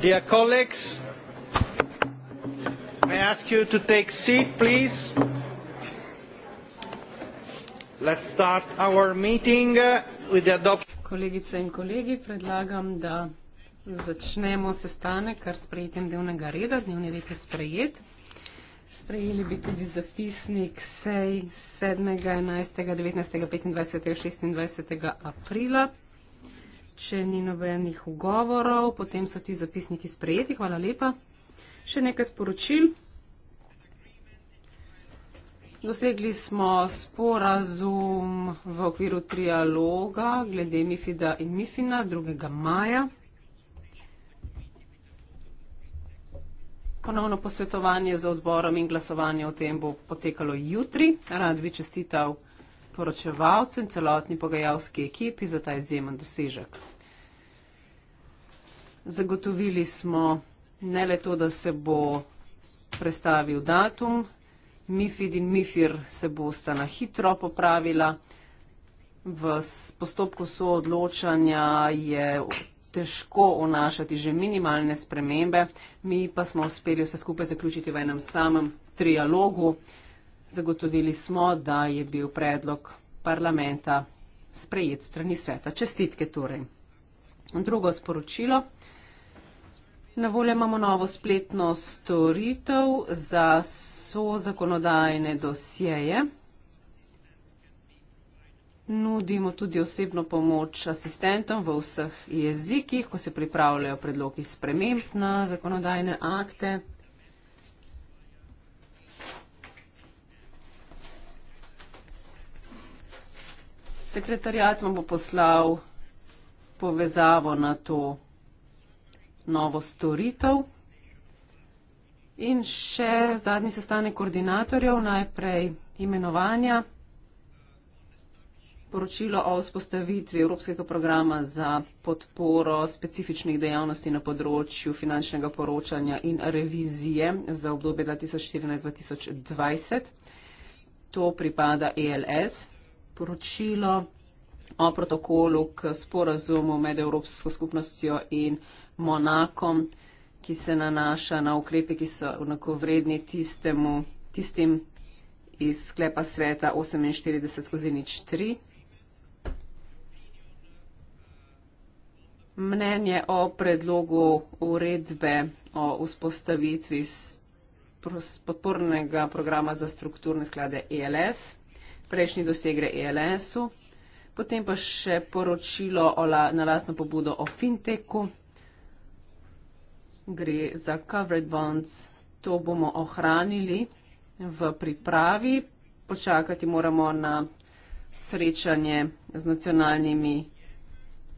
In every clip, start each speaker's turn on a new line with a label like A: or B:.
A: Dear colleagues, may I ask you to
B: take seat, please? Let's start our meeting uh, with the adoption. Kolegice in kolegi, predlagam, da začnemo sestanek kar s prejetjem dnevnega reda. Dnevni red je sprejet. Sprejeli bi tudi zapisnik sej 7.11.19.25.26. aprila če ni nobenih ugovorov, potem so ti zapisniki sprejeti. Hvala lepa. Še nekaj sporočil. Dosegli smo sporazum v okviru trialoga glede Mifida in Mifina 2. maja. Ponovno posvetovanje za odborom in glasovanje o tem bo potekalo jutri. Rad bi čestital poročevalcu in celotni pogajalski ekipi za ta izjemen dosežek. Zagotovili smo ne le to, da se bo predstavil datum, MIFID in MIFIR se bo sta na hitro popravila. V postopku soodločanja je težko onašati že minimalne spremembe, mi pa smo uspeli vse skupaj zaključiti v enem samem trialogu. Zagotovili smo, da je bil predlog parlamenta sprejet strani sveta. Čestitke torej. Drugo sporočilo. Na voljo imamo novo spletno storitev za so zakonodajne dosjeje. Nudimo tudi osebno pomoč asistentom v vseh jezikih, ko se pripravljajo predlogi sprememb na zakonodajne akte. sekretarjat vam bo poslal povezavo na to novo storitev. In še zadnji sestanek koordinatorjev, najprej imenovanja, poročilo o vzpostavitvi Evropskega programa za podporo specifičnih dejavnosti na področju finančnega poročanja in revizije za obdobje 2014-2020. To pripada ELS poročilo o protokolu k sporazumu med Evropsko skupnostjo in Monakom, ki se nanaša na ukrepe, ki so enako vredni tistemu, tistim iz sklepa sveta 48 skozi nič 3. Mnenje o predlogu uredbe o vzpostavitvi podpornega programa za strukturne sklade ELS prejšnji dosegre ELS-u, potem pa še poročilo la, na lastno pobudo o finteku. Gre za covered bonds, to bomo ohranili v pripravi. Počakati moramo na srečanje z nacionalnimi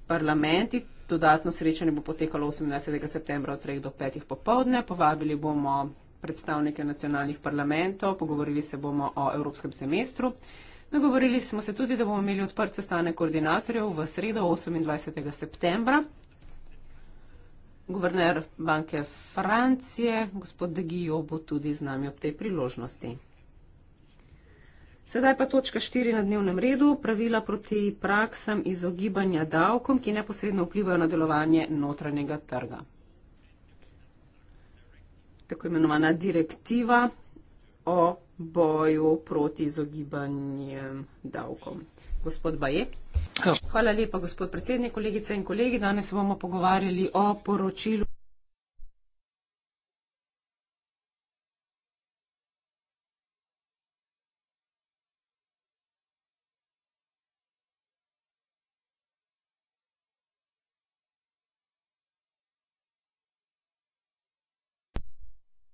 B: parlamenti. Dodatno srečanje bo potekalo 18. septembra od 3 do 5 popovdne. Povabili bomo predstavnike nacionalnih parlamentov, pogovorili se bomo o evropskem semestru. Nagovorili smo se tudi, da bomo imeli odprt sestanek koordinatorjev v sredo 28. septembra. Guverner Banke Francije, gospod De Gijo, bo tudi z nami ob tej priložnosti. Sedaj pa točka 4 na dnevnem redu, pravila proti praksam izogibanja davkom, ki neposredno vplivajo na delovanje notranjega trga tako imenovana direktiva o boju proti izogibanjem davkom. Gospod Baje. Ja. Hvala lepa, gospod predsednik, kolegice in kolegi. Danes se bomo pogovarjali o poročilu.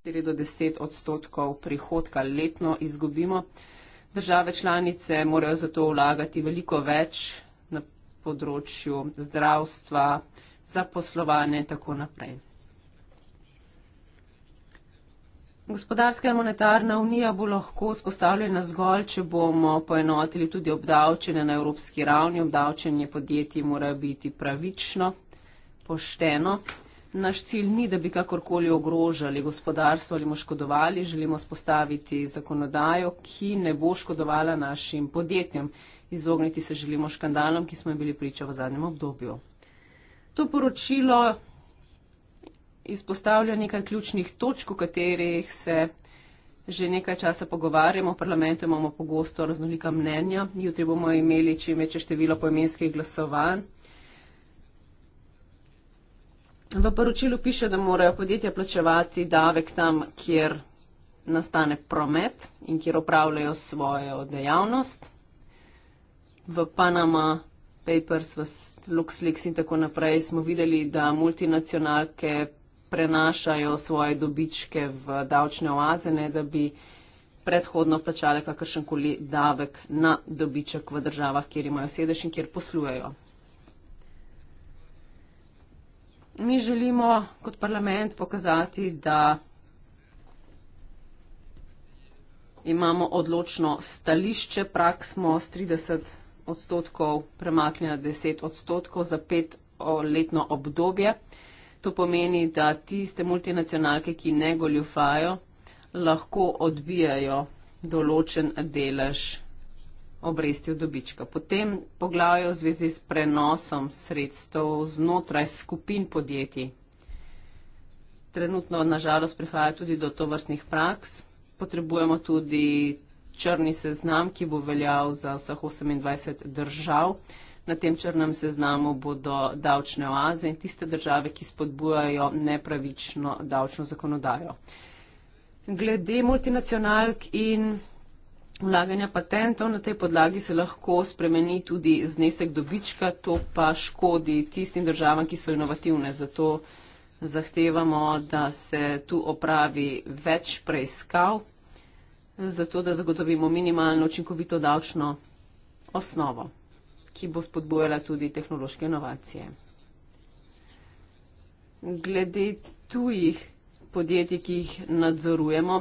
B: 4 do 10 odstotkov prihodka letno izgubimo. Države članice morajo zato vlagati veliko več na področju zdravstva, zaposlovanja in tako naprej. Gospodarska in monetarna unija bo lahko vzpostavljena zgolj, če bomo poenotili tudi obdavčenje na evropski ravni. Obdavčenje podjetij mora biti pravično, pošteno Naš cilj ni, da bi kakorkoli ogrožali gospodarstvo ali mu škodovali, želimo spostaviti zakonodajo, ki ne bo škodovala našim podjetjem. Izogniti se želimo škandalom, ki smo jim bili priča v zadnjem obdobju. To poročilo izpostavlja nekaj ključnih točk, o katerih se že nekaj časa pogovarjamo. V parlamentu imamo pogosto raznolika mnenja. Jutri bomo imeli čim večje število poimenskih glasovanj. V poročilu piše, da morajo podjetja plačevati davek tam, kjer nastane promet in kjer upravljajo svojo dejavnost. V Panama Papers, v LuxLeaks in tako naprej smo videli, da multinacionalke prenašajo svoje dobičke v davčne oaze, ne da bi predhodno plačale kakršenkoli davek na dobiček v državah, kjer imajo sedež in kjer poslujejo. mi želimo kot parlament pokazati, da imamo odločno stališče, prak smo s 30 odstotkov premaknili na 10 odstotkov za pet letno obdobje. To pomeni, da tiste multinacionalke, ki ne goljufajo, lahko odbijajo določen delež obresti od dobička. Potem poglavje v zvezi s prenosom sredstev znotraj skupin podjetij. Trenutno nažalost prihaja tudi do tovrstnih praks. Potrebujemo tudi črni seznam, ki bo veljal za vseh 28 držav. Na tem črnem seznamu bodo davčne oaze in tiste države, ki spodbujajo nepravično davčno zakonodajo. Glede multinacionalk in vlaganja patentov, na tej podlagi se lahko spremeni tudi znesek dobička, to pa škodi tistim državam, ki so inovativne. Zato zahtevamo, da se tu opravi več preiskav, zato da zagotovimo minimalno učinkovito davčno osnovo, ki bo spodbojala tudi tehnološke inovacije. Glede tujih podjetij, ki jih nadzorujemo.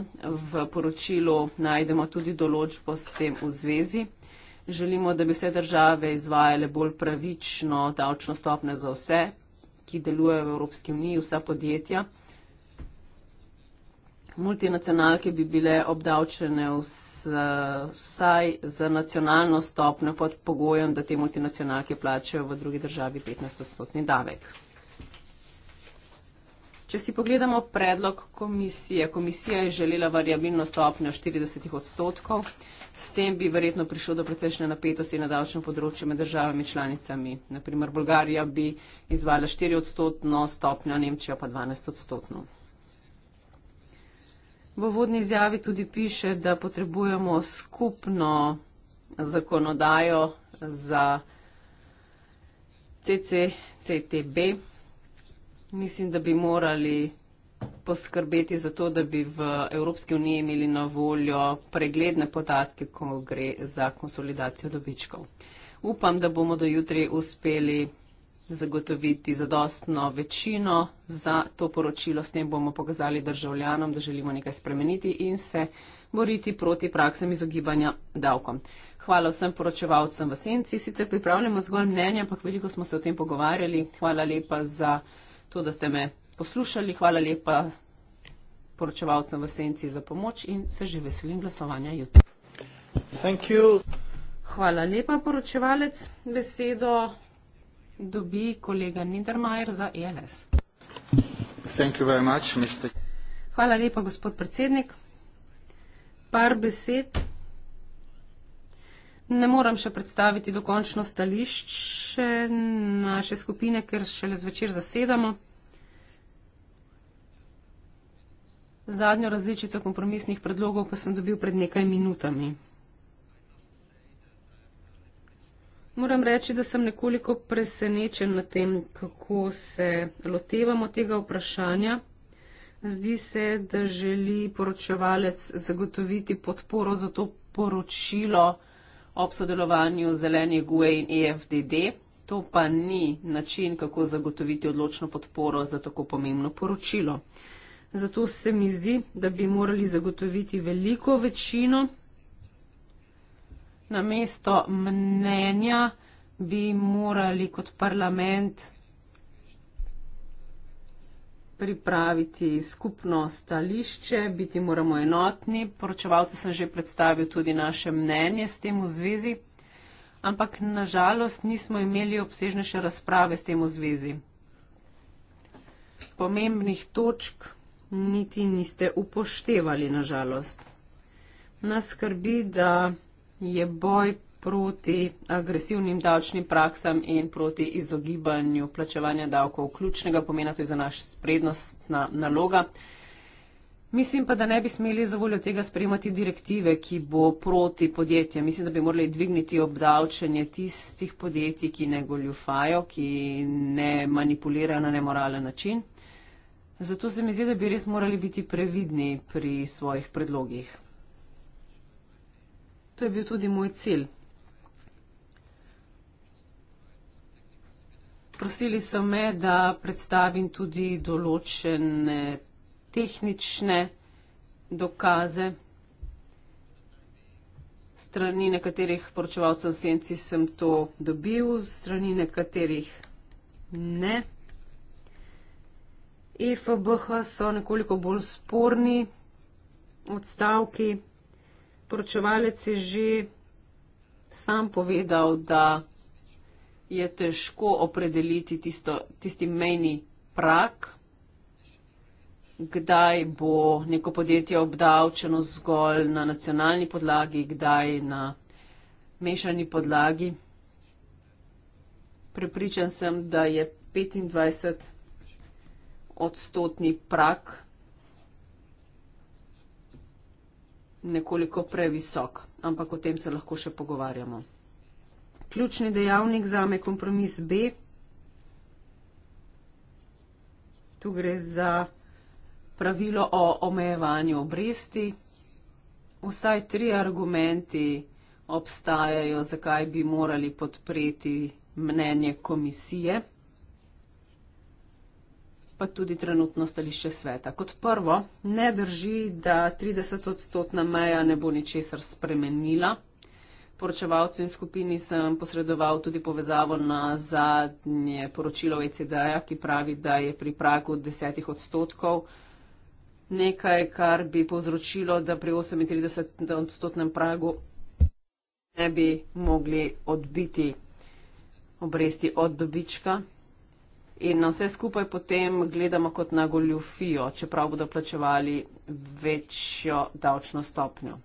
B: V poročilu najdemo tudi določbo s tem v zvezi. Želimo, da bi vse države izvajale bolj pravično davčno stopne za vse, ki delujejo v Evropski uniji, vsa podjetja. Multinacionalke bi bile obdavčene vs, vsaj za nacionalno stopno pod pogojem, da te multinacionalke plačajo v drugi državi 15-stotni davek. Če si pogledamo predlog komisije, komisija je želela variabilno stopnjo 40 odstotkov, s tem bi verjetno prišlo do precejšnje napetosti na davčnem področju med državami članicami. Naprimer, Bolgarija bi izvala 4 odstotno stopnjo, Nemčija pa 12 odstotno. V vodni izjavi tudi piše, da potrebujemo skupno zakonodajo za CC, CTB, Mislim, da bi morali poskrbeti za to, da bi v Evropski uniji imeli na voljo pregledne podatke, ko gre za konsolidacijo dobičkov. Upam, da bomo do jutri uspeli zagotoviti zadostno večino za to poročilo. S tem bomo pokazali državljanom, da želimo nekaj spremeniti in se boriti proti praksam izogibanja davkom. Hvala vsem poročevalcem v Senci. Sicer pripravljamo zgolj mnenje, ampak veliko smo se o tem pogovarjali. Hvala lepa za to, da ste me poslušali. Hvala lepa poročevalcem v Senci za pomoč in se že veselim glasovanja jutri. Hvala lepa, poročevalec. Besedo dobi kolega Niedermayer za ELS.
C: Much,
B: Hvala lepa, gospod predsednik. Par besed Ne morem še predstaviti dokončno stališče naše skupine, ker šele zvečer zasedamo. Zadnjo različico kompromisnih predlogov pa sem dobil pred nekaj minutami. Moram reči, da sem nekoliko presenečen na tem, kako se lotevamo tega vprašanja. Zdi se, da želi poročevalec zagotoviti podporo za to poročilo, ob sodelovanju zelenih GUE in EFDD. To pa ni način, kako zagotoviti odločno podporo za tako pomembno poročilo. Zato se mi zdi, da bi morali zagotoviti veliko večino. Namesto mnenja bi morali kot parlament pripraviti skupno stališče, biti moramo enotni. Poročevalcu sem že predstavil tudi naše mnenje s tem v zvezi, ampak nažalost nismo imeli obsežnejše razprave s tem v zvezi. Pomembnih točk niti niste upoštevali, nažalost. Nas skrbi, da je boj proti agresivnim davčnim praksam in proti izogibanju plačevanja davkov ključnega pomena, to je za naš prednostna naloga. Mislim pa, da ne bi smeli za voljo tega sprejemati direktive, ki bo proti podjetjem. Mislim, da bi morali dvigniti obdavčenje tistih podjetij, ki ne goljufajo, ki ne manipulirajo na nemoralen način. Zato se mi zdi, da bi res morali biti previdni pri svojih predlogih. To je bil tudi moj cilj Prosili so me, da predstavim tudi določene tehnične dokaze. Strani nekaterih poročevalcev senci sem to dobil, strani nekaterih ne. EFBH so nekoliko bolj sporni odstavki. Poročevalec je že sam povedal, da je težko opredeliti tisto, tisti mejni prak, kdaj bo neko podjetje obdavčeno zgolj na nacionalni podlagi, kdaj na mešani podlagi. Prepričan sem, da je 25 odstotni prak nekoliko previsok, ampak o tem se lahko še pogovarjamo ključni dejavnik za me kompromis B. Tu gre za pravilo o omejevanju obresti. Vsaj tri argumenti obstajajo, zakaj bi morali podpreti mnenje komisije, pa tudi trenutno stališče sveta. Kot prvo, ne drži, da 30-odstotna meja ne bo ničesar spremenila poročevalcu in skupini sem posredoval tudi povezavo na zadnje poročilo OECD-ja, ki pravi, da je pri pragu desetih odstotkov nekaj, kar bi povzročilo, da pri 38 odstotnem pragu ne bi mogli odbiti obresti od dobička. In na vse skupaj potem gledamo kot na goljufijo, čeprav bodo plačevali večjo davčno stopnjo.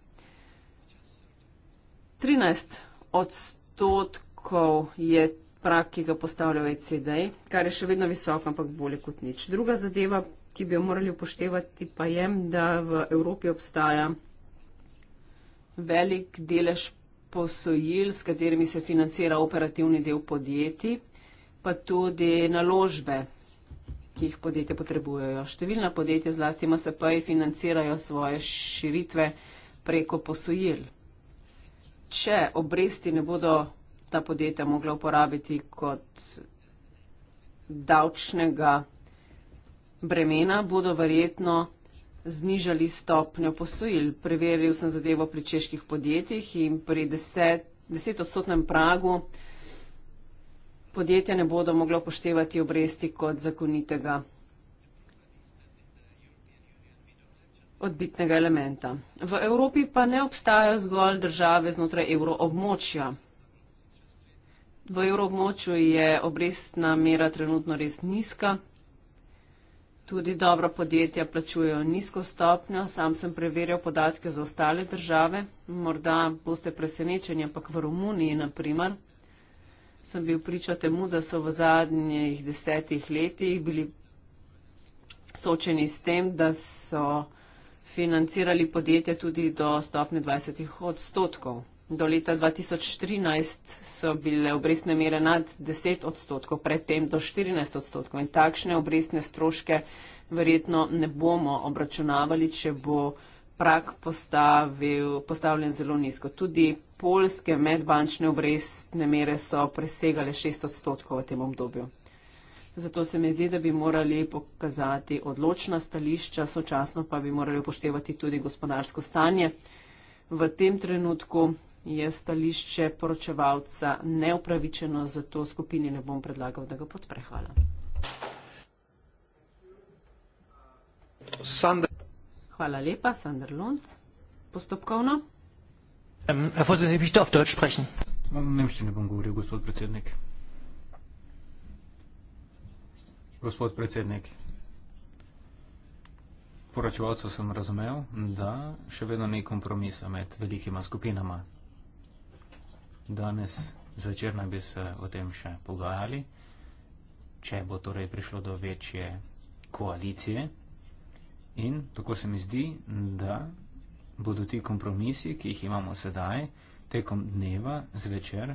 B: 13 odstotkov je prak, ki ga postavlja OECD, kar je še vedno visoko, ampak bolje kot nič. Druga zadeva, ki bi jo morali upoštevati, pa je, da v Evropi obstaja velik delež posojil, s katerimi se financira operativni del podjetij, pa tudi naložbe, ki jih podjetje potrebujejo. Številna podjetja, zlasti MSP, financirajo svoje širitve preko posojil če obresti ne bodo ta podjetja mogla uporabiti kot davčnega bremena, bodo verjetno znižali stopnjo posojil. Preveril sem zadevo pri čeških podjetjih in pri deset, deset odstotnem pragu podjetja ne bodo mogla upoštevati obresti kot zakonitega odbitnega elementa. V Evropi pa ne obstajajo zgolj države znotraj evroobmočja. V evroobmočju je obrestna mera trenutno res nizka. Tudi dobra podjetja plačujejo nizko stopnjo. Sam sem preverjal podatke za ostale države. Morda boste presenečeni, ampak v Romuniji, na primer, sem bil priča temu, da so v zadnjih desetih letih bili soočeni s tem, da so financirali podjetja tudi do stopne 20 odstotkov. Do leta 2013 so bile obrestne mere nad 10 odstotkov, predtem do 14 odstotkov. In takšne obrestne stroške verjetno ne bomo obračunavali, če bo prak postavil, postavljen zelo nizko. Tudi polske medbančne obrestne mere so presegale 6 odstotkov v tem obdobju. Zato se mi zdi, da bi morali pokazati odločna stališča, sočasno pa bi morali upoštevati tudi gospodarsko stanje. V tem trenutku je stališče poročevalca neupravičeno, zato skupini ne bom predlagal, da ga podpre. Hvala. Sander. Hvala lepa, Sander Lund. Postopkovno.
C: Um, Herr Vorsitzender, ich darf Deutsch sprechen. Nemščini bom govoril, gospod predsednik. Gospod predsednik, poročevalcu sem razumel, da še vedno ni kompromisa med velikima skupinama. Danes zvečer naj bi se o tem še pogajali, če bo torej prišlo do večje koalicije. In tako se mi zdi, da bodo ti kompromisi, ki jih imamo sedaj, tekom dneva, zvečer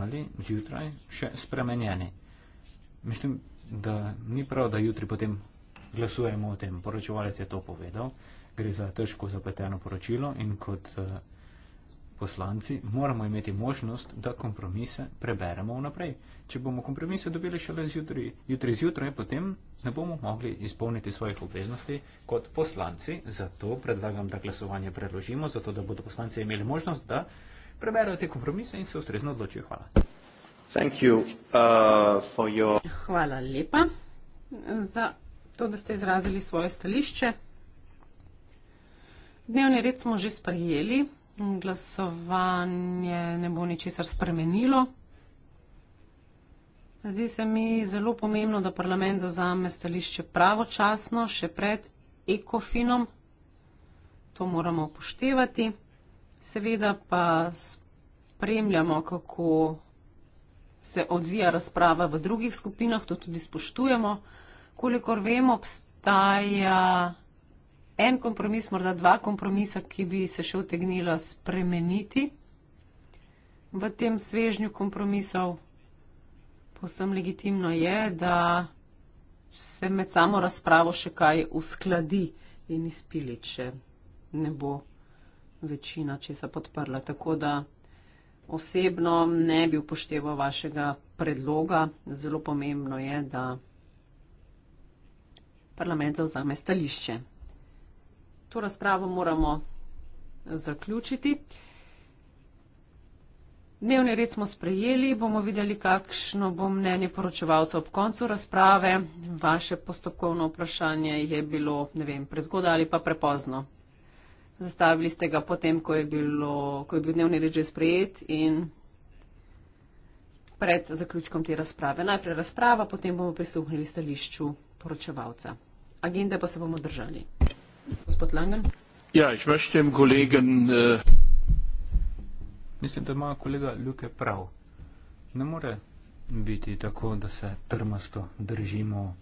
C: ali zjutraj, še spremenjeni. Mislim, da ni prav, da jutri potem glasujemo o tem. Poročevalec je to povedal, gre za težko zapleteno poročilo in kot eh, poslanci moramo imeti možnost, da kompromise preberemo vnaprej. Če bomo kompromise dobili šele zjutri, jutri zjutraj, potem ne bomo mogli izpolniti svojih obveznosti kot poslanci. Zato predlagam, da glasovanje preložimo, zato da bodo poslanci imeli možnost, da preberajo te kompromise in se ustrezno odločijo. Hvala.
A: Uh,
B: Hvala lepa za to, da ste izrazili svoje stališče. Dnevni red smo že sprejeli, glasovanje ne bo ničesar spremenilo. Zdi se mi zelo pomembno, da parlament zauzame stališče pravočasno, še pred ekofinom. To moramo upoštevati. Seveda pa spremljamo, kako se odvija razprava v drugih skupinah, to tudi spoštujemo. Kolikor vem, obstaja en kompromis, morda dva kompromisa, ki bi se še otegnila spremeniti v tem svežnju kompromisov. Povsem legitimno je, da se med samo razpravo še kaj uskladi in izpili, če ne bo večina česa podprla. Tako da osebno ne bi upošteval vašega predloga. Zelo pomembno je, da parlament zauzame stališče. To razpravo moramo zaključiti. Dnevni red smo sprejeli, bomo videli, kakšno bo mnenje poročevalca ob koncu razprave. Vaše postopkovno vprašanje je bilo, ne vem, prezgodaj ali pa prepozno zastavili ste ga potem, ko je, bilo, ko je bil dnevni red že sprejet in pred zaključkom te razprave. Najprej razprava, potem bomo prisluhnili stališču poročevalca. Agende pa se bomo držali. Gospod Langen.
D: Ja, jih vešte, kolegen.
C: Uh... Äh, Mislim, da ima kolega Ljuke prav. Ne more biti tako, da se trmasto držimo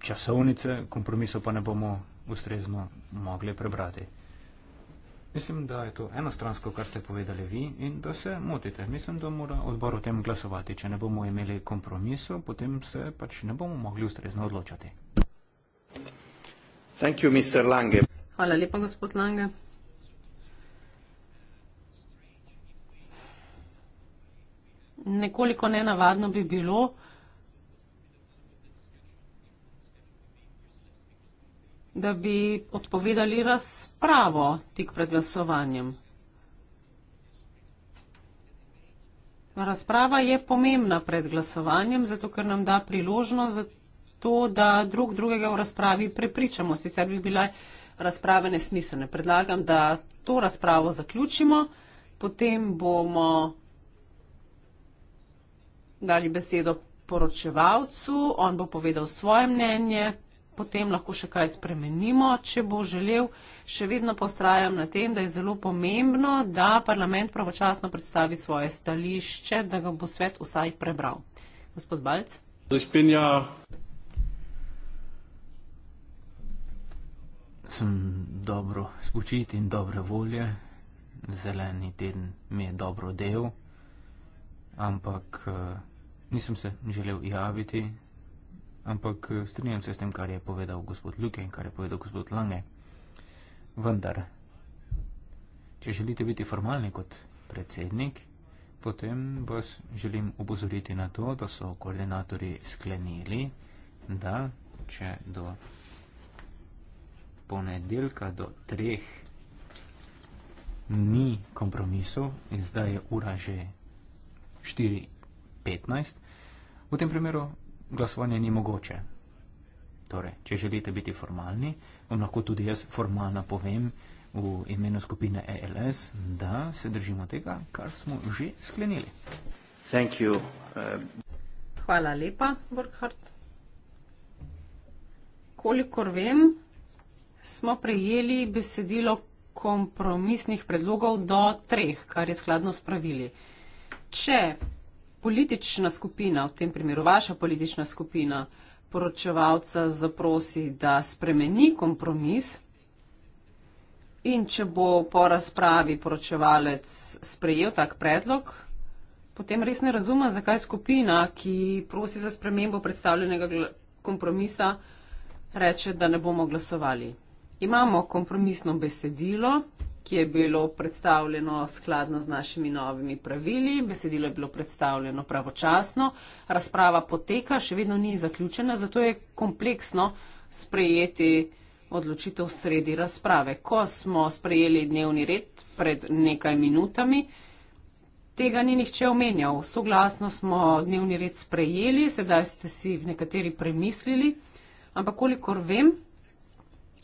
C: časovnice, kompromiso pa ne bomo ustrezno mogli prebrati. Mislim, da je to enostransko, kar ste povedali vi in da se motite. Mislim, da mora odbor o tem glasovati. Če ne bomo imeli kompromiso, potem se pač ne bomo mogli ustrezno odločati.
A: You,
B: Hvala lepa, gospod Lange. Nekoliko nenavadno bi bilo, da bi odpovedali razpravo tik pred glasovanjem. Razprava je pomembna pred glasovanjem, zato ker nam da priložnost za to, da drug drugega v razpravi prepričamo. Sicer bi bile razprave nesmiselne. Predlagam, da to razpravo zaključimo, potem bomo dali besedo poročevalcu, on bo povedal svoje mnenje, potem lahko še kaj spremenimo, če bo želel. Še vedno postrajam na tem, da je zelo pomembno, da parlament pravočasno predstavi svoje stališče, da ga bo svet vsaj prebral. Gospod Balc.
C: Sem dobro spočit in dobre volje. Zeleni teden mi je dobro del, ampak eh, nisem se želel javiti, ampak eh, strinjam se s tem, kar je povedal gospod Luke in kar je povedal gospod Lange. Vendar, če želite biti formalni kot predsednik, potem vas želim upozoriti na to, da so koordinatori sklenili, da če do ponedeljka do treh ni kompromisov in zdaj je ura že 4.15, v tem primeru glasovanje ni mogoče. Torej, če želite biti formalni, vam lahko tudi jaz formalno povem v imenu skupine ELS, da se držimo tega, kar smo že sklenili.
A: You, uh...
B: Hvala lepa, Burkhardt. Kolikor vem, smo prejeli besedilo kompromisnih predlogov do treh, kar je skladno s pravili. Če politična skupina, v tem primeru vaša politična skupina, poročevalca zaprosi, da spremeni kompromis in če bo po razpravi poročevalec sprejel tak predlog, potem res ne razume, zakaj skupina, ki prosi za spremembo predstavljenega kompromisa, reče, da ne bomo glasovali. Imamo kompromisno besedilo, ki je bilo predstavljeno skladno z našimi novimi pravili. Besedilo je bilo predstavljeno pravočasno. Razprava poteka, še vedno ni zaključena, zato je kompleksno sprejeti odločitev sredi razprave. Ko smo sprejeli dnevni red pred nekaj minutami, tega ni nihče omenjal. Soglasno smo dnevni red sprejeli, sedaj ste si nekateri premislili, ampak kolikor vem,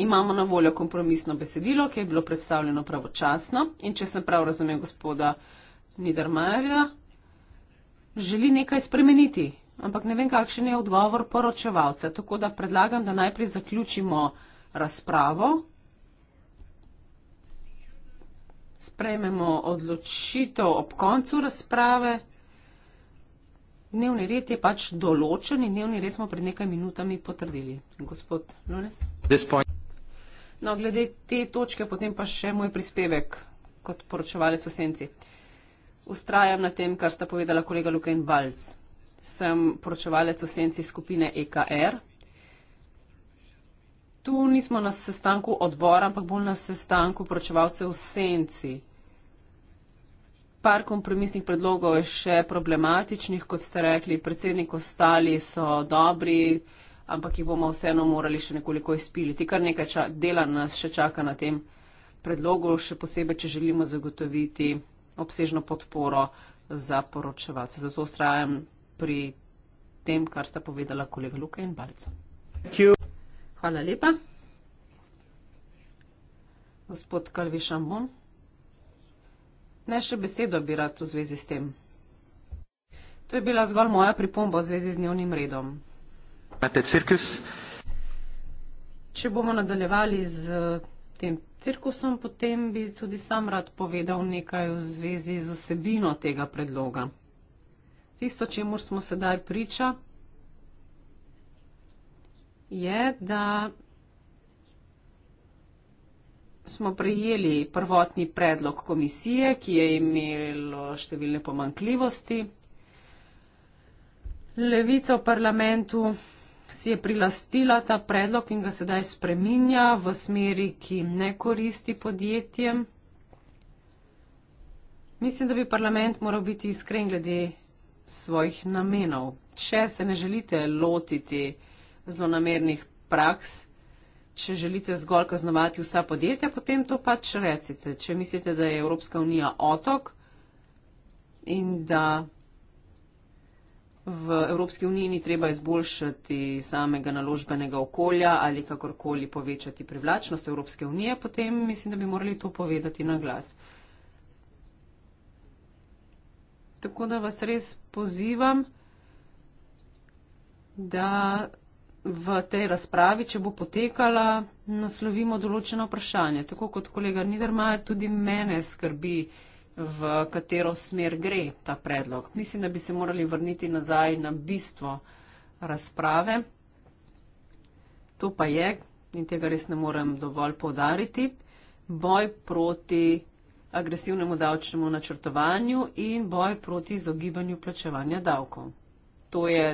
B: imamo na voljo kompromisno besedilo, ki je bilo predstavljeno pravočasno in če sem prav razumel gospoda Nidermajerja, želi nekaj spremeniti, ampak ne vem, kakšen je odgovor poročevalca. Tako da predlagam, da najprej zaključimo razpravo, sprejmemo odločitev ob koncu razprave. Dnevni red je pač določen in dnevni red smo pred nekaj minutami potrdili. Gospod Lunes. No, glede te točke, potem pa še moj prispevek kot poročevalec v senci. Ustrajam na tem, kar sta povedala kolega Luka in Balc. Sem poročevalec v senci skupine EKR. Tu nismo na sestanku odbora, ampak bolj na sestanku poročevalcev v senci. Par kompromisnih predlogov je še problematičnih, kot ste rekli, predsednik ostali so dobri, ampak jih bomo vseeno morali še nekoliko izpiliti. Kar nekaj dela nas še čaka na tem predlogu, še posebej, če želimo zagotoviti obsežno podporo za poročevalce. Zato ustrajam pri tem, kar sta povedala kolega Luka in Balco. Hvala lepa. Gospod Kalvi Šambon. Ne še besedo bi rad v zvezi s tem. To je bila zgolj moja pripomba v zvezi z dnevnim redom. Če bomo nadaljevali z eh, tem cirkusom, potem bi tudi sam rad povedal nekaj v zvezi z vsebino tega predloga. Tisto, čemu smo sedaj priča, je, da smo prejeli prvotni predlog komisije, ki je imelo številne pomankljivosti. Levica v parlamentu si je prilastila ta predlog in ga sedaj spreminja v smeri, ki ne koristi podjetjem. Mislim, da bi parlament moral biti iskren glede svojih namenov. Če se ne želite lotiti zlonamernih praks, če želite zgolj kaznovati vsa podjetja, potem to pač recite. Če mislite, da je Evropska unija otok in da V Evropski uniji ni treba izboljšati samega naložbenega okolja ali kakorkoli povečati privlačnost Evropske unije, potem mislim, da bi morali to povedati na glas. Tako da vas res pozivam, da v tej razpravi, če bo potekala, naslovimo določeno vprašanje. Tako kot kolega Nidermajer, tudi mene skrbi v katero smer gre ta predlog. Mislim, da bi se morali vrniti nazaj na bistvo razprave. To pa je, in tega res ne morem dovolj povdariti, boj proti agresivnemu davčnemu načrtovanju in boj proti izogibanju plačevanja davkov. To je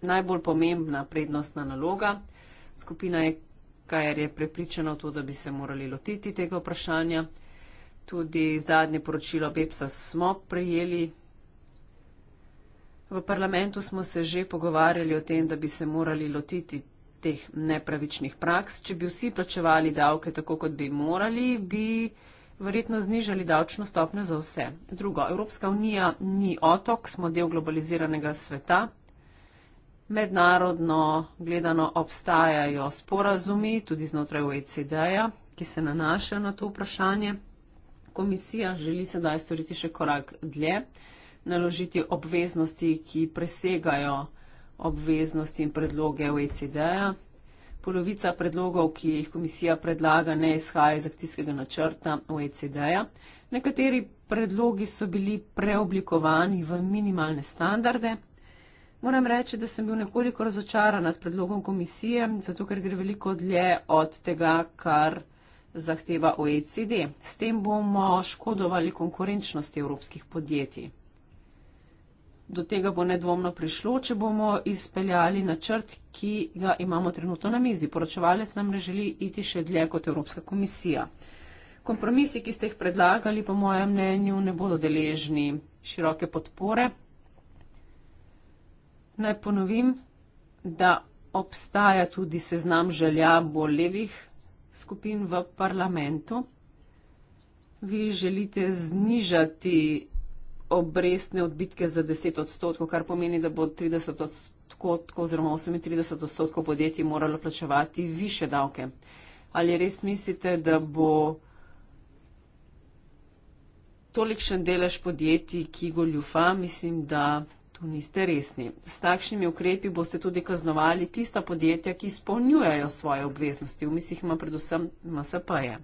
B: najbolj pomembna prednostna naloga. Skupina je, kar je prepričana v to, da bi se morali lotiti tega vprašanja. Tudi zadnje poročilo PEPS-a smo prijeli. V parlamentu smo se že pogovarjali o tem, da bi se morali lotiti teh nepravičnih praks. Če bi vsi plačevali davke tako, kot bi morali, bi verjetno znižali davčno stopnjo za vse. Drugo, Evropska unija ni otok, smo del globaliziranega sveta. Mednarodno gledano obstajajo sporazumi, tudi znotraj OECD-ja, ki se nanašajo na to vprašanje. Komisija želi sedaj storiti še korak dlje, naložiti obveznosti, ki presegajo obveznosti in predloge OECD-ja. Polovica predlogov, ki jih komisija predlaga, ne izhaja iz akcijskega načrta OECD-ja. Nekateri predlogi so bili preoblikovani v minimalne standarde. Moram reči, da sem bil nekoliko razočaran nad predlogom komisije, zato ker gre veliko dlje od tega, kar zahteva OECD. S tem bomo škodovali konkurenčnosti evropskih podjetij. Do tega bo nedvomno prišlo, če bomo izpeljali načrt, ki ga imamo trenutno na mizi. Poročevalec nam ne želi iti še dlje kot Evropska komisija. Kompromisi, ki ste jih predlagali, po mojem mnenju, ne bodo deležni široke podpore. Naj ponovim, da obstaja tudi seznam želja bolj levih skupin v parlamentu. Vi želite znižati obrestne odbitke za 10 odstotkov, kar pomeni, da bo 30 odstotkov oziroma 38 odstotkov podjetij moralo plačevati više davke. Ali res mislite, da bo tolikšen delež podjetij, ki goljufa, mislim, da bistvu niste resni. S takšnimi ukrepi boste tudi kaznovali tista podjetja, ki izpolnjujejo svoje obveznosti. V mislih ima predvsem MSP-je.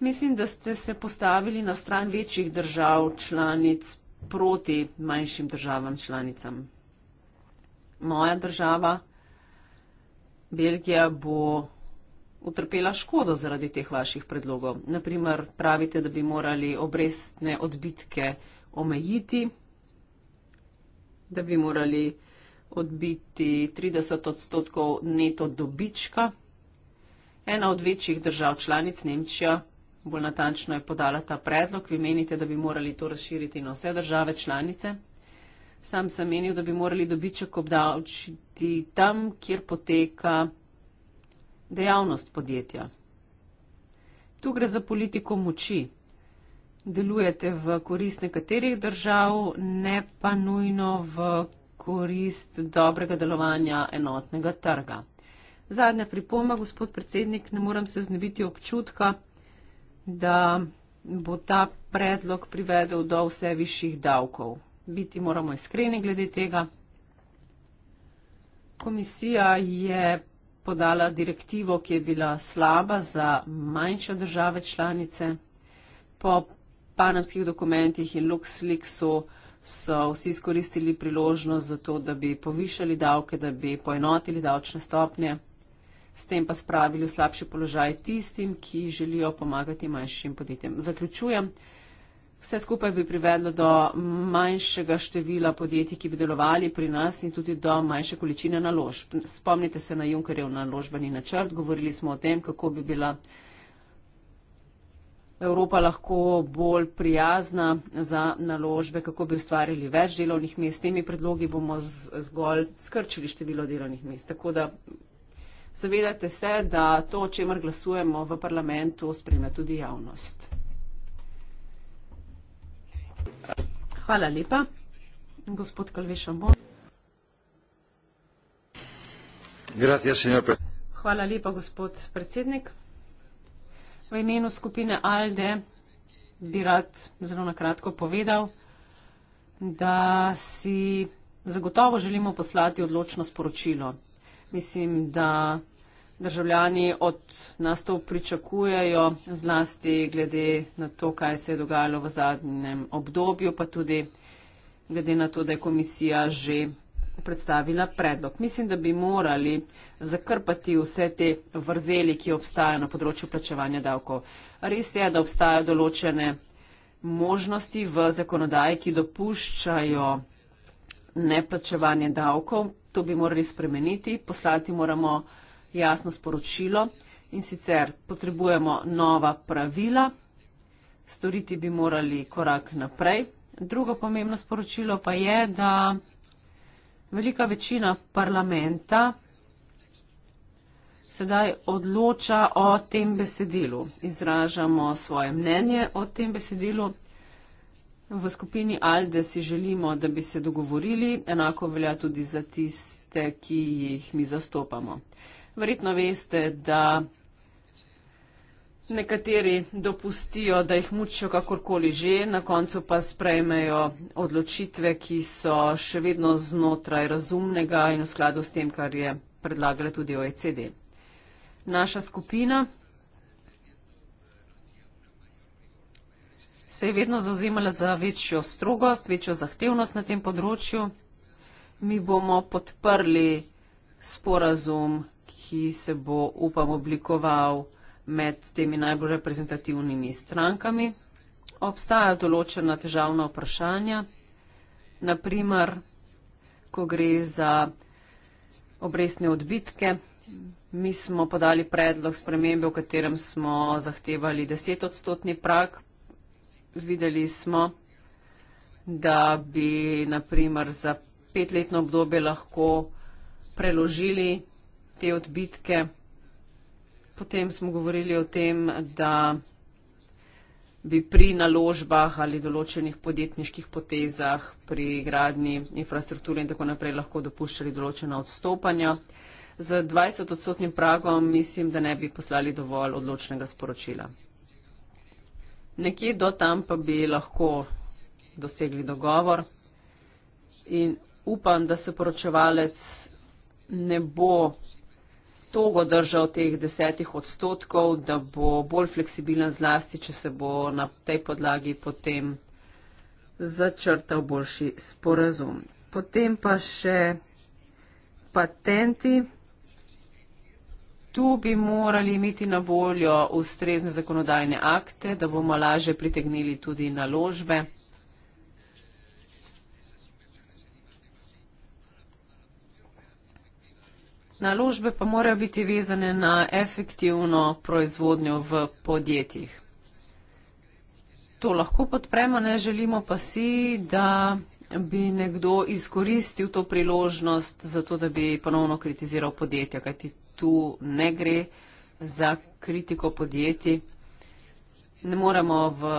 B: Mislim, da ste se postavili na stran večjih držav članic proti manjšim državam članicam. Moja država, Belgija, bo utrpela škodo zaradi teh vaših predlogov. Naprimer, pravite, da bi morali obrestne odbitke omejiti, da bi morali odbiti 30 odstotkov neto dobička. Ena od večjih držav članic Nemčija bolj natančno je podala ta predlog. Vi menite, da bi morali to razširiti na vse države članice. Sam sem menil, da bi morali dobiček obdavčiti tam, kjer poteka dejavnost podjetja. Tu gre za politiko moči delujete v korist nekaterih držav, ne pa nujno v korist dobrega delovanja enotnega trga. Zadnja pripomba, gospod predsednik, ne morem se znebiti občutka, da bo ta predlog privedel do vse višjih davkov. Biti moramo iskreni glede tega. Komisija je podala direktivo, ki je bila slaba za manjše države članice. Po panamskih dokumentih in LuxLeaksu so vsi izkoristili priložnost za to, da bi povišali davke, da bi poenotili davčne stopnje, s tem pa spravili v slabši položaj tistim, ki želijo pomagati manjšim podjetjem. Zaključujem. Vse skupaj bi privedlo do manjšega števila podjetij, ki bi delovali pri nas in tudi do manjše količine naložb. Spomnite se na Junkerjev naložbeni načrt, govorili smo o tem, kako bi bila. Evropa lahko bolj prijazna za naložbe, kako bi ustvarili več delovnih mest. S temi predlogi bomo zgolj skrčili število delovnih mest. Tako da zavedate se, da to, o čemer glasujemo v parlamentu, spremlja tudi javnost. Hvala lepa. Gospod Kalvešambon. Hvala lepa, gospod predsednik v imenu skupine ALDE bi rad zelo na kratko povedal, da si zagotovo želimo poslati odločno sporočilo. Mislim, da državljani od nas to pričakujejo, zlasti glede na to, kaj se je dogajalo v zadnjem obdobju, pa tudi glede na to, da je komisija že predstavila predlog. Mislim, da bi morali zakrpati vse te vrzeli, ki obstajajo na področju plačevanja davkov. Res je, da obstajajo določene možnosti v zakonodaji, ki dopuščajo neplačevanje davkov. To bi morali spremeniti, poslati moramo jasno sporočilo in sicer potrebujemo nova pravila, storiti bi morali korak naprej. Drugo pomembno sporočilo pa je, da velika večina parlamenta sedaj odloča o tem besedilu. Izražamo svoje mnenje o tem besedilu. V skupini Alde si želimo, da bi se dogovorili, enako velja tudi za tiste, ki jih mi zastopamo. Verjetno veste, da Nekateri dopustijo, da jih mučijo kakorkoli že, na koncu pa sprejmejo odločitve, ki so še vedno znotraj razumnega in v skladu s tem, kar je predlagala tudi OECD. Naša skupina se je vedno zauzemala za večjo strogost, večjo zahtevnost na tem področju. Mi bomo podprli sporazum, ki se bo, upam, oblikoval med temi najbolj reprezentativnimi strankami. Obstaja določena težavna vprašanja, naprimer, ko gre za obrestne odbitke. Mi smo podali predlog spremembe, v katerem smo zahtevali 10 odstotni prak. Videli smo, da bi naprimer za petletno obdobje lahko preložili te odbitke Potem smo govorili o tem, da bi pri naložbah ali določenih podjetniških potezah, pri gradni infrastrukture in tako naprej lahko dopuščali določena odstopanja. Z 20 odstotnim pragom mislim, da ne bi poslali dovolj odločnega sporočila. Nekje do tam pa bi lahko dosegli dogovor in upam, da se poročevalec ne bo togo držal teh desetih odstotkov, da bo bolj fleksibilen zlasti, če se bo na tej podlagi potem začrtal boljši sporazum. Potem pa še patenti. Tu bi morali imeti na voljo ustrezne zakonodajne akte, da bomo lažje pritegnili tudi naložbe. Naložbe pa morajo biti vezane na efektivno proizvodnjo v podjetjih. To lahko podpremo, ne želimo pa si, da bi nekdo izkoristil to priložnost za to, da bi ponovno kritiziral podjetja, kajti tu ne gre za kritiko podjetij. Ne moremo v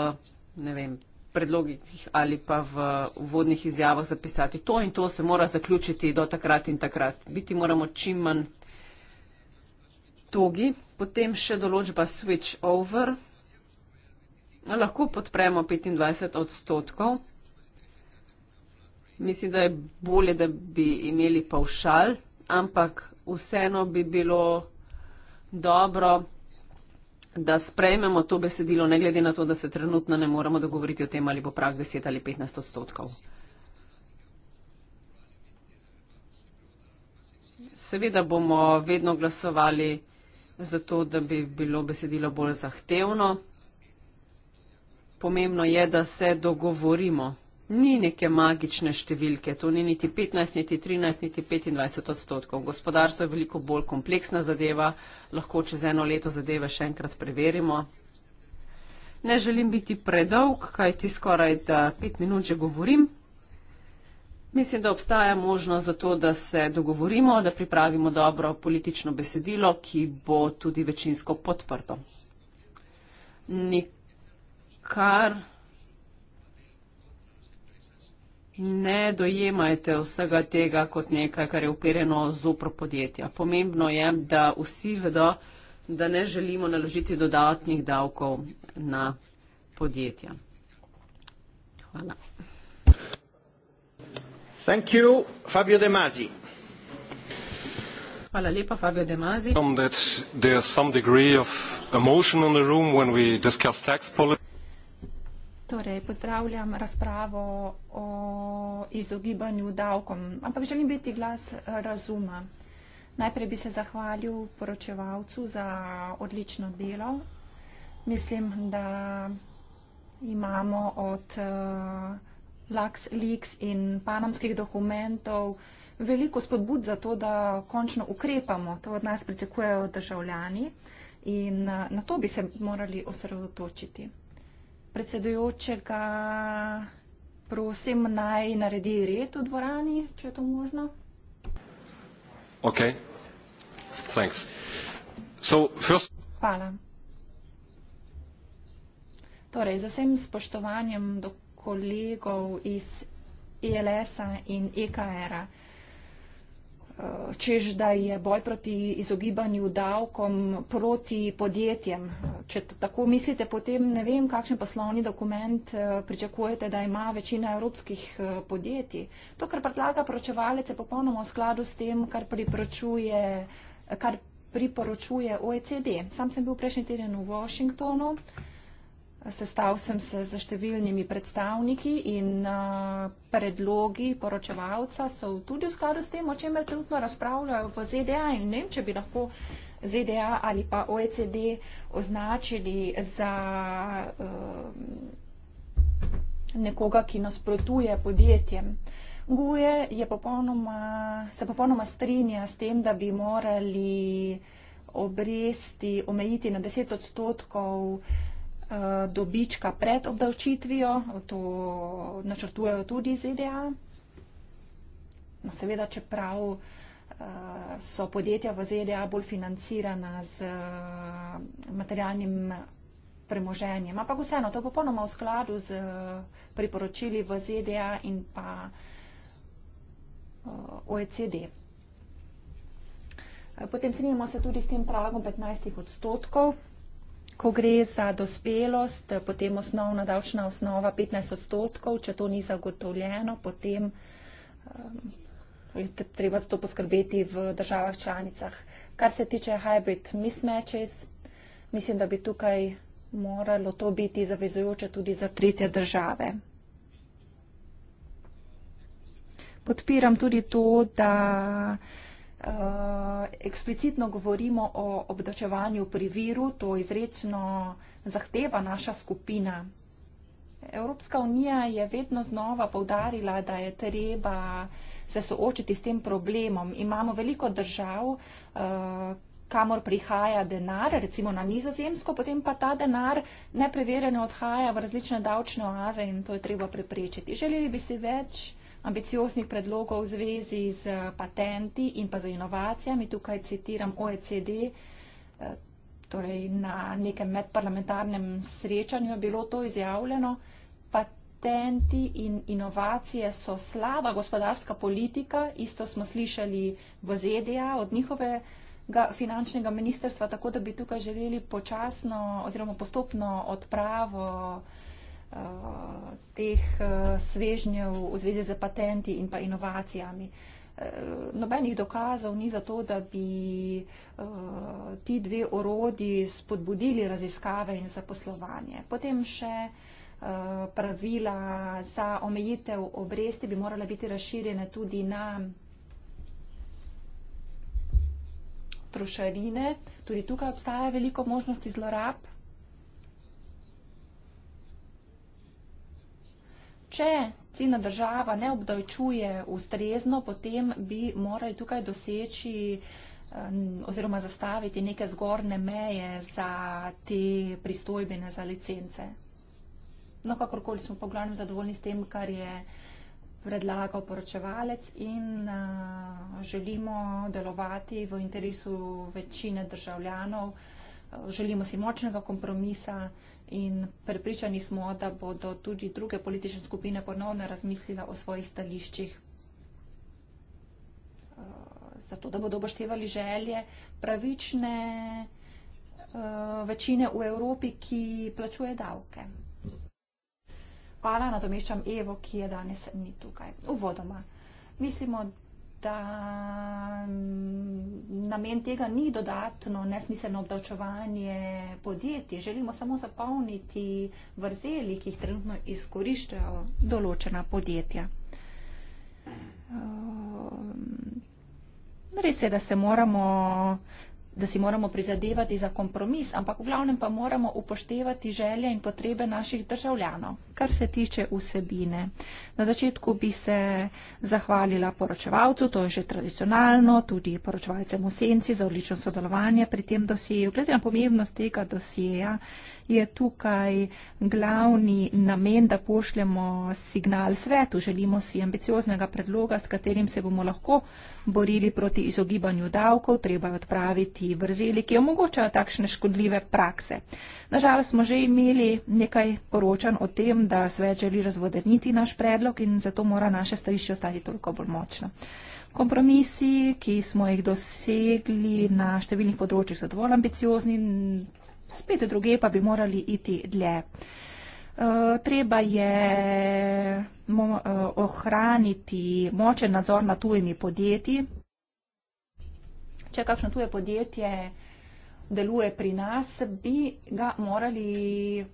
B: ne vem, predlogih ali pa v uvodnih izjavah zapisati. To in to se mora zaključiti do takrat in takrat. Biti moramo čim manj togi. Potem še določba switch over. Lahko podpremo 25 odstotkov. Mislim, da je bolje, da bi imeli pa všal, ampak vseeno bi bilo dobro da sprejmemo to besedilo, ne glede na to, da se trenutno ne moramo dogovoriti o tem, ali bo prak 10 ali 15 odstotkov. Seveda bomo vedno glasovali za to, da bi bilo besedilo bolj zahtevno. Pomembno je, da se dogovorimo ni neke magične številke, to ni niti 15, niti 13, niti 25 odstotkov. Gospodarstvo je veliko bolj kompleksna zadeva, lahko čez eno leto zadeve še enkrat preverimo. Ne želim biti predolg, kaj ti skoraj da pet minut že govorim. Mislim, da obstaja možnost za to, da se dogovorimo, da pripravimo dobro politično besedilo, ki bo tudi večinsko podprto. Nikar ne dojemajte vsega tega kot nekaj, kar je upereno zopr podjetja. Pomembno je, da vsi vedo, da ne želimo naložiti dodatnih davkov na podjetja. Hvala.
A: Thank you, Fabio De Masi.
E: Hvala lepa, Fabio De Masi.
A: Um, that there is some degree of emotion in the room when we discuss tax policy.
E: Torej, pozdravljam razpravo o izogibanju davkom, ampak želim biti glas razuma. Najprej bi se zahvalil poročevalcu za odlično delo. Mislim, da imamo od uh, eh, LuxLeaks in panamskih dokumentov veliko spodbud za to, da končno ukrepamo. To od nas pričakujejo državljani in uh, na to bi se morali osredotočiti predsedujočega prosim naj naredi red v dvorani, če je to možno.
A: Okay. Thanks. So first...
E: Hvala. Torej, za vsem spoštovanjem do kolegov iz ILS-a e in EKR-a. Eh, čež da je boj proti izogibanju davkom proti podjetjem. Če tako mislite, potem ne vem, kakšen poslovni dokument eh, pričakujete, da ima večina evropskih eh, podjetij. To, kar predlaga pročevalec, je popolnoma v skladu s tem, kar priporočuje, kar priporočuje OECD. Sam sem bil prejšnji teden v Washingtonu. Sestal sem se z številnimi predstavniki in predlogi poročevalca so tudi v skladu s tem, o čemer trenutno razpravljajo v ZDA in ne vem, če bi lahko ZDA ali pa OECD označili za nekoga, ki nasprotuje podjetjem. Guje je popolnoma, se popolnoma strinja s tem, da bi morali obresti omejiti na 10 odstotkov Eh, dobička pred obdavčitvijo, to načrtujejo tudi ZDA. No, seveda, čeprav eh, so podjetja v ZDA bolj financirana z eh, materialnim premoženjem, ampak vseeno, to je popolnoma v skladu z priporočili v ZDA in pa OECD. Potem strinjamo se tudi s tem pragom 15 odstotkov. Ko gre za dospelost, potem osnovna davčna osnova 15 odstotkov, če to ni zagotovljeno, potem um, je treba za to poskrbeti v državah članicah. Kar se tiče hybrid mismatches, mislim, da bi tukaj moralo to biti zavezujoče tudi za tretje države. Podpiram tudi to, da Eh, eksplicitno govorimo o obdačevanju pri viru, to izrečno zahteva naša skupina. Evropska unija je vedno znova povdarila, da je treba se soočiti s tem problemom. Imamo veliko držav, eh, kamor prihaja denar, recimo na nizozemsko, potem pa ta denar nepreverjeno odhaja v različne davčne oaze in to je treba preprečiti. Želeli bi si več ambicioznih predlogov v zvezi z eh, patenti in pa z inovacijami. Tukaj citiram OECD, eh, torej na nekem medparlamentarnem srečanju je bilo to izjavljeno. Patenti in inovacije so slaba gospodarska politika, isto smo slišali v ZDA od njihove finančnega ministerstva, tako da bi tukaj želeli počasno oziroma postopno odpravo uh, Eh, teh eh, svežnjev v zvezi z patenti in pa inovacijami. Eh, nobenih dokazov ni za to, da bi ti dve orodi spodbudili raziskave in zaposlovanje. Potem še pravila za omejitev obresti bi morala biti razširjene tudi na trošarine. Tudi tukaj obstaja veliko možnosti zlorab. Če cena država ne obdavčuje ustrezno, potem bi morali tukaj doseči eh, oziroma zastaviti neke zgorne meje za te pristojbine, za licence. No, kakorkoli smo pa v glavnem zadovoljni s tem, kar je predlagal poročevalec in uh, želimo delovati v interesu večine državljanov želimo si močnega kompromisa in prepričani smo, da bodo tudi druge politične skupine ponovno razmislila o svojih stališčih. Uh, zato, da bodo obštevali želje pravične uh, večine v Evropi, ki plačuje davke. Hvala, nadomeščam Evo, ki je danes ni tukaj. Uvodoma. Mislimo, da da namen tega ni dodatno nesmiselno obdavčevanje podjetij. Želimo samo zapolniti vrzeli, ki jih trenutno izkoriščajo določena podjetja. Ehm, res je, da se moramo da si moramo prizadevati za kompromis, ampak v glavnem pa moramo upoštevati želje in potrebe naših državljanov. Kar se tiče vsebine, na začetku bi se zahvalila poročevalcu, to je že tradicionalno, tudi poročevalcem v senci za odlično sodelovanje pri tem dosjeju. Glede na pomembnost tega dosjeja, je tukaj glavni namen, da pošljemo signal svetu. Želimo si ambicioznega predloga, s katerim se bomo lahko borili proti izogibanju davkov, treba je odpraviti vrzeli, ki omogočajo takšne škodljive prakse. Nažalost smo že imeli nekaj poročan o tem, da svet želi razvodeniti naš predlog in zato mora naše stališče ostati toliko bolj močno. Kompromisi, ki smo jih dosegli na številnih področjih, so dovolj ambiciozni, spet druge pa bi morali iti dlje. Eh, treba je eh, ohraniti močen nadzor nad tujimi podjetji. Če kakšno tuje podjetje deluje pri nas, bi ga morali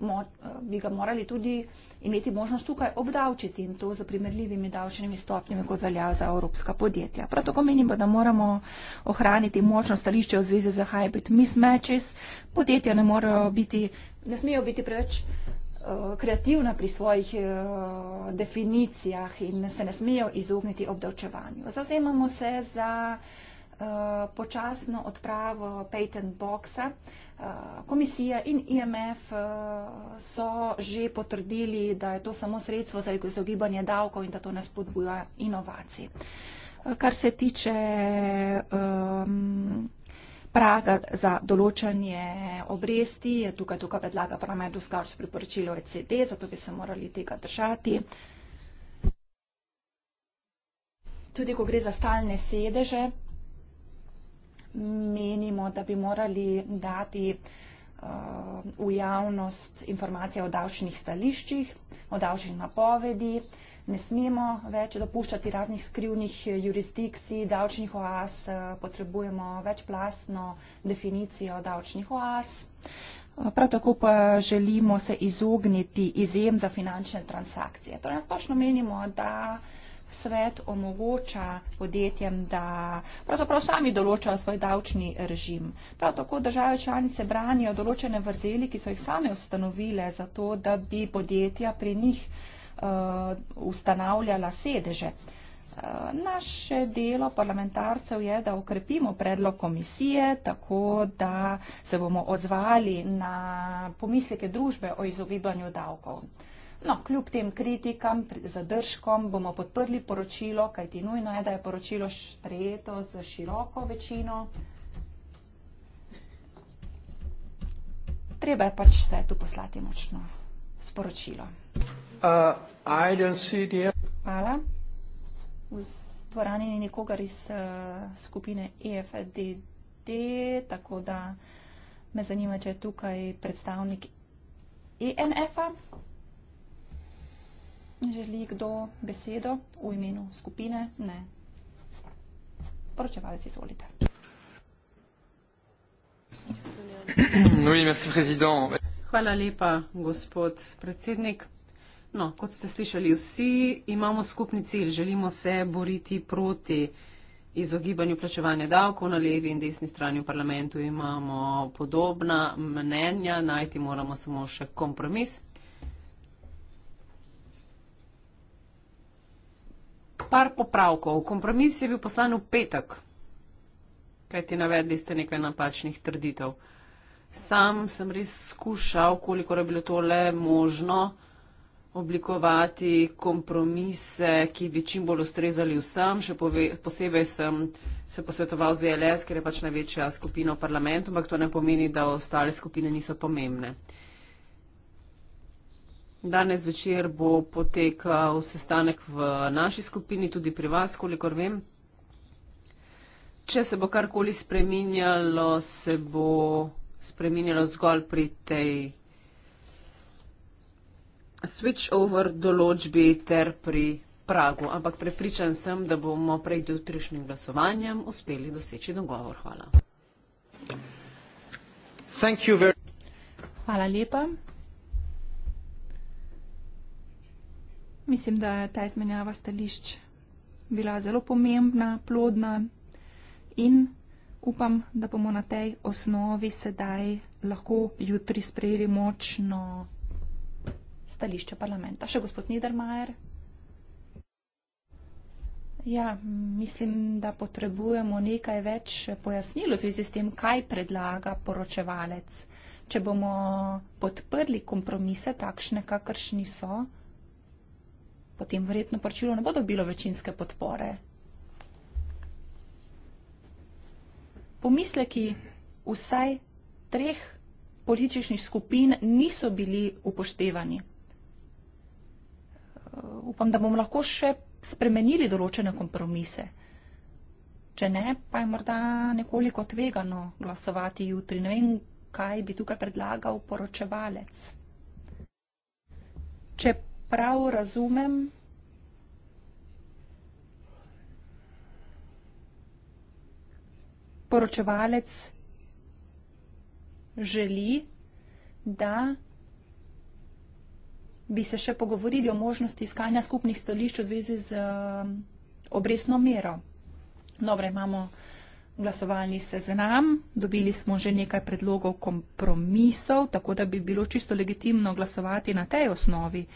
E: mo, bi ga morali tudi imeti možnost tukaj obdavčiti in to za primerljivimi davčnimi stopnjami, kot velja za evropska podjetja. Prav tako menim, da moramo ohraniti močno stališče v zvezi z hybrid mismatches. Podjetja ne, biti, ne smejo biti preveč eh, kreativna pri svojih eh, definicijah in se ne smejo izogniti obdavčevanju. Zauzemamo se za eh, počasno odpravo patent boxa, Eh, komisija in IMF eh, so že potrdili, da je to samo sredstvo za izogibanje davkov in da to ne spodbuja inovacij. Eh, kar se tiče um, praga za določanje obresti, je tukaj tukaj predlaga parlament uskar s priporočilo OECD, zato bi se morali tega držati. Tudi ko gre za stalne sedeže, menimo, da bi morali dati uh, v javnost informacije o davčnih stališčih, o davčnih napovedi. Ne smemo več dopuščati raznih skrivnih jurisdikcij davčnih oas, uh, potrebujemo večplastno definicijo davčnih oas. Uh, prav tako pa želimo se izogniti izjem za finančne transakcije. Torej, nasplošno menimo, da svet omogoča podjetjem, da pravzaprav sami določajo svoj davčni režim. Prav tako države članice branijo določene vrzeli, ki so jih same ustanovile, zato da bi podjetja pri njih uh, ustanavljala sedeže. Uh, naše delo parlamentarcev je, da okrepimo predlog komisije, tako da se bomo odzvali na pomisleke družbe o izogibanju davkov. No, kljub tem kritikam, zadržkom bomo podprli poročilo, kajti nujno je, da je poročilo štrejeto z široko večino. Treba je pač vse tu poslati močno sporočilo.
A: Uh,
E: Hvala. V dvorani ni nikogar iz uh, skupine EFDD, tako da me zanima, če je tukaj predstavnik ENF-a. Želi kdo besedo v imenu skupine? Ne. Poročevalci, izvolite.
B: Hvala lepa, gospod predsednik. No, kot ste slišali vsi, imamo skupni cilj. Želimo se boriti proti izogibanju plačevanja davkov. Na levi in desni strani v parlamentu imamo podobna mnenja. Najti moramo samo še kompromis. par popravkov. Kompromis je bil poslan v petek, kaj ti navedli ste nekaj napačnih trditev. Sam sem res skušal, koliko je bilo tole možno, oblikovati kompromise, ki bi čim bolj ustrezali vsem. Še posebej sem se posvetoval z ELS, ker je pač največja skupina v parlamentu, ampak to ne pomeni, da ostale skupine niso pomembne. Danes večer bo potekal sestanek v naši skupini, tudi pri vas, kolikor vem. Če se bo karkoli spreminjalo, se bo spreminjalo zgolj pri tej switch over določbi ter pri pragu. Ampak prepričan sem, da bomo prej do jutrišnjim glasovanjem uspeli doseči dogovor. Hvala.
E: Hvala lepa. Mislim, da je ta izmenjava stališč bila zelo pomembna, plodna in upam, da bomo na tej osnovi sedaj lahko jutri sprejeli močno stališče parlamenta. Še gospod Niedermayer. Ja, mislim, da potrebujemo nekaj več pojasnil v zvezi s tem, kaj predlaga poročevalec. Če bomo podprli kompromise takšne, kakršni so, potem verjetno plačilo ne bo dobilo večinske podpore. Pomisleki vsaj treh političnih skupin niso bili upoštevani. Uh, upam, da bomo lahko še spremenili določene kompromise. Če ne, pa je morda nekoliko tvegano glasovati jutri. Ne vem, kaj bi tukaj predlagal poročevalec. Če prav razumem, poročevalec želi, da bi se še pogovorili o možnosti iskanja skupnih stališč v zvezi z um, obresno mero. Dobro, imamo glasovalni seznam, dobili smo že nekaj predlogov kompromisov, tako da bi bilo čisto legitimno glasovati na tej osnovi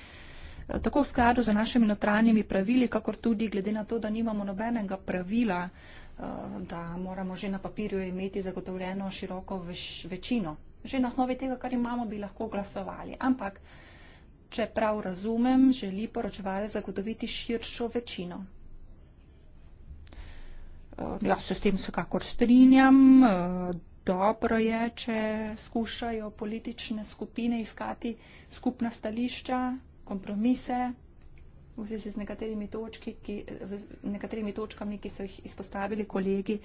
E: tako v skladu z našimi notranjimi pravili, kakor tudi glede na to, da nimamo nobenega pravila, eh, da moramo že na papirju imeti zagotovljeno široko večino. Že na osnovi tega, kar imamo, bi lahko glasovali. Ampak, če prav razumem, želi poročevalec zagotoviti širšo večino. Ja, se s tem vsekakor strinjam. Eh, dobro je, če skušajo politične skupine iskati skupna stališča, kompromise, v zvezi z nekaterimi, točki, ki, v, nekaterimi točkami, ki so jih izpostavili kolegi. E,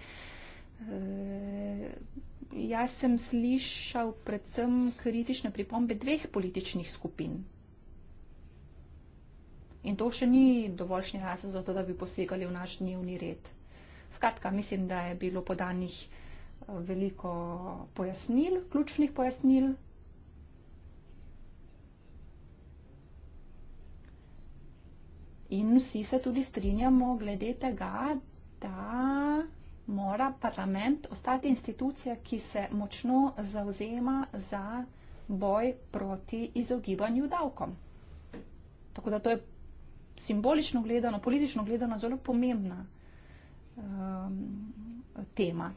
E: jaz sem slišal predvsem kritične pripombe dveh političnih skupin. In to še ni dovoljšnji razlog za to, da bi posegali v naš dnevni red. Skratka, mislim, da je bilo podanih veliko pojasnil, ključnih pojasnil, In vsi se tudi strinjamo glede tega, da mora parlament ostati institucija, ki se močno zauzema za boj proti izogibanju davkom. Tako da to je simbolično gledano, politično gledano zelo pomembna um, tema.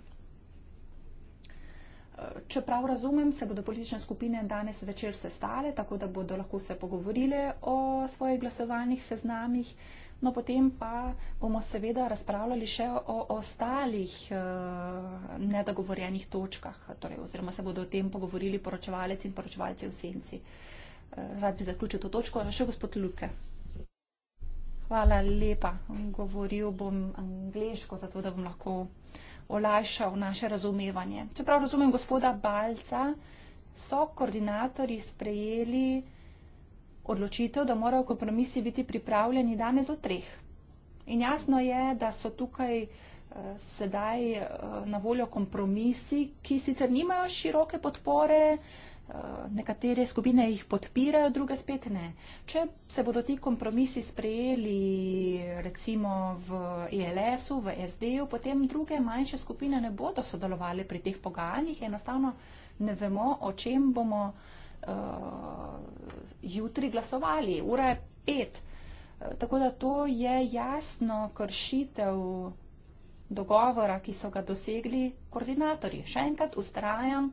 E: Čeprav razumem, se bodo politične skupine danes večer sestale, tako da bodo lahko se pogovorile o svojih glasovalnih seznamih, no potem pa bomo seveda razpravljali še o ostalih uh, nedogovorjenih točkah, torej, oziroma se bodo o tem pogovorili poročevalec in poročevalci v senci. Eh, rad bi zaključil to točko, še gospod Luke. Hvala lepa. Govoril bom angliško, zato da bom lahko. Uh, olajšal naše razumevanje. Čeprav razumem gospoda Balca, so koordinatori sprejeli odločitev, da morajo kompromisi biti pripravljeni danes do treh. In jasno je, da so tukaj eh, sedaj eh, na voljo kompromisi, ki sicer nimajo široke podpore, Eh, nekatere skupine jih podpirajo, druge spet ne. Če se bodo ti kompromisi sprejeli recimo v ELS-u, v SD-ju, potem druge manjše skupine ne bodo sodelovali pri teh pogajanjih. Enostavno ne vemo, o čem bomo uh, jutri glasovali. Ura je pet. Eh, tako da to je jasno kršitev dogovora, ki so ga dosegli koordinatorji. Še enkrat ustrajam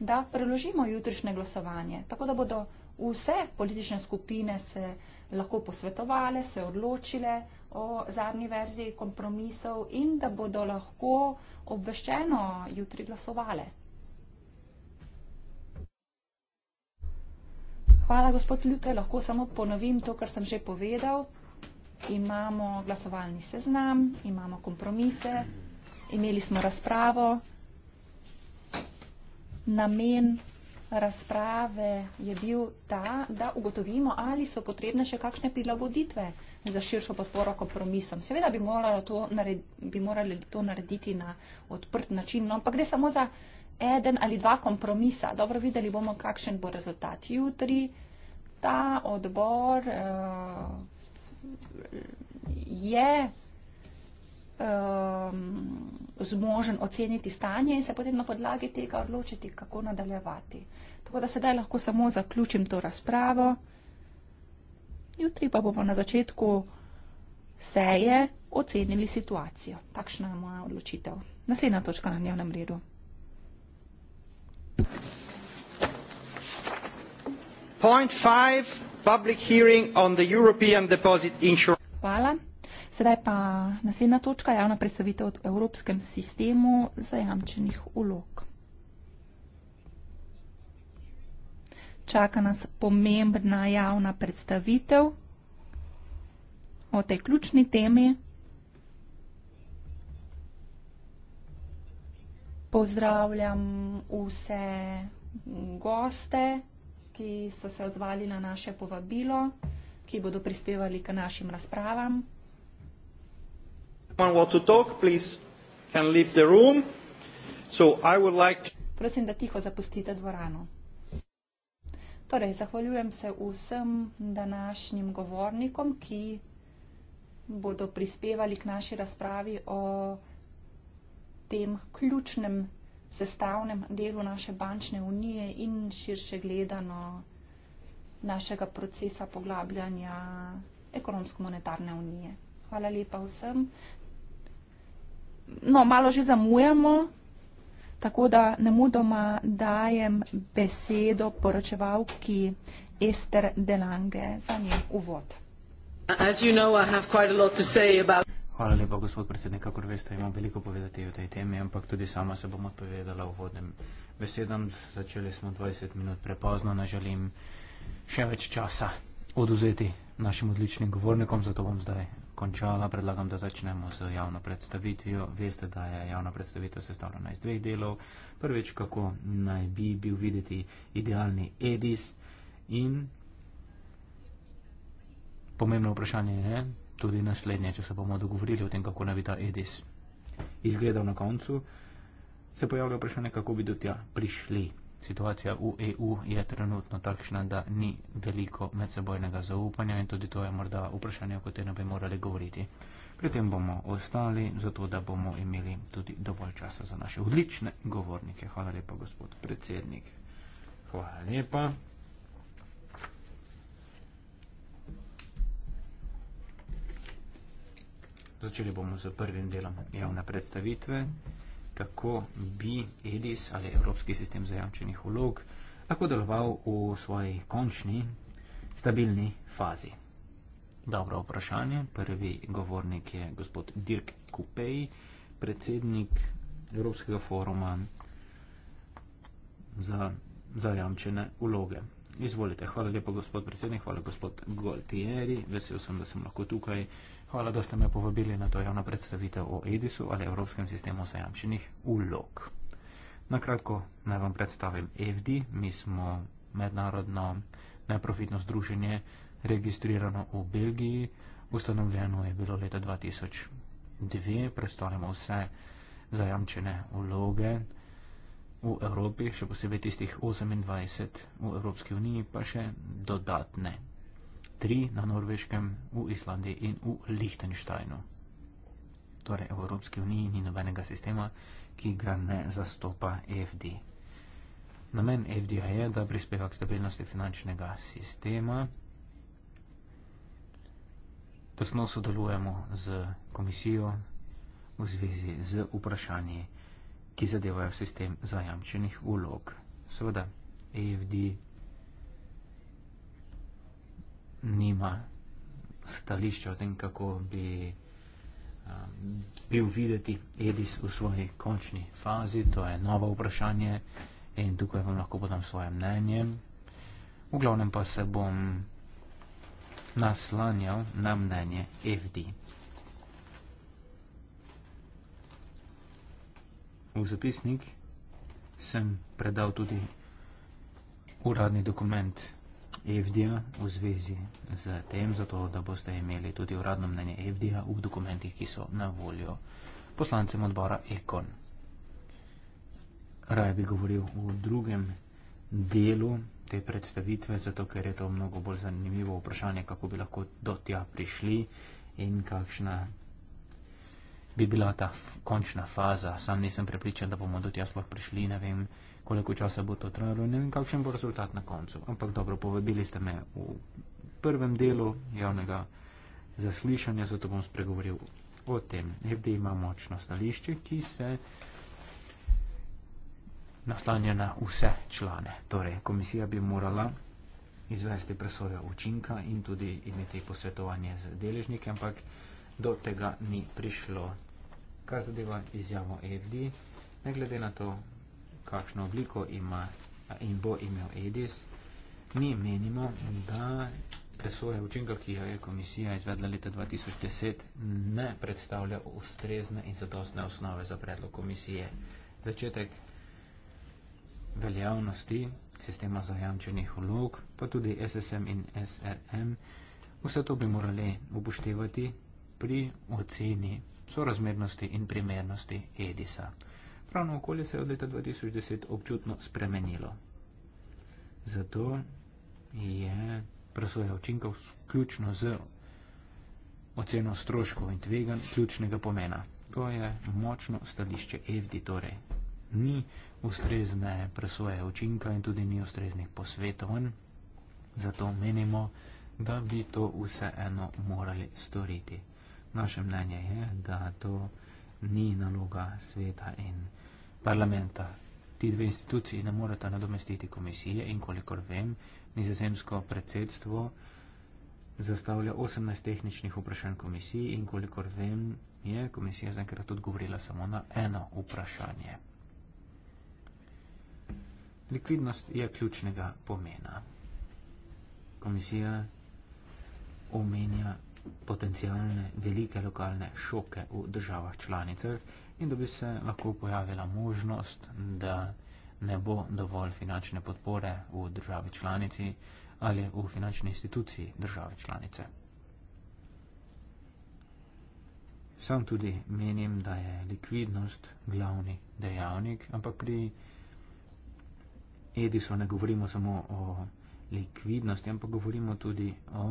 E: da preložimo jutrišnje glasovanje, tako da bodo vse politične skupine se lahko posvetovale, se odločile o zadnji verziji kompromisov in da bodo lahko obveščeno jutri glasovale. Hvala, gospod Ljuke. Lahko samo ponovim to, kar sem že povedal. Imamo glasovalni seznam, imamo kompromise, imeli smo razpravo namen razprave je bil ta, da ugotovimo, ali so potrebne še kakšne prilagoditve za širšo podporo kompromisom. Seveda bi, to nared, bi morali to narediti na odprt način, no, ampak gre samo za eden ali dva kompromisa. Dobro, videli bomo, kakšen bo rezultat jutri. Ta odbor uh, je um, zmožen oceniti stanje in se potem na podlagi tega odločiti, kako nadaljevati. Tako da sedaj lahko samo zaključim to razpravo. Jutri pa bomo na začetku seje ocenili situacijo. Takšna je moja odločitev. Naslednja točka na dnevnem redu.
A: Point five, public hearing on the European Deposit
E: Insurance. Hvala. Sedaj pa naslednja točka, javna predstavitev o evropskem sistemu zajamčenih ulog. Čaka nas pomembna javna predstavitev o tej ključni temi. Pozdravljam vse goste, ki so se odzvali na naše povabilo, ki bodo prispevali k našim razpravam
A: someone want to talk, please can leave the room. So I would like...
E: Prosim, da tiho zapustite dvorano. Torej, zahvaljujem se vsem današnjim govornikom, ki bodo prispevali k naši razpravi o tem ključnem sestavnem delu naše bančne unije in širše gledano našega procesa poglabljanja ekonomsko-monetarne unije. Hvala lepa vsem no, malo že zamujamo, tako da ne mudoma dajem besedo poročevalki Ester Delange za njen uvod.
F: You know, about...
C: Hvala lepa, gospod predsednik, kakor veste, imam veliko povedati o tej temi, ampak tudi sama se bom odpovedala uvodnem besedam. Začeli smo 20 minut prepozno, ne želim še več časa oduzeti našim odličnim govornikom, zato bom zdaj končala, predlagam, da začnemo z javno predstavitvijo. Veste, da je javna predstavitev sestavljena iz dveh delov. Prvič, kako naj bi bil videti idealni Edis in pomembno vprašanje je tudi naslednje, če se bomo dogovorili o tem, kako naj bi ta Edis izgledal na koncu, se pojavlja vprašanje, kako bi do tja prišli situacija v EU je trenutno takšna, da ni veliko medsebojnega zaupanja in tudi to je morda vprašanje, o katerem bi morali govoriti. Pri tem bomo ostali, zato da bomo imeli tudi dovolj časa za naše odlične govornike. Hvala lepa, gospod predsednik. Hvala lepa. Začeli bomo z prvim delom javne predstavitve kako bi EDIS ali Evropski sistem zajamčenih vlog lahko deloval v svoji končni stabilni fazi. Dobro vprašanje. Prvi govornik je gospod Dirk Kupej, predsednik Evropskega foruma za zajamčene vloge. Izvolite. Hvala lepa, gospod predsednik. Hvala, gospod Gualtieri. Vesel sem, da sem lahko tukaj. Uh, Hvala, da ste me povabili na to javno predstavitev o EDIS-u ali Evropskem sistemu zajamčenih ulog. Nakratko naj vam predstavim EFD. Mi smo mednarodno neprofitno združenje, registrirano v Belgiji. Ustanovljeno je bilo leta 2002, predstavljamo vse zajamčene uloge v Evropi, še posebej tistih 28 v Evropski uniji, pa še dodatne tri na Norveškem, v Islandiji in v Lihtenštajnu. Torej, Evropske unije ni nobenega sistema, ki ga ne zastopa e FD. Namen e FDA je, da prispeva k stabilnosti finančnega sistema. Tesno sodelujemo z komisijo v zvezi z vprašanji, ki zadevajo sistem zajamčenih vlog. Seveda, AFD e nima stališča o tem, kako bi um, bil videti Edis v svoji končni fazi. To je novo vprašanje in tukaj vam lahko podam svoje mnenje. V glavnem pa se bom naslanjal na mnenje FD. V zapisnik sem predal tudi uradni dokument Evdija v zvezi z tem, zato da boste imeli tudi uradno mnenje Evdija v dokumentih, ki so na voljo poslancem odbora Ekon. Raj bi govoril v drugem delu te predstavitve, zato ker je to mnogo bolj zanimivo vprašanje, kako bi lahko do tja prišli in kakšna bi bila ta končna faza. Sam nisem prepričan, da bomo do tja sploh prišli, ne vem, koliko časa bo to trajalo, ne vem, kakšen bo rezultat na koncu. Ampak dobro, povabili ste me v prvem delu javnega zaslišanja, zato bom spregovoril o tem. FD ima močno stališče, ki se naslanja na vse člane. Torej, komisija bi morala izvesti presojo učinka in tudi imeti posvetovanje z deležniki, ampak do tega ni prišlo. Kar zadeva izjavo FD, ne glede na to, kakšno obliko ima in bo imel Edis, mi menimo, da presoja učinka, ki jo je komisija izvedla leta 2010, ne predstavlja ustrezne in zadostne osnove za predlog komisije. Začetek veljavnosti sistema zajamčenih vlog, pa tudi SSM in SRM, vse to bi morali upoštevati pri oceni sorazmernosti in primernosti Edisa. Pravno okolje se je od leta 2010 občutno spremenilo. Zato je presoja učinkov vključno z oceno stroškov in tvegan ključnega pomena. To je močno stališče e FD, torej ni ustrezne presoje učinka in tudi ni ustreznih posvetovanj, zato menimo, da bi to vseeno morali storiti. Naše mnenje je, da to ni naloga sveta in parlamenta. Ti dve instituciji ne moreta nadomestiti komisije in kolikor vem, nizozemsko predsedstvo zastavlja 18 tehničnih vprašanj komisiji in kolikor vem, je komisija zaenkrat odgovorila samo na eno vprašanje. Likvidnost je ključnega pomena. Komisija omenja potencijalne velike lokalne šoke v državah članicah in da bi se lahko pojavila možnost, da ne bo dovolj finančne podpore v državi članici ali v finančni instituciji države članice. Sam tudi menim, da je likvidnost glavni dejavnik, ampak pri Edisonu ne govorimo samo o likvidnosti, ampak govorimo tudi o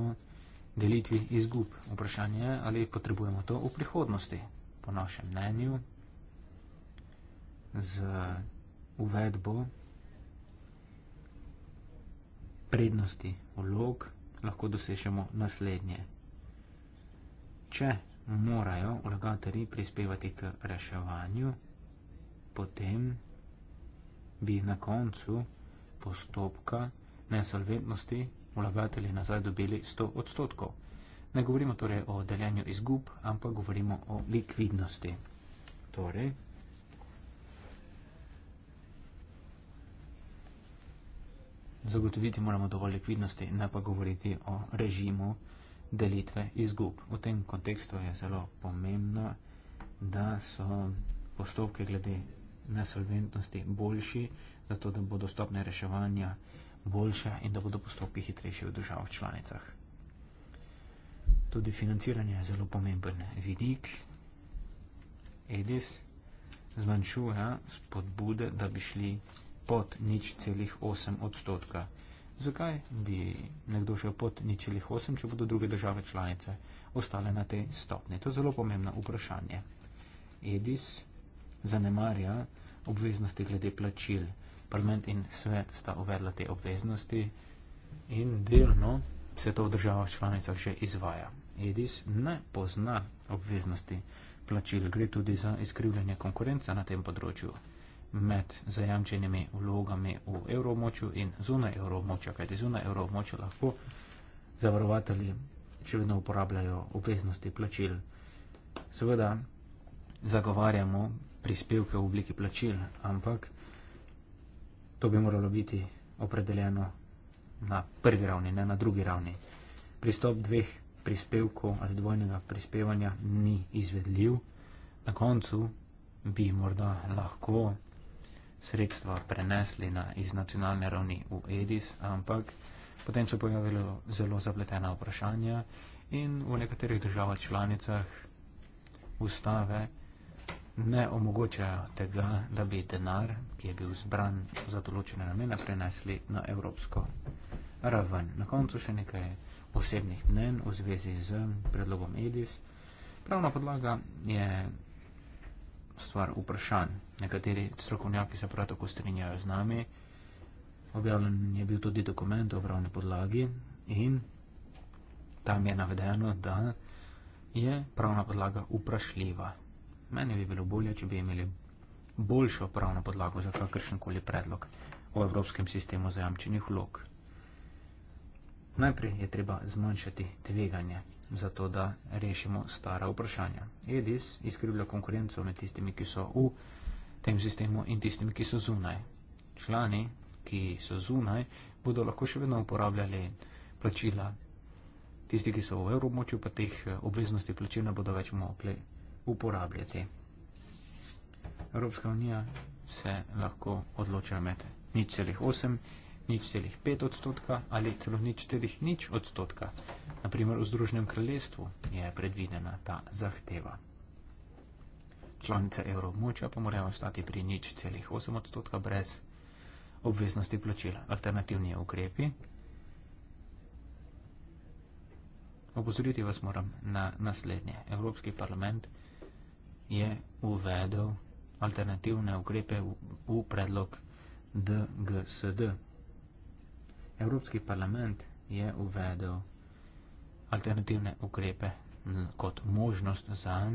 C: delitvi izgub. Vprašanje je, ali potrebujemo to v prihodnosti. Po našem mnenju, z uvedbo prednosti vlog lahko dosežemo naslednje. Če morajo vlagatelji prispevati k reševanju, potem bi na koncu postopka nesolventnosti vlagatelji nazaj dobili 100 odstotkov. Ne govorimo torej o deljenju izgub, ampak govorimo o likvidnosti. Torej, zagotoviti moramo dovolj likvidnosti, ne pa govoriti o režimu delitve izgub. V tem kontekstu je zelo pomembno, da so postopke glede nesolventnosti boljši, zato da bodo stopne reševanja boljše in da bodo postopki hitrejši v državah članicah. Tudi financiranje je zelo pomemben vidik. EDIS zmanjšuje spodbude, da bi šli pod nič celih 8 odstotka. Zakaj bi nekdo šel pod nič celih 8, če bodo druge države članice ostale na tej stopni? To je zelo pomembno vprašanje. EDIS zanemarja obveznosti glede plačil parlament in svet sta uvedla te obveznosti in delno se to v državah članicah še izvaja. Edis ne pozna obveznosti plačil, gre tudi za izkrivljanje konkurence na tem področju med zajamčenimi vlogami v evromočju in zunaj evromočja, kajti zunaj evromočja lahko zavarovateli še vedno uporabljajo obveznosti plačil. Seveda zagovarjamo prispevke v obliki plačil, ampak to bi moralo biti opredeljeno na prvi ravni, ne na drugi ravni. Pristop dveh prispevkov ali dvojnega prispevanja ni izvedljiv. Na koncu bi morda lahko sredstva prenesli na iz nacionalne ravni v EDIS, ampak potem so pojavilo zelo zapletena vprašanja in v nekaterih državah članicah ustave ne omogočajo tega, da bi denar, ki je bil zbran za določene namene, prenesli na evropsko raven. Na koncu še nekaj posebnih mnen v zvezi z predlogom EDIS. Pravna podlaga je stvar vprašanj. Nekateri strokovnjaki se prav tako strinjajo z nami. Objavljen je bil tudi dokument o pravni podlagi in tam je navedeno, da je pravna podlaga vprašljiva. Meni bi bilo bolje, če bi imeli boljšo pravno podlago za kakršen koli predlog o evropskem sistemu zajamčenih vlog. Najprej je treba zmanjšati tveganje, zato da rešimo stara vprašanja. EDIS izkrivlja konkurenco med tistimi, ki so v tem sistemu in tistimi, ki so zunaj. Člani, ki so zunaj, bodo lahko še vedno uporabljali plačila. Tisti, ki so v evromočju, pa teh eh, obveznosti plačila bodo več mogli uporabljati. Evropska unija se lahko odloča med nič celih 8, nič celih 5 odstotka ali celo nič celih nič odstotka. Naprimer v Združnem kraljestvu je predvidena ta zahteva. Članice evromoča pa morajo ostati pri nič celih 8 odstotka brez obveznosti plačila. Alternativni ukrepi. Opozoriti vas moram na naslednje. Evropski parlament je uvedel alternativne ukrepe v, v predlog DGSD. Evropski parlament je uvedel alternativne ukrepe kot možnost za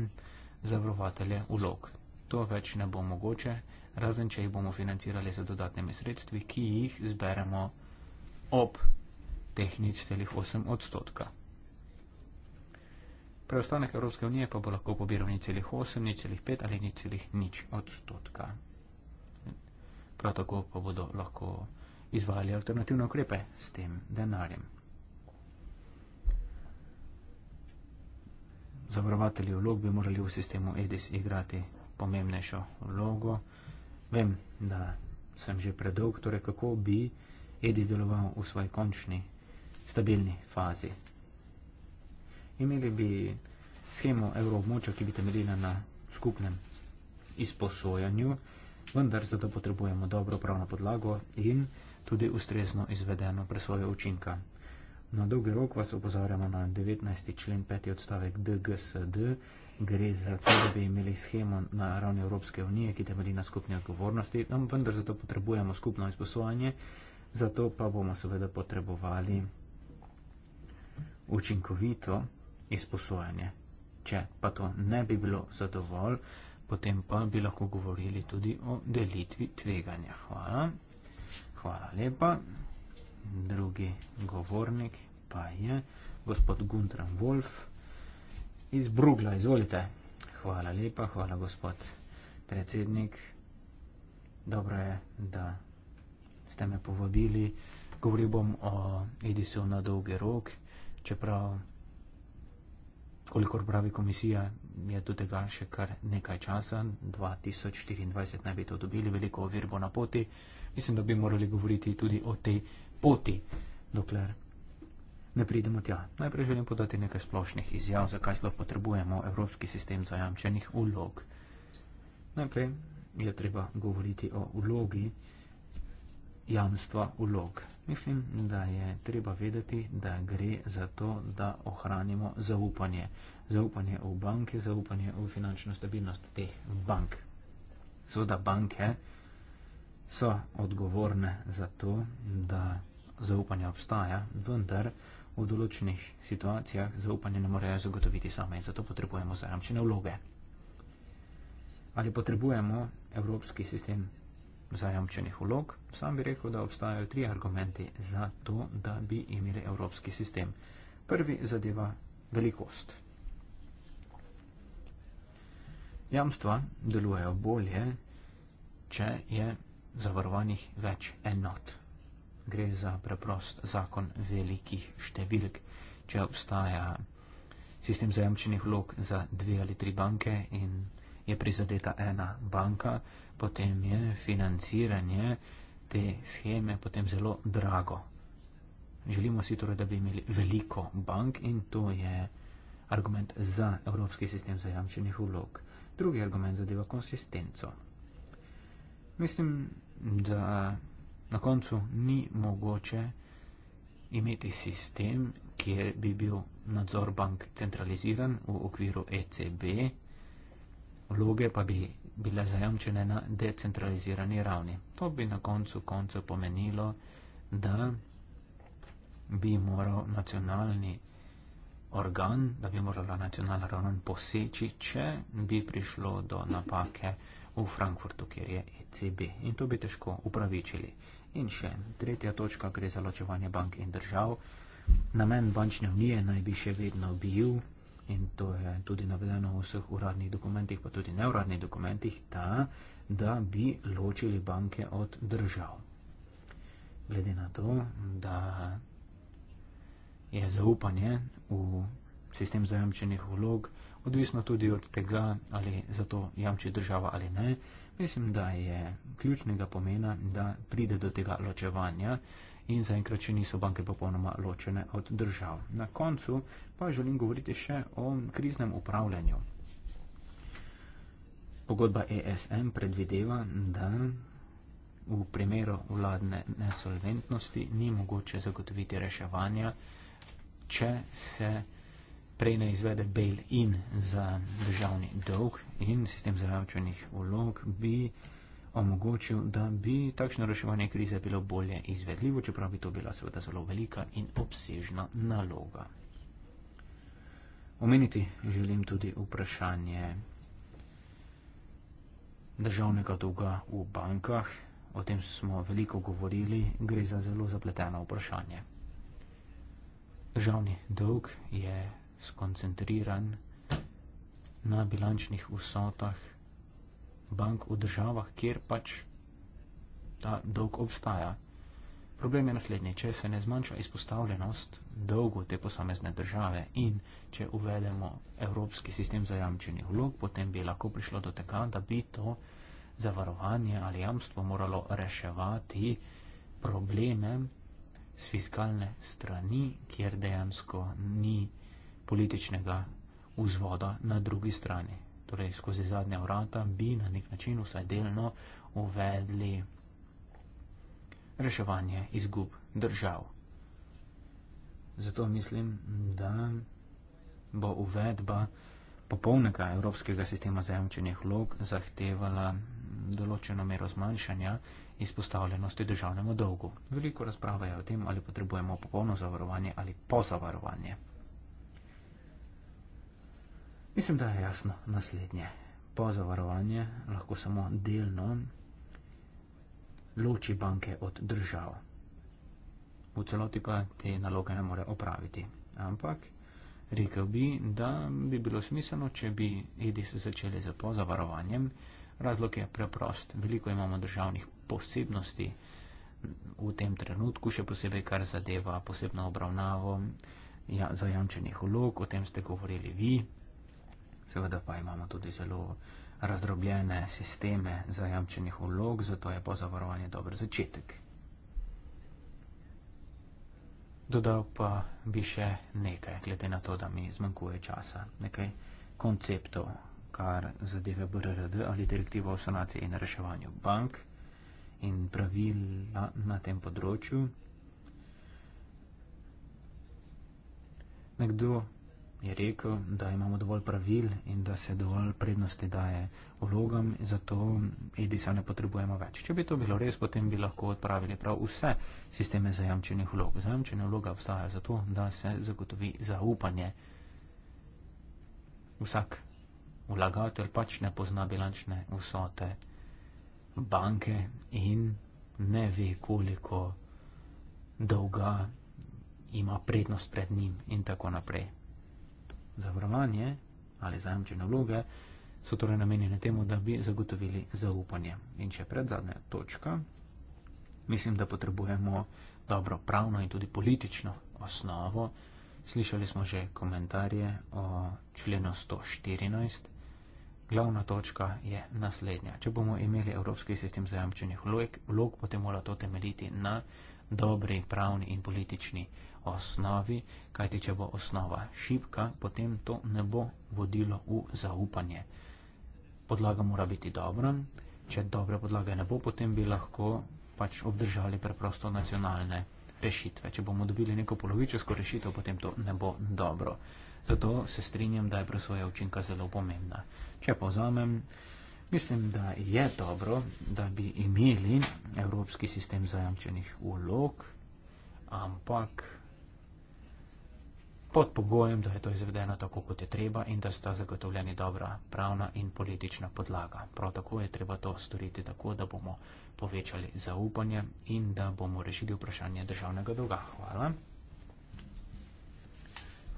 C: zavrovatelje vlog. To več ne bo mogoče, razen če jih bomo financirali z dodatnimi sredstvi, ki jih zberemo ob tehnic celih 8 odstotka preostanek Evropske unije pa bo lahko pobiral ni celih 8, ni celih 5 ali ni celih nič odstotka. Prav tako pa bodo lahko izvajali alternativne ukrepe s tem denarjem. Zavarovatelji vlog bi morali v sistemu EDIS igrati pomembnejšo vlogo. Vem, da sem že predolg, torej kako bi EDIS deloval v svoji končni stabilni fazi imeli bi schemo evroobmočja, ki bi temeljila na skupnem izposojanju, vendar zato potrebujemo dobro pravno podlago in tudi ustrezno izvedeno presvojo učinka. Na dolgi rok vas opozarjamo na 19. člen 5. odstavek DGSD, gre za to, da bi imeli schemo na ravni Evropske unije, ki temelji na skupni odgovornosti, no, vendar zato potrebujemo skupno izposojanje, zato pa bomo seveda potrebovali učinkovito izposojanje. Če pa to ne bi bilo zadovolj, potem pa bi lahko govorili tudi o delitvi tveganja. Hvala. Hvala lepa. Drugi govornik pa je gospod Guntram Wolf iz Brugla. Izvolite. Hvala lepa, hvala gospod predsednik. Dobro je, da ste me povabili. Govoril bom o Edisu na dolgi rok, čeprav kolikor pravi komisija, je do tega še kar nekaj časa, 2024 naj bi to dobili, veliko ovir bo na poti. Mislim, da bi morali govoriti tudi o tej poti, dokler ne pridemo tja. Najprej želim podati nekaj splošnih izjav, zakaj sploh potrebujemo evropski sistem zajamčenih ulog. Najprej je treba govoriti o ulogi jamstva vlog. Mislim, da je treba vedeti, da gre za to, da ohranimo zaupanje. Zaupanje v banke, zaupanje v finančno stabilnost teh bank. Seveda banke so odgovorne za to, da zaupanje obstaja, vendar v določenih situacijah zaupanje ne morejo zagotoviti same in zato potrebujemo zajamčene vloge. Ali potrebujemo evropski sistem zajamčenih vlog, sam bi rekel, da obstajajo tri argumenti za to, da bi imeli evropski sistem. Prvi zadeva velikost. Jamstva delujejo bolje, če je zavarovanih več enot. Gre za preprost zakon velikih številk. Če obstaja sistem zajamčenih vlog za dve ali tri banke in je prizadeta ena banka, potem je financiranje te scheme potem zelo drago. Želimo si torej, da bi imeli veliko bank in to je argument za Evropski sistem zajamčenih vlog. Drugi argument zadeva konsistenco. Mislim, da na koncu ni mogoče imeti sistem, kjer bi bil nadzor bank centraliziran v okviru ECB, vloge pa bi bile zajamčene na decentralizirani ravni. To bi na koncu koncev pomenilo, da bi moral nacionalni organ, da bi morala nacionalna ravna poseči, če bi prišlo do napake v Frankfurtu, kjer je ECB. In to bi težko upravičili. In še tretja točka gre za ločevanje bank in držav. Namen bančne unije naj bi še vedno bil in to je tudi navedeno v vseh uradnih dokumentih, pa tudi neuradnih dokumentih, ta, da bi ločili banke od držav. Glede na to, da je zaupanje v sistem zajamčenih vlog odvisno tudi od tega, ali za to jamči država ali ne, mislim, da je ključnega pomena, da pride do tega ločevanja in zaenkrat še niso banke popolnoma ločene od držav. Na koncu pa želim govoriti še o kriznem upravljanju. Pogodba ESM predvideva, da v primeru vladne nesolventnosti ni mogoče zagotoviti reševanja, če se prej ne izvede bail-in za državni dolg in sistem zaravčenih vlog bi omogočil, da bi takšno reševanje krize bilo bolje izvedljivo, čeprav bi to bila seveda zelo velika in obsežna naloga. Omeniti želim tudi vprašanje državnega dolga v bankah. O tem smo veliko govorili, gre za zelo zapleteno vprašanje. Državni dolg je skoncentriran na bilančnih vsotah bank v državah, kjer pač ta dolg obstaja. Problem je naslednji, če se ne zmanjša izpostavljenost dolgu te posamezne države in če uvedemo evropski sistem zajamčenih vlog, potem bi lahko prišlo do tega, da bi to zavarovanje ali jamstvo moralo reševati probleme s fiskalne strani, kjer dejansko ni političnega vzvoda na drugi strani torej skozi zadnja vrata, bi na nek način vsaj delno uvedli reševanje izgub držav. Zato mislim, da bo uvedba popolnega evropskega sistema zajamčenih vlog zahtevala določeno mero zmanjšanja izpostavljenosti državnemu dolgu. Veliko razprave je o tem, ali potrebujemo popolno zavarovanje ali pozavarovanje. Mislim, da je jasno naslednje. Po zavarovanje lahko samo delno loči banke od držav. V celoti pa te naloge ne more opraviti. Ampak rekel bi, da bi bilo smiselno, če bi EDS začeli z za pozavarovanjem. Razlog je preprost. Veliko imamo državnih posebnosti v tem trenutku, še posebej kar zadeva posebno obravnavo ja, zajamčenih vlog, o tem ste govorili vi, Seveda pa imamo tudi zelo razdrobljene sisteme zajamčenih vlog, zato je pozavarovanje dober začetek. Dodal pa bi še nekaj, glede na to, da mi zmanjkuje časa, nekaj konceptov, kar zadeve BRRD ali direktivo o sanaciji in reševanju bank in pravila na tem področju. Nekdo je rekel, da imamo dovolj pravil in da se dovolj prednosti daje vlogam, zato Edisa ne potrebujemo več. Če bi to bilo res, potem bi lahko odpravili prav vse sisteme zajamčenih vlog. Zajamčene vloga obstajajo zato, da se zagotovi zaupanje. Vsak vlagatelj pač ne pozna bilančne vsote banke in ne ve, koliko dolga ima prednost pred njim in tako naprej zavarovanje ali zajamčene vloge so torej namenjene temu, da bi zagotovili zaupanje. In če pred zadnja točka, mislim, da potrebujemo dobro pravno in tudi politično osnovo. Slišali smo že komentarje o členu 114. Glavna točka je naslednja. Če bomo imeli Evropski sistem zajamčenih vlog, potem mora to temeljiti na dobri pravni in politični osnovi osnovi, kajti če bo osnova šipka, potem to ne bo vodilo v zaupanje. Podlaga mora biti dobra, če dobre podlage ne bo, potem bi lahko pač obdržali preprosto nacionalne rešitve. Če bomo dobili neko polovičarsko rešitev, potem to ne bo dobro. Zato se strinjam, da je presoja učinka zelo pomembna. Če povzamem, mislim, da je dobro, da bi imeli evropski sistem zajamčenih ulog, ampak pod pogojem, da je to izvedeno tako, kot je treba in da sta zagotovljeni dobra pravna in politična podlaga. Prav tako je treba to storiti tako, da bomo povečali zaupanje in da bomo rešili vprašanje državnega dolga. Hvala.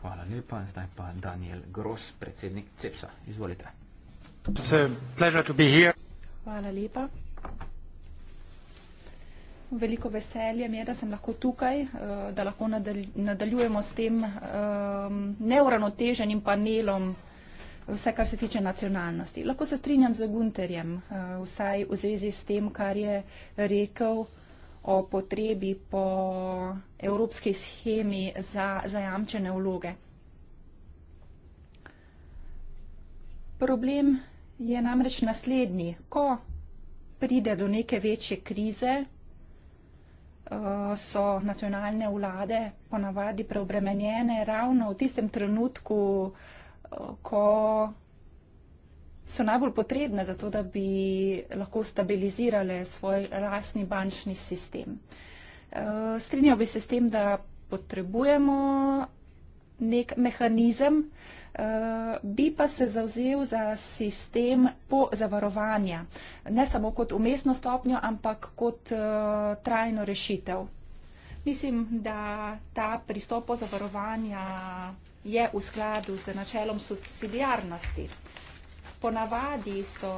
C: Hvala lepa. Zdaj pa Daniel Gross, predsednik CEPSA. Izvolite.
E: Hvala lepa veliko veselje mi je, da sem lahko tukaj, eh, da lahko nadaljujemo s tem ehm, neuravnoteženim panelom, eh, vse kar se tiče nacionalnosti. Lahko se strinjam z Gunterjem, eh, vsaj v zvezi s tem, kar je rekel o potrebi po evropski schemi za zajamčene vloge. Problem je namreč naslednji. Ko pride do neke večje krize, Eh, so nacionalne vlade ponavadi preobremenjene ravno v tistem trenutku, eh, ko so najbolj potrebne za to, da bi lahko stabilizirale svoj lastni bančni sistem. Eh, strinjal bi se s tem, da potrebujemo nek mehanizem, Eh, bi pa se zauzel za sistem po zavarovanja, ne samo kot umestno stopnjo, ampak kot eh, trajno rešitev. Mislim, da ta pristop po zavarovanja je v skladu z načelom subsidijarnosti. Ponavadi so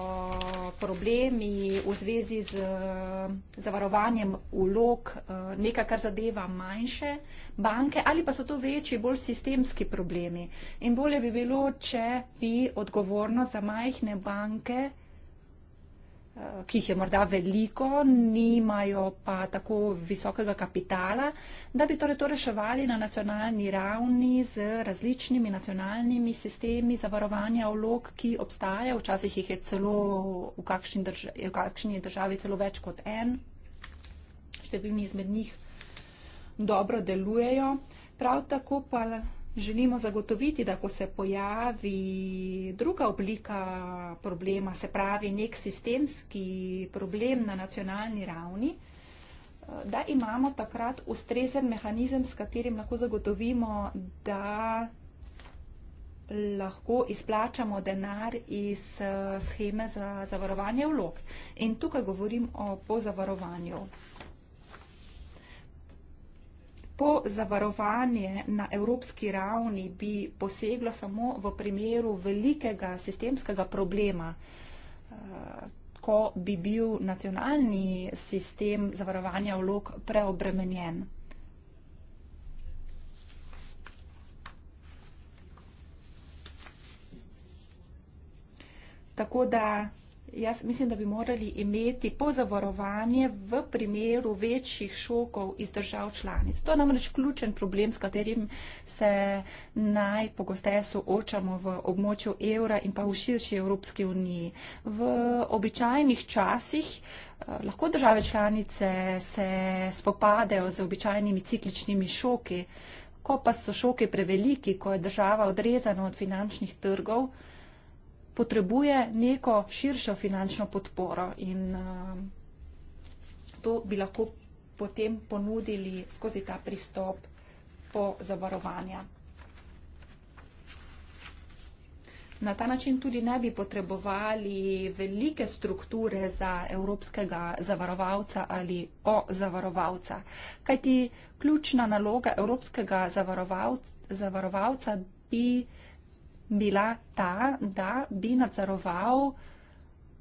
E: problemi v zvezi z eh, zavarovanjem ulog eh, nekaj, kar zadeva manjše banke ali pa so to večji, bolj sistemski problemi. In bolje bi bilo, če bi odgovornost za majhne banke Eh, ki jih je morda veliko, nimajo pa tako visokega kapitala, da bi torej to reševali na nacionalni ravni z različnimi nacionalnimi sistemi zavarovanja vlog, ki obstajajo, včasih jih je celo v kakšni, drž v kakšni državi celo več kot en, številni izmed njih dobro delujejo. Prav tako pa Želimo zagotoviti, da ko se pojavi druga oblika problema, se pravi nek sistemski problem na nacionalni ravni, da imamo takrat ustrezen mehanizem, s katerim lahko zagotovimo, da lahko izplačamo denar iz eh, scheme za zavarovanje vlog. In tukaj govorim o pozavarovanju. Po zavarovanje na evropski ravni bi poseglo samo v primeru velikega sistemskega problema, eh, ko bi bil nacionalni sistem zavarovanja vlog preobremenjen. Tako da Jaz mislim, da bi morali imeti pozavarovanje v primeru večjih šokov iz držav članic. To je namreč ključen problem, s katerim se najpogosteje soočamo v območju evra in pa v širši Evropski uniji. V običajnih časih eh, lahko države članice se spopadejo z običajnimi cikličnimi šoki, ko pa so šoki preveliki, ko je država odrezana od finančnih trgov, potrebuje neko širšo finančno podporo in um, to bi lahko potem ponudili skozi ta pristop po zavarovanja. Na ta način tudi ne bi potrebovali velike strukture za evropskega zavarovalca ali o zavarovalca. Kajti ključna naloga evropskega zavarovalca, zavarovalca bi bila, bila ta, da bi nadzoroval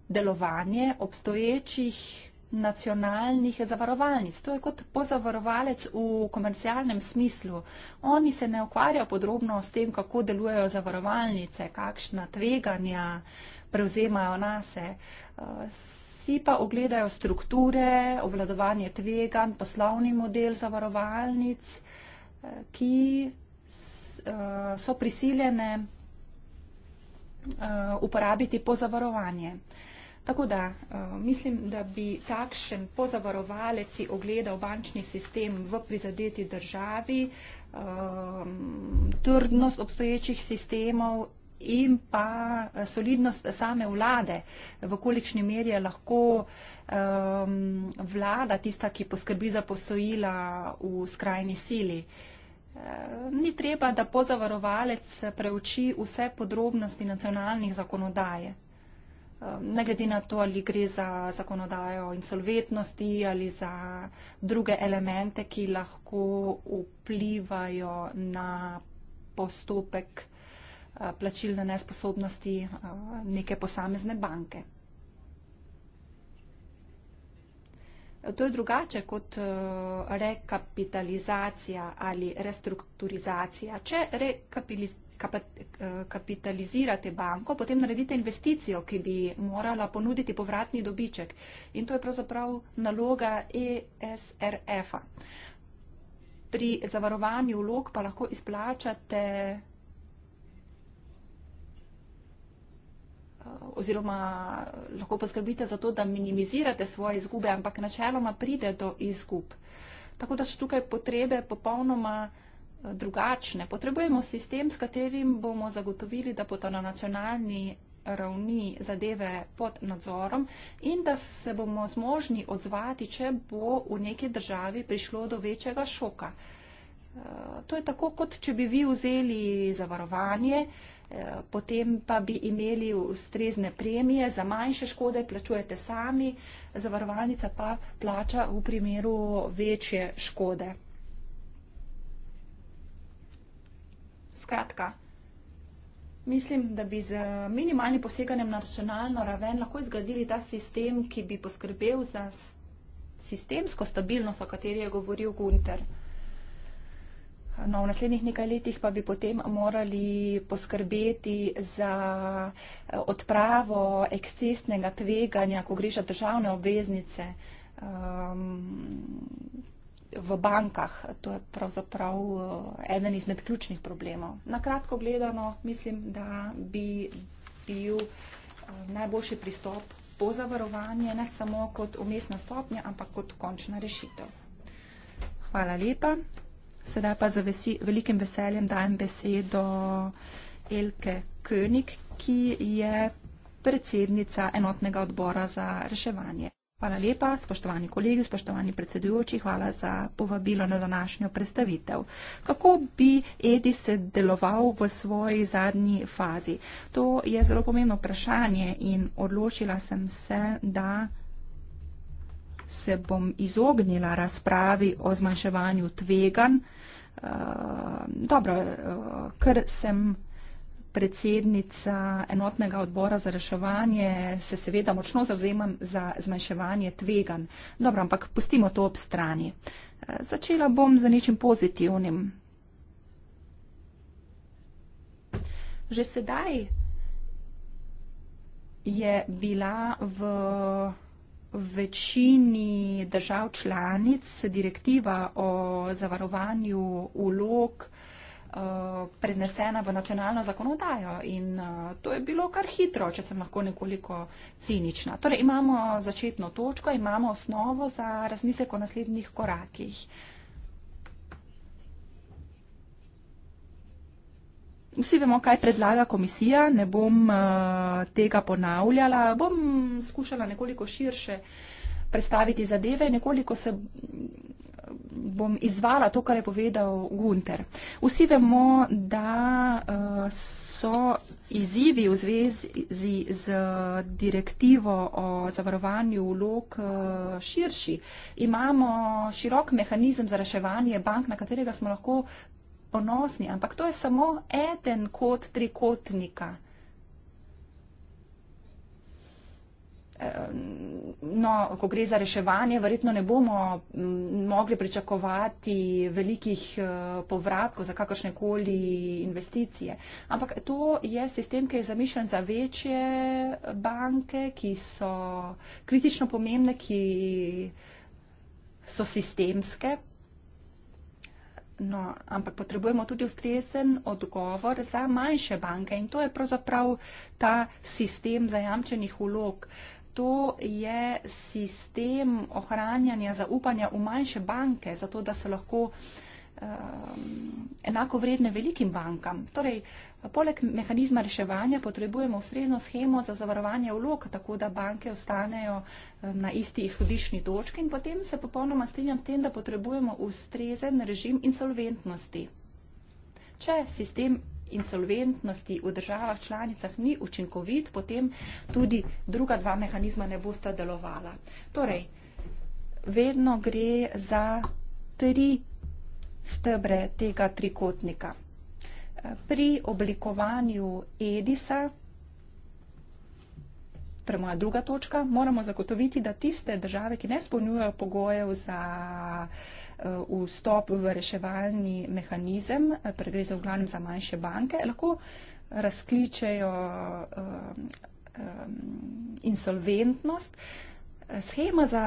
E: delovanje obstoječih nacionalnih zavarovalnic. To je kot pozavarovalec v komercialnem smislu. Oni se ne ukvarjajo podrobno s tem, kako delujejo zavarovalnice, kakšna tveganja prevzemajo nase. Vsi pa ogledajo strukture, obvladovanje tveganj, poslovni model zavarovalnic, ki eh, so prisiljene Eh, uporabiti pozavarovanje. Tako da eh, mislim, da bi takšen pozavarovalec ogledal bančni sistem v prizadeti državi, eh, trdnost obstoječih sistemov in pa solidnost same vlade, v kolikšni meri je lahko vlada tista, ki poskrbi za posojila v skrajni sili. Eh, ni treba, da pozavarovalec preuči vse podrobnosti nacionalnih zakonodaje. Eh, ne glede na to, ali gre za zakonodajo insolventnosti ali za druge elemente, ki lahko vplivajo na postopek eh, plačilne nesposobnosti neke posamezne banke. To je drugače kot uh, rekapitalizacija ali restrukturizacija. Če rekapitalizirate eh, kap, uh, banko, potem naredite investicijo, ki bi morala ponuditi povratni dobiček. In to je pravzaprav naloga ESRF-a. Pri zavarovanju vlog pa lahko izplačate Eh, oziroma lahko poskrbite za to, da minimizirate svoje izgube, ampak načeloma pride do izgub. Tako da so tukaj potrebe popolnoma eh, drugačne. Potrebujemo sistem, s katerim bomo zagotovili, da bodo na nacionalni ravni zadeve pod nadzorom in da se bomo zmožni odzvati, če bo v neki državi prišlo do večjega šoka. Eh, to je tako, kot če bi vi vzeli zavarovanje, uh, potem pa bi imeli ustrezne premije, za manjše škode plačujete sami, zavarovalnica pa plača v primeru večje škode. Skratka, mislim, da bi z minimalnim poseganjem na nacionalno raven lahko izgradili ta sistem, ki bi poskrbel za sistemsko stabilnost, o kateri je govoril Gunter. No, v naslednjih nekaj letih pa bi potem morali poskrbeti za eh, odpravo ekscesnega tveganja, ko gre za državne obveznice um, v bankah. To je pravzaprav eh, eden izmed ključnih problemov. Na kratko gledano, mislim, da bi bil eh, najboljši pristop pozavarovanje ne samo kot umestna stopnja, ampak kot končna rešitev. Hvala lepa. Sedaj pa z velikim veseljem dajem besedo Elke König, ki je predsednica enotnega odbora za reševanje. Hvala lepa, spoštovani kolegi, spoštovani predsedujoči, hvala za povabilo na današnjo predstavitev. Kako bi EDIS deloval v svoji zadnji fazi? To je zelo pomembno vprašanje in odločila sem se, da se bom izognila razpravi o zmanjševanju tvegan. Eh, dobro, eh, ker sem predsednica enotnega odbora za reševanje, se seveda močno zavzemam za zmanjševanje tvegan. Dobro, ampak pustimo to ob strani. Eh, začela bom z nečim pozitivnim. Že sedaj je bila v V večini držav članic direktiva o zavarovanju ulog eh, prenesena v nacionalno zakonodajo in eh, to je bilo kar hitro, če sem lahko nekoliko cinična. Torej imamo začetno točko, imamo osnovo za razmislek o naslednjih korakih. Vsi vemo, kaj predlaga komisija, ne bom uh, tega ponavljala, bom skušala nekoliko širše predstaviti zadeve, nekoliko se bom izvala to, kar je povedal Gunter. Vsi vemo, da eh, so izzivi v zvezi z direktivo o zavarovanju vlog eh, širši. Imamo širok mehanizem za reševanje bank, na katerega smo lahko ponosni, ampak to je samo eden kot trikotnika. No, ko gre za reševanje, verjetno ne bomo mogli pričakovati velikih eh, povratkov za kakršnekoli investicije. Ampak to je sistem, ki je zamišljen za večje banke, ki so kritično pomembne, ki so sistemske, No, ampak potrebujemo tudi ustrezen odgovor za manjše banke in to je pravzaprav ta sistem zajamčenih vlog. To je sistem ohranjanja zaupanja v manjše banke, zato da so lahko um, enako vredne velikim bankam. Torej, uh, Poleg mehanizma reševanja potrebujemo ustrezno schemo za zavarovanje vlog, tako da banke ostanejo eh, na isti izhodišni točki in potem se popolnoma strinjam s tem, da potrebujemo ustrezen režim insolventnosti. Če sistem insolventnosti v državah članicah ni učinkovit, potem tudi druga dva mehanizma ne bosta delovala. Torej, vedno gre za tri stebre tega trikotnika pri oblikovanju Edisa, torej moja druga točka, moramo zagotoviti, da tiste države, ki ne spolnjujejo pogojev za eh, vstop v reševalni mehanizem, eh, torej gre za v glavnem za manjše banke, lahko razkličejo um, um, insolventnost. Uh, Schema za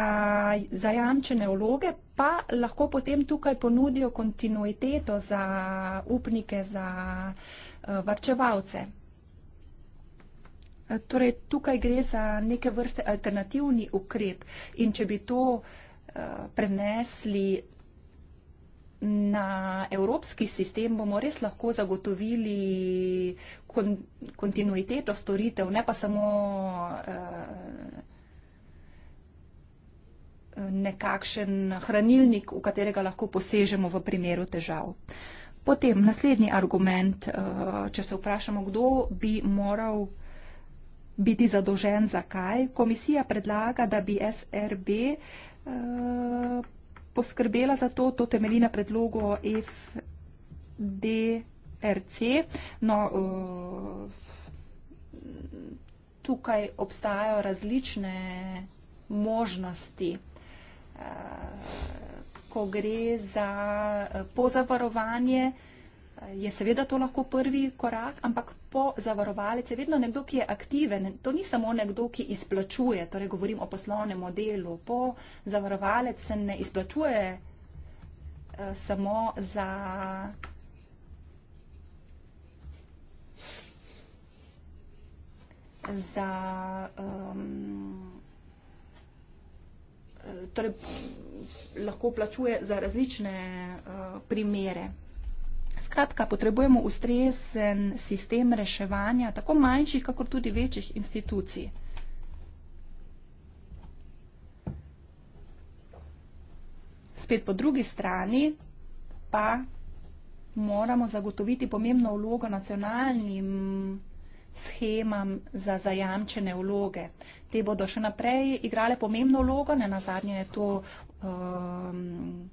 E: zajamčene vloge pa lahko potem tukaj ponudijo kontinuiteto za upnike, za eh, varčevalce. Eh, torej, tukaj gre za neke vrste alternativni ukrep in če bi to eh, prenesli na evropski sistem, bomo res lahko zagotovili kontinuiteto storitev, ne pa samo nekakšen hranilnik, v katerega lahko posežemo v primeru težav. Potem naslednji argument, eh, če se vprašamo, kdo bi moral biti zadolžen za kaj. Komisija predlaga, da bi SRB eh, poskrbela za to, to temelji na predlogu FDRC. No, eh, tukaj obstajajo različne možnosti. Eh, ko gre za eh, pozavarovanje, eh, je seveda to lahko prvi korak, ampak pozavarovalec je vedno nekdo, ki je aktiven. To ni samo nekdo, ki izplačuje, torej govorim o poslovnem modelu. Pozavarovalec se ne izplačuje samo za. za um, torej, lahko plačuje za različne uh, primere. Skratka, potrebujemo ustrezen sistem reševanja tako manjših, kakor tudi večjih institucij. Spet po drugi strani pa moramo zagotoviti pomembno vlogo nacionalnim schemam za zajamčene vloge. Te bodo še naprej igrale pomembno vlogo, ne na zadnje je to um,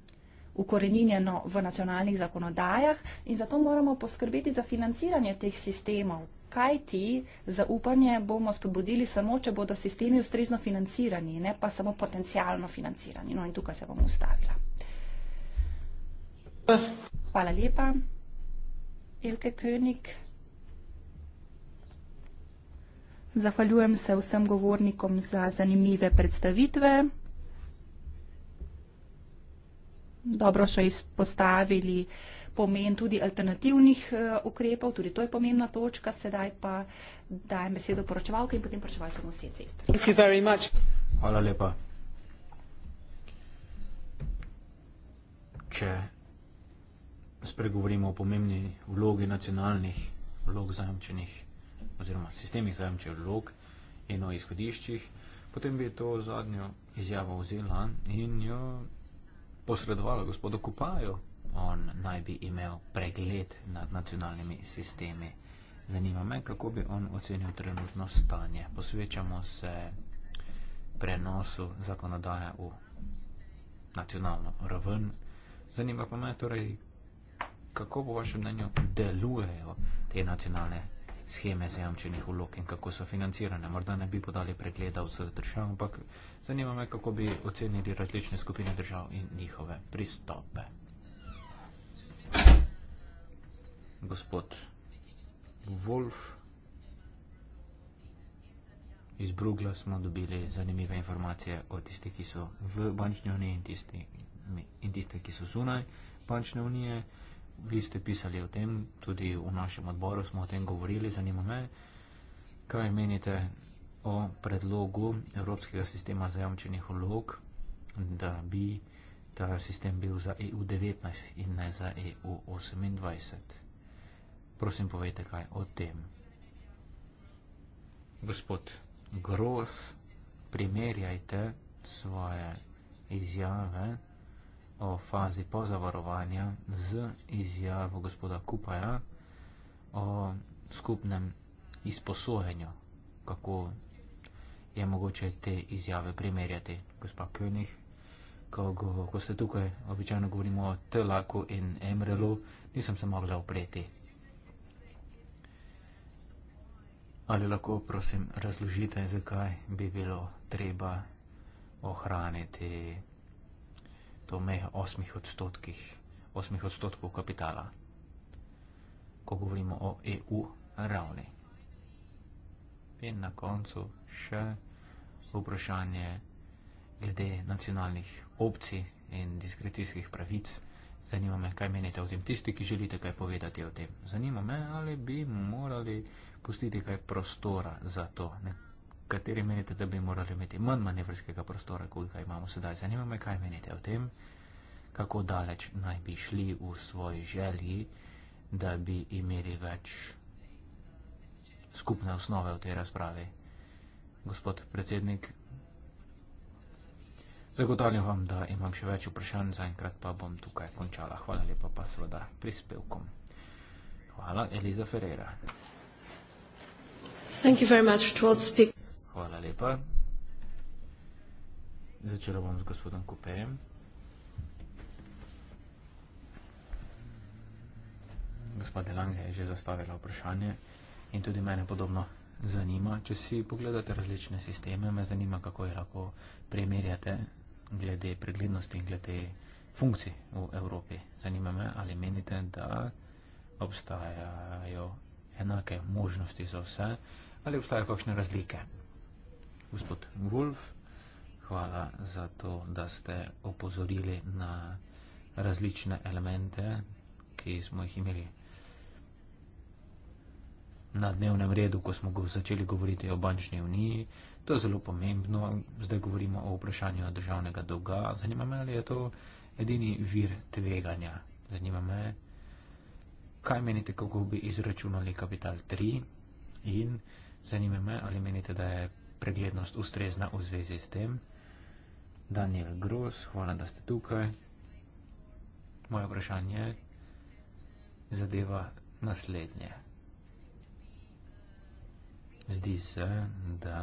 E: ukorenjeno v nacionalnih zakonodajah in zato moramo poskrbeti za financiranje teh sistemov. Kaj ti zaupanje bomo spodbudili samo, če bodo sistemi ustrezno financirani, ne pa samo potencijalno financirani. No in tukaj se bom ustavila. Hvala lepa. Elke König. Zahvaljujem se vsem govornikom za zanimive predstavitve. Dobro so izpostavili pomen tudi alternativnih eh, ukrepov, tudi to je pomembna točka, sedaj pa dajem besedo poročevalke in potem poročevalcem vse ceste.
G: Hvala lepa.
C: Če spregovorimo o pomembni vlogi nacionalnih vlog zajemčenih vlog, oziroma sistemih zajemčev log in o izhodiščih, potem bi to zadnjo izjavo vzela in jo posredovala gospodu Kupaju. On naj bi imel pregled nad nacionalnimi sistemi. Zanima me, kako bi on ocenil trenutno stanje. Posvečamo se prenosu zakonodaje v nacionalno raven. Zanima pa me torej, kako po vašem mnenju delujejo te nacionalne scheme zajamčenih vlog in kako so financirane. Morda ne bi podali pregleda vseh držav, ampak zanima me, kako bi ocenili različne skupine držav in njihove pristope. Gospod Wolf, iz Brugla smo dobili zanimive informacije o tisti, ki so v bančni uniji in tisti, in tiste, ki so zunaj bančne unije vi ste pisali o tem, tudi v našem odboru smo o tem govorili, zanima me, kaj menite o predlogu Evropskega sistema zajamčenih vlog, da bi ta sistem bil za EU19 in ne za EU28. Prosim, povejte kaj o tem. Gospod Gross, primerjajte svoje izjave o fazi pozavarovanja z izjavo gospoda Kupaja o skupnem izposojenju, kako je mogoče te izjave primerjati. Gospa Kjönih, ko, go, ko ste tukaj, običajno govorimo o Telaku in Emrelu, nisem se mogla opreti. Ali lahko, prosim, razložite, zakaj bi bilo treba ohraniti to me 8 odstotkih, 8 odstotkov kapitala, ko govorimo o EU ravni. In na koncu še vprašanje glede nacionalnih opcij in diskrecijskih pravic. Zanima me, kaj menite o tem, tisti, ki želite kaj povedati o tem. Zanima me, ali bi morali pustiti kaj prostora za to. Ne? kateri menite, da bi morali imeti manj manevrskega prostora, kot ga imamo sedaj. Zanima me, kaj menite o tem, kako daleč naj bi šli v svoji želji, da bi imeli več skupne osnove v tej razpravi. Gospod predsednik, zagotavljam vam, da imam še več vprašanj, zaenkrat pa bom tukaj končala. Hvala lepa pa seveda prispevkom. Hvala, Eliza Ferreira.
F: Thank you very much to all speakers.
C: Hvala lepa. Začela bom z gospodom Kupejem. Gospod Delange je že zastavila vprašanje in tudi mene podobno zanima. Če si pogledate različne sisteme, me zanima, kako jih lahko primerjate glede preglednosti in glede funkcij v Evropi. Zanima me, ali menite, da obstajajo enake možnosti za vse ali obstajajo kakšne razlike gospod Wolf, hvala za to, da ste opozorili na različne elemente, ki smo jih imeli na dnevnem redu, ko smo go začeli govoriti o bančni uniji. To je zelo pomembno. Zdaj govorimo o vprašanju državnega dolga. Zanima me, ali je to edini vir tveganja. Zanima me, kaj menite, kako bi izračunali kapital 3 in zanima me, ali menite, da je preglednost ustrezna v zvezi s tem. Daniel Gross, hvala, da ste tukaj. Moje vprašanje zadeva naslednje. Zdi se, da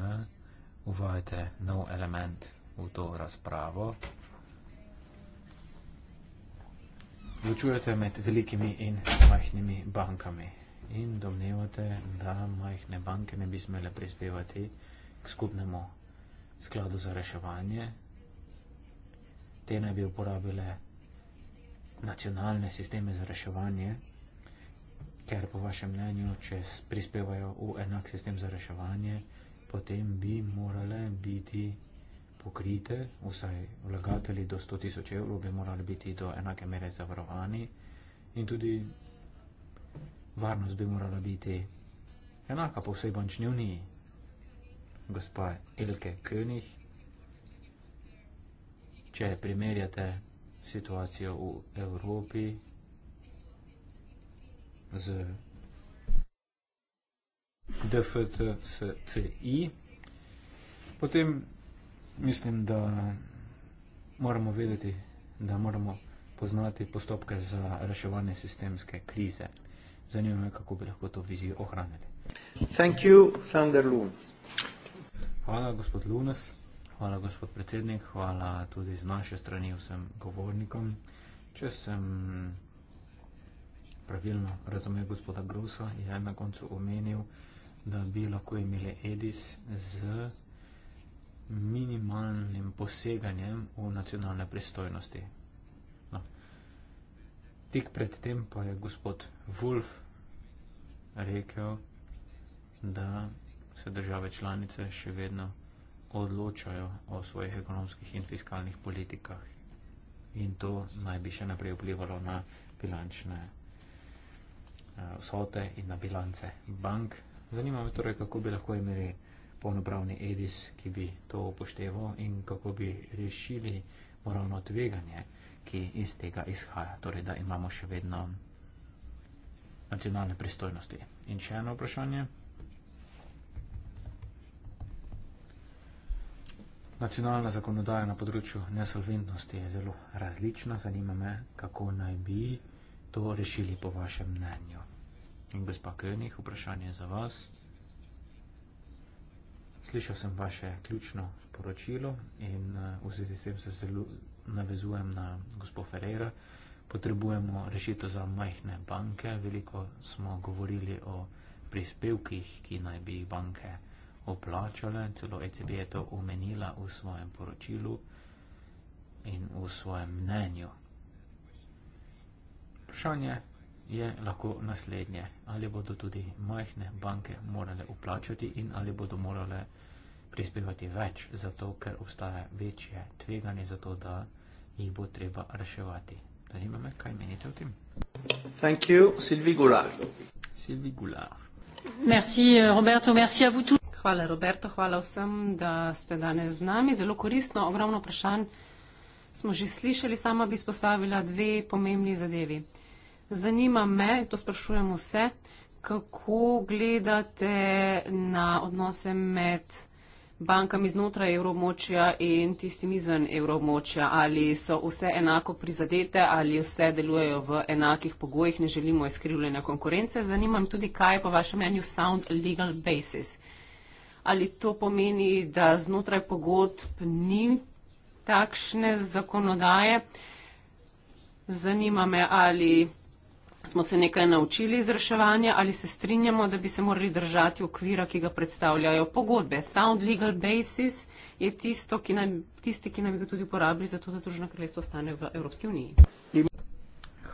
C: uvajate nov element v to razpravo. Vločujete med velikimi in majhnimi bankami in domnevate, da majhne banke ne bi smele prispevati k skupnemu skladu za reševanje. Te naj bi uporabile nacionalne sisteme za reševanje, ker po vašem mnenju, če prispevajo v enak sistem za reševanje, potem bi morale biti pokrite, vsaj vlagatelji do 100 tisoč evrov bi morali biti do enake mere zavarovani in tudi varnost bi morala biti enaka po vsej bančni uniji gospa Ilke König, če primerjate situacijo v Evropi z DFTSCI, potem mislim, da moramo vedeti, da moramo poznati postopke za reševanje sistemske krize. Zanima me, kako bi lahko to vizijo ohranili. Thank you,
A: Sander Luns.
C: Hvala, gospod Lunes. Hvala, gospod predsednik. Hvala tudi z naše strani vsem govornikom. Če sem pravilno razumel gospoda Grusa, je na koncu omenil, da bi lahko imeli Edis z minimalnim poseganjem v nacionalne pristojnosti. No. Tik pred tem pa je gospod Wolf rekel, da se države članice še vedno odločajo o svojih ekonomskih in fiskalnih politikah. In to naj bi še naprej vplivalo na bilančne eh, vsote in na bilance bank. Zanima me torej, kako bi lahko imeli polnopravni EDIS, ki bi to upošteval in kako bi rešili moralno tveganje, ki iz tega izhaja, torej da imamo še vedno nacionalne pristojnosti. In še eno vprašanje. Nacionalna zakonodaja na področju nesolventnosti je zelo različna. Zanima me, kako naj bi to rešili po vašem mnenju. In gospa Kenih, vprašanje za vas. Slišal sem vaše ključno sporočilo in eh, v zvezi s tem se zelo navezujem na gospod Ferreira. Potrebujemo rešitev za majhne banke. Veliko smo govorili o prispevkih, ki naj bi banke oblačile, celo ECB je to omenila v svojem poročilu in v svojem mnenju. Vprašanje je lahko naslednje, ali bodo tudi majhne banke morale uplačati in ali bodo morale prispevati več, zato ker obstaja večje tveganje za to, da jih bo treba reševati. Zanima me, kaj menite o tem.
H: Hvala, Silvi Gular. Silvi Gular.
B: Merci, Roberto, merci a vous tous. Hvala, Roberto, hvala vsem, da ste danes z nami. Zelo koristno, ogromno vprašanj smo že slišali, sama bi spostavila dve pomembni zadevi. Zanima me, to sprašujem vse, kako gledate na odnose med bankami znotraj evromočja in tistimi izven evromočja, ali so vse enako prizadete, ali vse delujejo v enakih pogojih, ne želimo izkrivljene konkurence. Zanima me tudi, kaj je po vašem mnenju sound legal basis ali to pomeni, da znotraj pogodb ni takšne zakonodaje. Zanima me, ali smo se nekaj naučili iz reševanja, ali se strinjamo, da bi se morali držati okvira, ki ga predstavljajo pogodbe. Sound legal basis je tisto, ki naj, tisti, ki naj bi ga tudi uporabili za to, da Združeno kraljestvo ostane v Evropski uniji.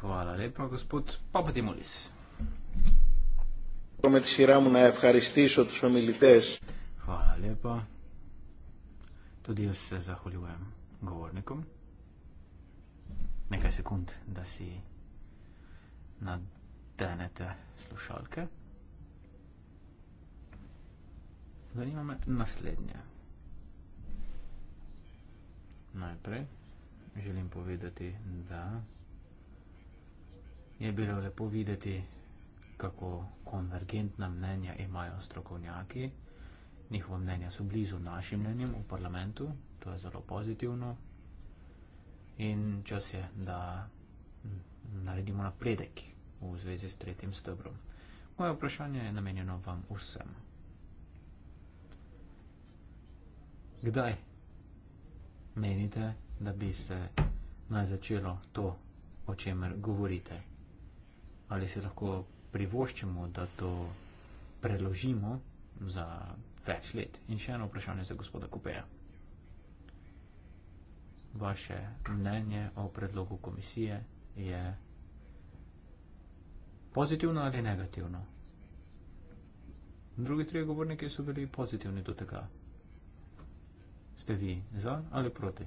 C: Hvala lepa, gospod Papa Dimulis. Hvala lepa, gospod Papa Dimulis. Hvala lepa. Tudi jaz se zahvaljujem govornikom. Nekaj sekund, da si nadenete slušalke. Zanima me naslednje. Najprej želim povedati, da je bilo lepo videti, kako konvergentna mnenja imajo strokovnjaki njihova mnenja so blizu našim mnenjem v parlamentu, to je zelo pozitivno. In čas je, da naredimo napredek v zvezi s tretjim stebrom. Moje vprašanje je namenjeno vam vsem. Kdaj menite, da bi se naj začelo to, o čemer govorite? Ali se lahko privoščimo, da to preložimo za več let. In še eno vprašanje za gospoda Kupeja. Vaše mnenje o predlogu komisije je pozitivno ali negativno? Drugi trije govorniki so bili pozitivni do tega. Ste vi za ali proti?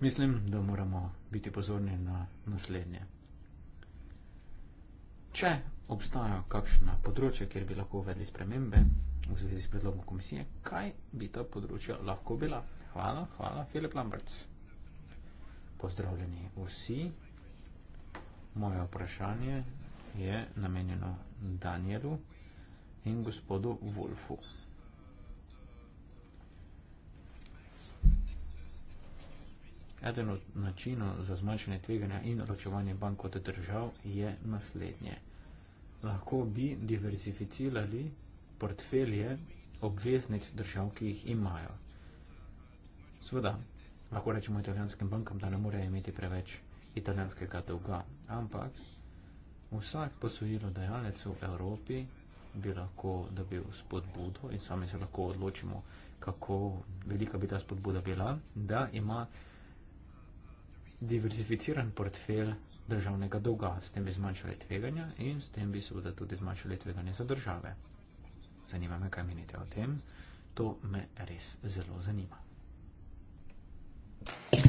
C: Mislim, da moramo biti pozorni na naslednje. Če obstajajo kakšna področja, kjer bi lahko uvedli spremembe v zvezi s predlogom komisije, kaj bi ta področja lahko bila? Hvala, hvala, Filip Lamberts. Pozdravljeni vsi. Moje vprašanje je namenjeno Danielu in gospodu Wolfu. Eden od načinov za zmanjšanje tveganja in ločevanje bank od držav je naslednje. Lahko bi diversificirali portfelje obveznic držav, ki jih imajo. Sveda, lahko rečemo italijanskim bankam, da ne morejo imeti preveč italijanskega dolga, ampak vsak posojilo dajalec v Evropi bi lahko dobil spodbudo in sami se lahko odločimo, kako velika bi ta spodbuda bila, da ima diverzificiran portfelj državnega dolga, s tem bi zmanjšali tveganja in s tem bi seveda tudi zmanjšali tveganje za države. Zanima me, kaj menite o tem. To me res zelo zanima.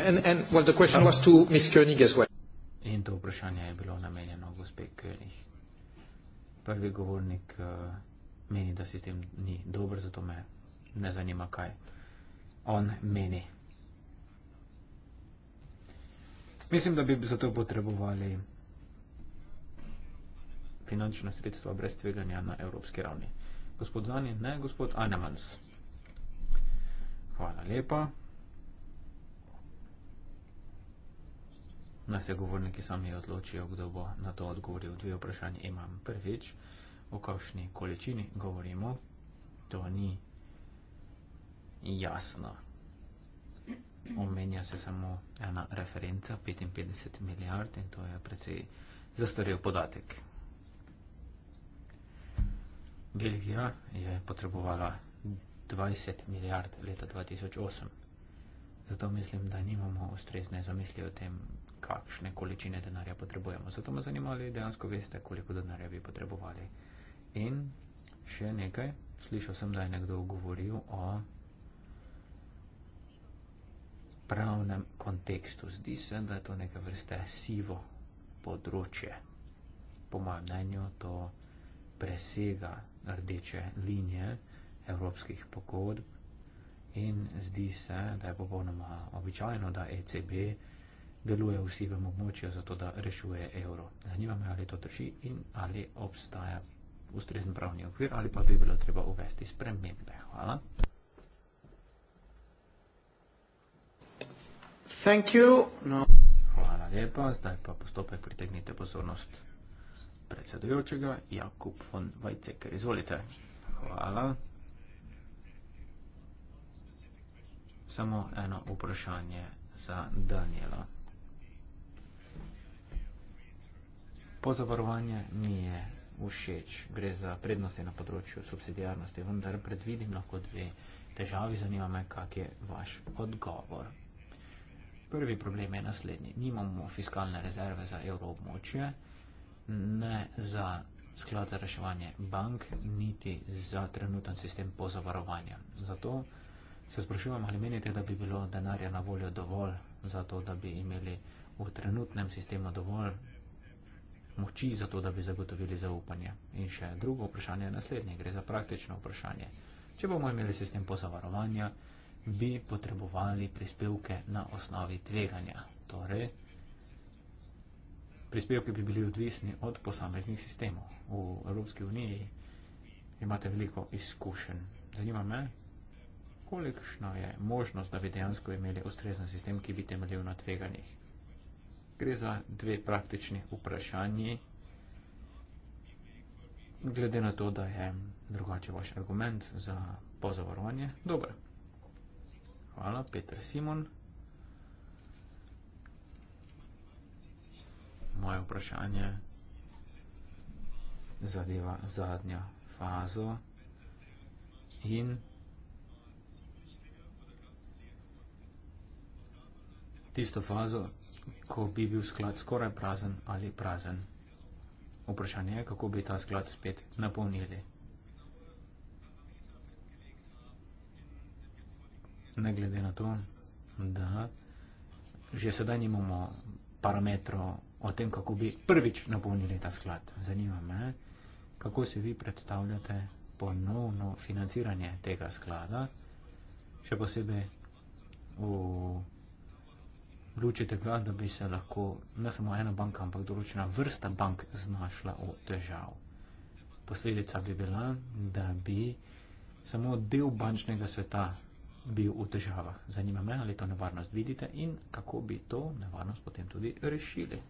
D: And, and, well, well.
C: In to vprašanje je bilo namenjeno gospe Königs. Prvi govornik uh, meni, da sistem ni dober, zato me ne zanima, kaj on meni. Mislim, da bi zato potrebovali finančna sredstva brez tveganja na evropski ravni. Gospod Zani, ne, gospod Anemans. Hvala lepa. Na se govorniki sami odločijo, kdo bo na to odgovoril. Dve vprašanje imam. Prvič, o kakšni količini govorimo, to ni jasno omenja se samo ena referenca, 55 milijard in to je precej zastarel podatek. Belgija je potrebovala 20 milijard leta 2008. Zato mislim, da nimamo ustrezne zamisli o tem, kakšne količine denarja potrebujemo. Zato me zanima, ali dejansko veste, koliko denarja bi potrebovali. In še nekaj, slišal sem, da je nekdo govoril o pravnem kontekstu. Zdi se, da je to neka vrste sivo področje. Po mojem mnenju to presega rdeče linije evropskih pogodb in zdi se, da je popolnoma običajno, da ECB deluje v sivem območju zato, da rešuje evro. Zanima me, ali to drži in ali obstaja ustrezen pravni okvir ali pa bi bilo treba uvesti spremembe. Hvala.
A: Thank you. No.
C: Hvala lepa, zdaj pa postopek pritegnite pozornost predsedujočega Jakub von Weizsäcker. Izvolite. Hvala. Samo eno vprašanje za Daniela. Pozavarovanje mi je všeč, gre za prednosti na področju subsidijarnosti, vendar predvidim lahko dve težavi, zanima me, kak je vaš odgovor. Prvi problem je naslednji. Nimamo fiskalne rezerve za evroobmočje, ne za sklad za reševanje bank, niti za trenuten sistem pozavarovanja. Zato se sprašujem, ali menite, da bi bilo denarja na voljo dovolj za to, da bi imeli v trenutnem sistemu dovolj moči za to, da bi zagotovili zaupanje. In še drugo vprašanje je naslednje, gre za praktično vprašanje. Če bomo imeli sistem pozavarovanja, bi potrebovali prispevke na osnovi tveganja. Torej, prispevke bi bili odvisni od posameznih sistemov. V Evropski uniji imate veliko izkušenj. Zanima me, kolikšna je možnost, da bi dejansko imeli ustrezen sistem, ki bi temeljil na tveganjih. Gre za dve praktični vprašanji. Glede na to, da je drugače vaš argument za pozavarovanje, dobro. Hvala, Peter Simon. Moje vprašanje zadeva zadnjo fazo in tisto fazo, ko bi bil sklad skoraj prazen ali prazen. Vprašanje je, kako bi ta sklad spet napolnili. ne glede na to, da že sedaj nimamo parametrov o tem, kako bi prvič napolnili ta sklad. Zanima me, kako si vi predstavljate ponovno financiranje tega sklada, še posebej v luči tega, da bi se lahko ne samo ena banka, ampak določena vrsta bank znašla v težav. Posledica bi bila, da bi samo del bančnega sveta bil v težavah. Zanima me, ali to nevarnost vidite in kako bi to nevarnost potem tudi rešili.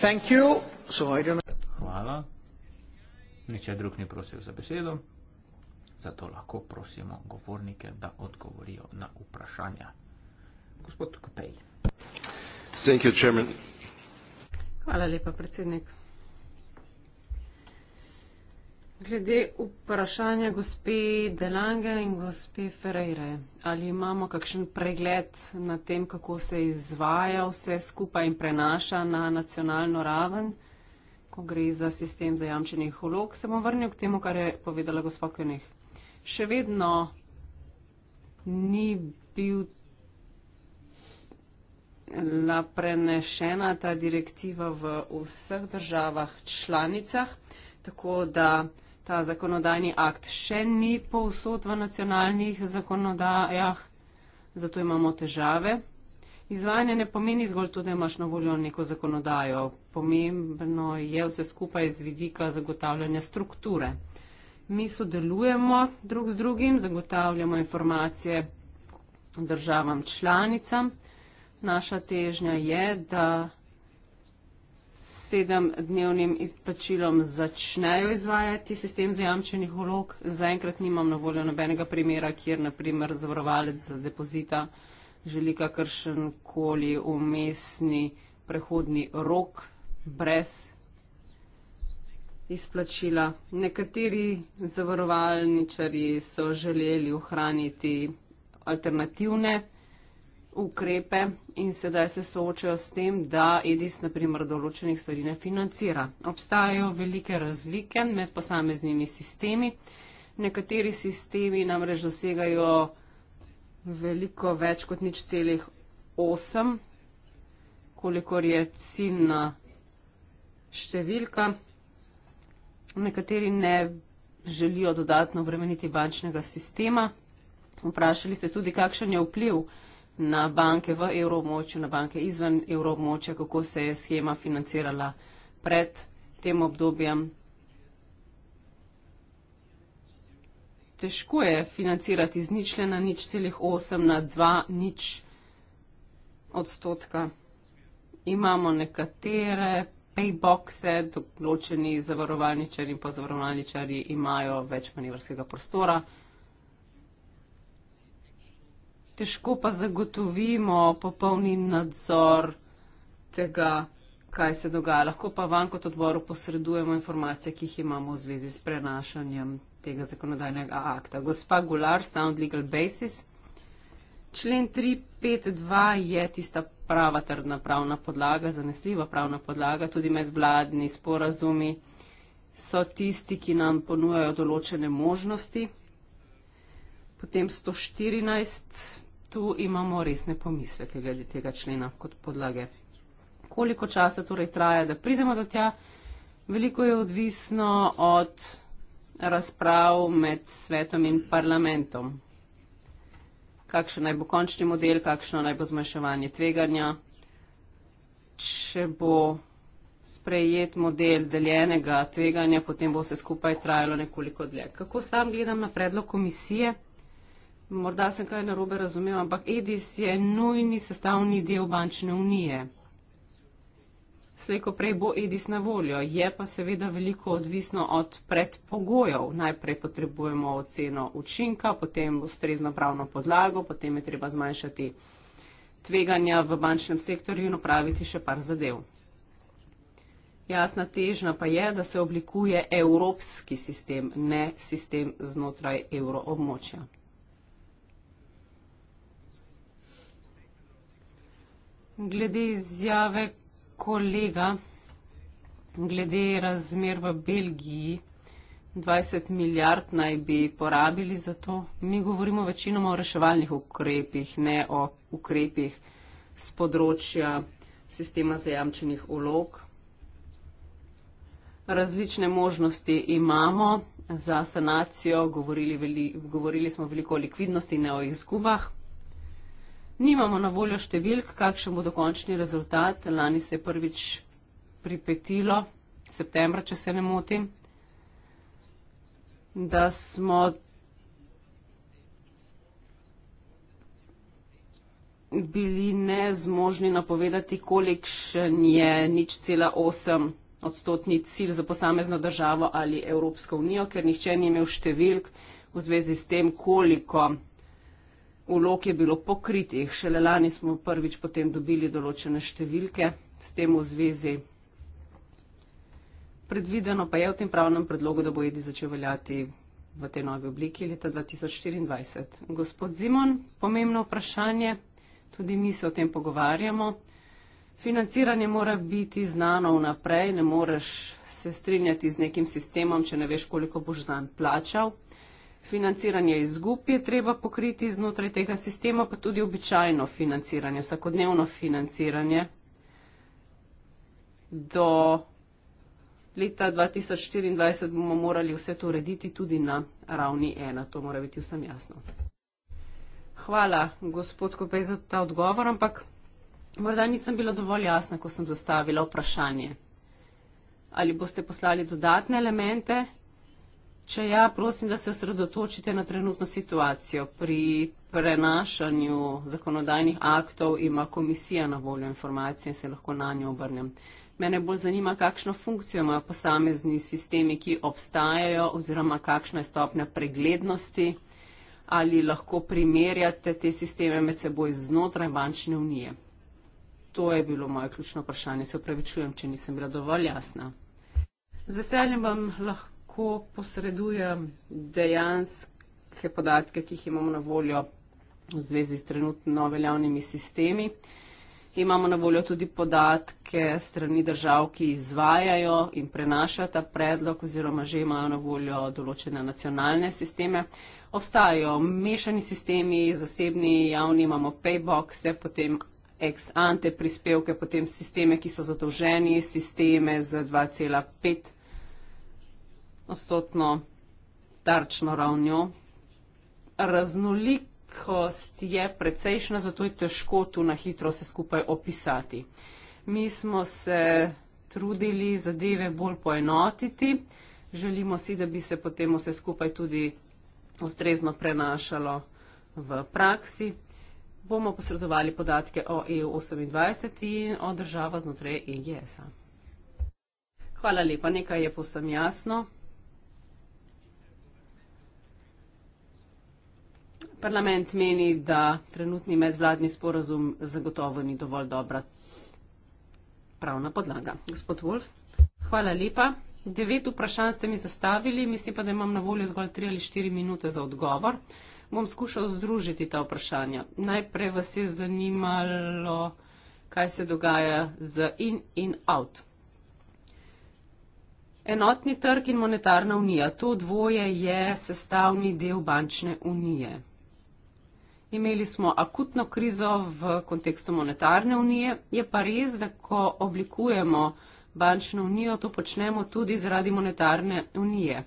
C: Thank you. So I don't... Hvala. Niče drug ni prosil za besedo, zato lahko prosimo govornike, da odgovorijo na vprašanja. Gospod Kopej.
F: Thank you, Chairman.
B: Hvala lepa, predsednik. Glede vprašanja gospe Delange in gospe Ferreire, ali imamo kakšen pregled na tem, kako se izvaja vse skupaj in prenaša na nacionalno raven, ko gre za sistem zajamčenih vlog, se bom vrnil k temu, kar je povedala gospa Kenih. Še vedno ni bila prenešena ta direktiva v vseh državah članicah, tako da ta zakonodajni akt še ni povsod v nacionalnih zakonodajah, zato imamo težave. Izvajanje ne pomeni zgolj to, da imaš na voljo neko zakonodajo. Pomembno je vse skupaj z vidika zagotavljanja strukture. Mi sodelujemo drug z drugim, zagotavljamo informacije državam članicam. Naša težnja je, da sedemdnevnim izplačilom začnejo izvajati sistem zajamčenih vlog. Zaenkrat nimam na voljo nobenega primera, kjer naprimer zavarovalec za depozita želi kakršen koli umestni prehodni rok brez izplačila. Nekateri zavarovalničari so želeli ohraniti alternativne ukrepe in sedaj se soočajo s tem, da EDIS naprimer določenih stvari ne financira. Obstajajo velike razlike med posameznimi sistemi. Nekateri sistemi namreč dosegajo veliko več kot nič celih osem, kolikor je ciljna številka. Nekateri ne želijo dodatno obremeniti bančnega sistema. Vprašali ste tudi, kakšen je vpliv na banke v evroobmočju, na banke izven evroobmočja, kako se je schema financirala pred tem obdobjem. Težko je financirati z ničle na nič celih osem na dva nič odstotka. Imamo nekatere payboxe, določeni zavarovalničari in pozavarovalničari imajo več manevrskega prostora težko pa zagotovimo popolni nadzor tega, kaj se dogaja. Lahko pa vam kot odboru posredujemo informacije, ki jih imamo v zvezi s prenašanjem tega zakonodajnega akta. Gospa Gular, Sound Legal Basis. Člen 352 je tista prava trdna pravna podlaga, zanesljiva pravna podlaga, tudi medvladni sporazumi so tisti, ki nam ponujajo določene možnosti. Potem 114 Tu imamo resne pomisleke glede tega člena kot podlage. Koliko časa torej traja, da pridemo do tja? Veliko je odvisno od razprav med svetom in parlamentom. Kakšen naj bo končni model, kakšno naj bo zmanjševanje tveganja. Če bo sprejet model deljenega tveganja, potem bo vse skupaj trajalo nekoliko dlje. Kako sam gledam na predlog komisije? morda sem kaj narobe razumel, ampak EDIS je nujni sestavni del bančne unije. Slejko prej bo EDIS na voljo, je pa seveda veliko odvisno od predpogojev. Najprej potrebujemo oceno učinka, potem ustrezno pravno podlago, potem je treba zmanjšati tveganja v bančnem sektorju in opraviti še par zadev. Jasna težna pa je, da se oblikuje evropski sistem, ne sistem znotraj evroobmočja. glede izjave kolega, glede razmer v Belgiji, 20 milijard naj bi porabili za to. Mi govorimo večinoma o reševalnih ukrepih, ne o ukrepih z področja sistema zajamčenih ulog. Različne možnosti imamo za sanacijo, govorili, veli, govorili smo veliko o likvidnosti, ne o izgubah. Nimamo na voljo številk, kakšen bo dokončni rezultat. Lani se je prvič pripetilo, septembra, če se ne motim, da smo. bili nezmožni napovedati, kolikšen je nič cela osem odstotni cilj za posamezno državo ali Evropsko unijo, ker nihče ni imel številk v zvezi s tem, koliko vlog je bilo pokritih, šele lani smo prvič potem dobili določene številke s tem v zvezi. Predvideno pa je v tem pravnem predlogu, da bo jedi začel veljati v tej novi obliki leta 2024. Gospod Zimon, pomembno vprašanje, tudi mi se o tem pogovarjamo. Financiranje mora biti znano vnaprej, ne moreš se strinjati z nekim sistemom, če ne veš, koliko boš znan plačal financiranje izgub je treba pokriti znotraj tega sistema, pa tudi običajno financiranje, vsakodnevno financiranje. Do leta 2024 bomo morali vse to urediti tudi na ravni ena, to mora biti vsem jasno. Hvala, gospod Kopej, za ta odgovor, ampak morda nisem bila dovolj jasna, ko sem zastavila vprašanje. Ali boste poslali dodatne elemente Če ja, prosim, da se osredotočite na trenutno situacijo. Pri prenašanju zakonodajnih aktov ima komisija na voljo informacije in se lahko na njo obrnem. Mene bolj zanima, kakšno funkcijo imajo posamezni sistemi, ki obstajajo oziroma kakšna je stopnja preglednosti ali lahko primerjate te sisteme med seboj znotraj bančne unije. To je bilo moje ključno vprašanje. Se upravičujem, če nisem bila dovolj jasna. Z veseljem vam lahko lahko posredujem dejanske podatke, ki jih imamo na voljo v zvezi s trenutno veljavnimi sistemi. Imamo na voljo tudi podatke strani držav, ki izvajajo in prenašajo ta predlog oziroma že imajo na voljo določene nacionalne sisteme. Obstajajo mešani sistemi, zasebni, javni, imamo payboxe, potem ex ante prispevke, potem sisteme, ki so zadolženi, sisteme z odstotno tarčno ravnjo. Raznolikost je precejšna, zato je težko tu na hitro vse skupaj opisati. Mi smo se trudili zadeve bolj poenotiti, želimo si, da bi se potem vse skupaj tudi ustrezno prenašalo v praksi. Bomo posredovali podatke o EU28 in o državah znotraj EGS-a. Hvala lepa, nekaj je posem jasno. Parlament meni, da trenutni medvladni sporazum zagotovo ni dovolj dobra pravna podlaga. Gospod Wolf, hvala lepa. Devet vprašanj ste mi zastavili, mislim pa, da imam na voljo zgolj tri ali štiri minute za odgovor. Bom skušal združiti ta vprašanja. Najprej vas je zanimalo, kaj se dogaja z in in out. Enotni trg in monetarna unija, to dvoje je sestavni del bančne unije. Imeli smo akutno krizo v kontekstu monetarne unije. Je pa res, da ko oblikujemo bančno unijo, to počnemo tudi zaradi monetarne unije.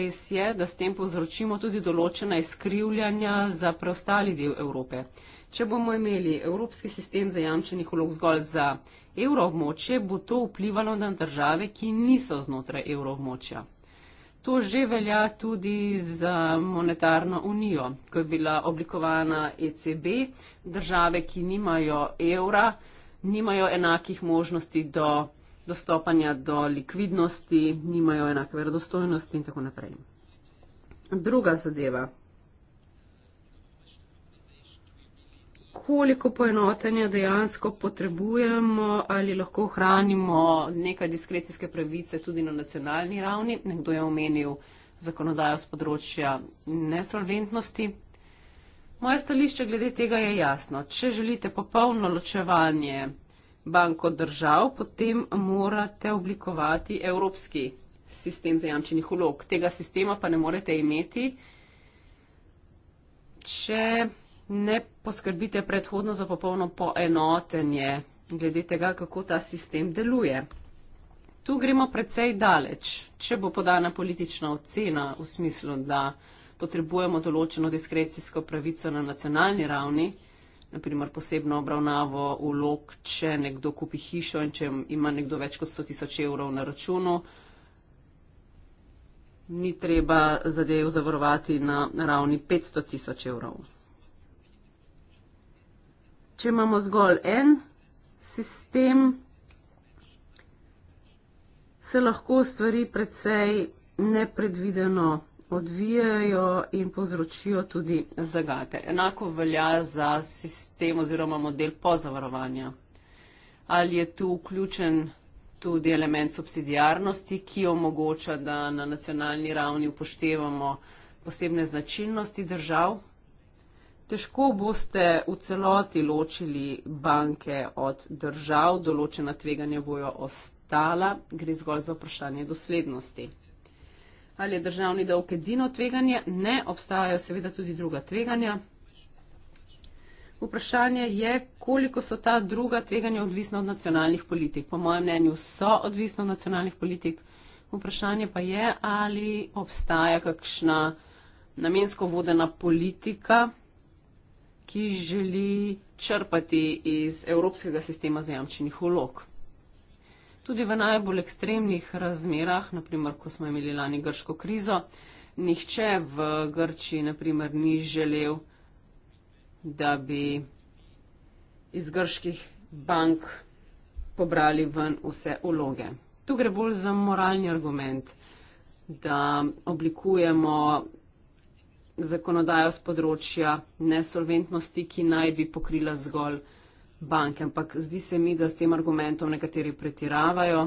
B: Res je, da s tem povzročimo tudi določena izkrivljanja za preostali del Evrope. Če bomo imeli evropski sistem zajamčenih vlog zgolj za evroobmočje, bo to vplivalo na države, ki niso znotraj evroobmočja. To že velja tudi za monetarno unijo, ko je bila oblikovana ECB. Države, ki nimajo evra, nimajo enakih možnosti do dostopanja do likvidnosti, nimajo enake verodostojnosti in tako naprej. Druga zadeva. koliko poenotenja dejansko potrebujemo ali lahko hranimo nekaj diskrecijske pravice tudi na nacionalni ravni. Nekdo je omenil zakonodajo z področja nesolventnosti. Moje stališče glede tega je jasno. Če želite popolno ločevanje bank od držav, potem morate oblikovati evropski sistem zajamčenih vlog. Tega sistema pa ne morete imeti, če ne poskrbite predhodno za popolno poenotenje glede tega, kako ta sistem deluje. Tu gremo precej daleč. Če bo podana politična ocena v smislu, da potrebujemo določeno diskrecijsko pravico na nacionalni ravni, naprimer posebno obravnavo ulog, če nekdo kupi hišo in če ima nekdo več kot 100 tisoč evrov na računu, ni treba zadev zavarovati na ravni 500 tisoč evrov če imamo zgolj en sistem, se lahko stvari predvsej nepredvideno odvijajo in povzročijo tudi zagate. Enako velja za sistem oziroma model pozavarovanja. Ali je tu vključen tudi element subsidijarnosti, ki omogoča, da na nacionalni ravni upoštevamo posebne značilnosti držav? Težko boste v celoti ločili banke od držav, določena tveganja bojo ostala, gre zgolj za vprašanje doslednosti. Ali je državni dolg edino tveganje? Ne, obstajajo seveda tudi druga tveganja. Vprašanje je, koliko so ta druga tveganja odvisna od nacionalnih politik. Po mojem mnenju so odvisna od nacionalnih politik. Vprašanje pa je, ali obstaja kakšna namensko vodena politika ki želi črpati iz evropskega sistema zajamčenih vlog. Tudi v najbolj ekstremnih razmerah, naprimer, ko smo imeli lani grško krizo, nihče v Grči naprimer, ni želel, da bi iz grških bank pobrali ven vse vloge. Tu gre bolj za moralni argument, da oblikujemo zakonodajo z področja nesolventnosti, ki naj bi pokrila zgolj banke. Ampak zdi se mi, da s tem argumentom nekateri pretiravajo.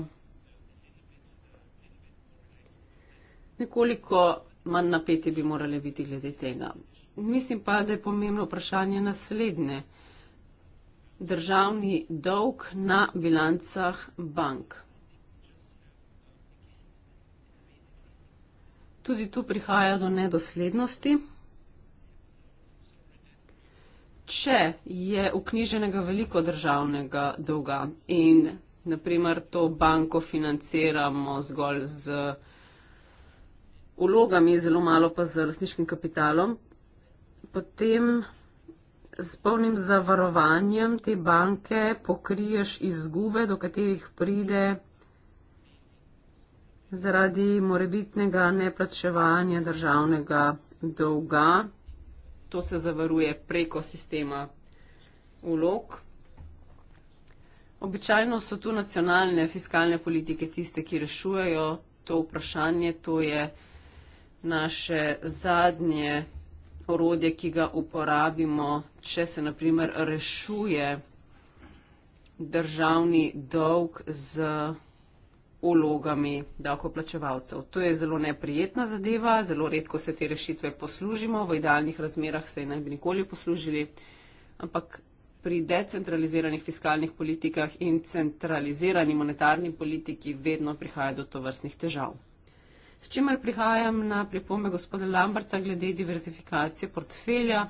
B: Nekoliko manj napeti bi morali biti glede tega. Mislim pa, da je pomembno vprašanje naslednje. Državni dolg na bilancah bank. Tudi tu prihaja do nedoslednosti. Če je uknjiženega veliko državnega dolga in naprimer to banko financiramo zgolj z ulogami, zelo malo pa z lasniškim kapitalom, potem s polnim zavarovanjem te banke pokriješ izgube, do katerih pride zaradi morebitnega neplačevanja državnega dolga. To se zavaruje preko sistema ulog. Običajno so tu nacionalne fiskalne politike tiste, ki rešujejo to vprašanje. To je naše zadnje orodje, ki ga uporabimo, če se naprimer rešuje državni dolg z vlogami davkoplačevalcev. To je zelo neprijetna zadeva, zelo redko se te rešitve poslužimo, v idealnih razmerah se je naj bi nikoli poslužili, ampak pri decentraliziranih fiskalnih politikah in centralizirani monetarni politiki vedno prihaja do tovrstnih težav. S čimer prihajam na pripombe gospoda Lambrca glede diverzifikacije portfelja.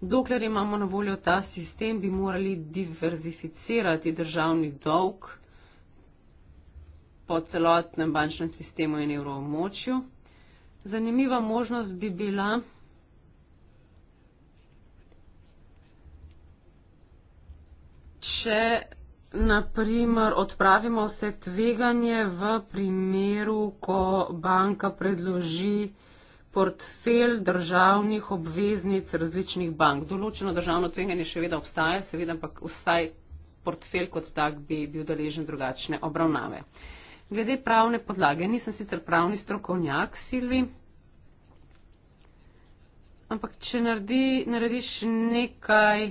B: Dokler imamo na voljo ta sistem, bi morali diverzificirati državni dolg po celotnem bančnem sistemu in evroobmočju. Zanimiva možnost bi bila Če naprimer odpravimo vse tveganje v primeru, ko banka predloži portfel državnih obveznic različnih bank. Določeno državno tveganje še vedno obstaja, seveda pa vsaj portfel kot tak bi bil deležen drugačne obravnave. Glede pravne podlage, nisem sicer pravni strokovnjak, Silvi, ampak če naredi, narediš nekaj,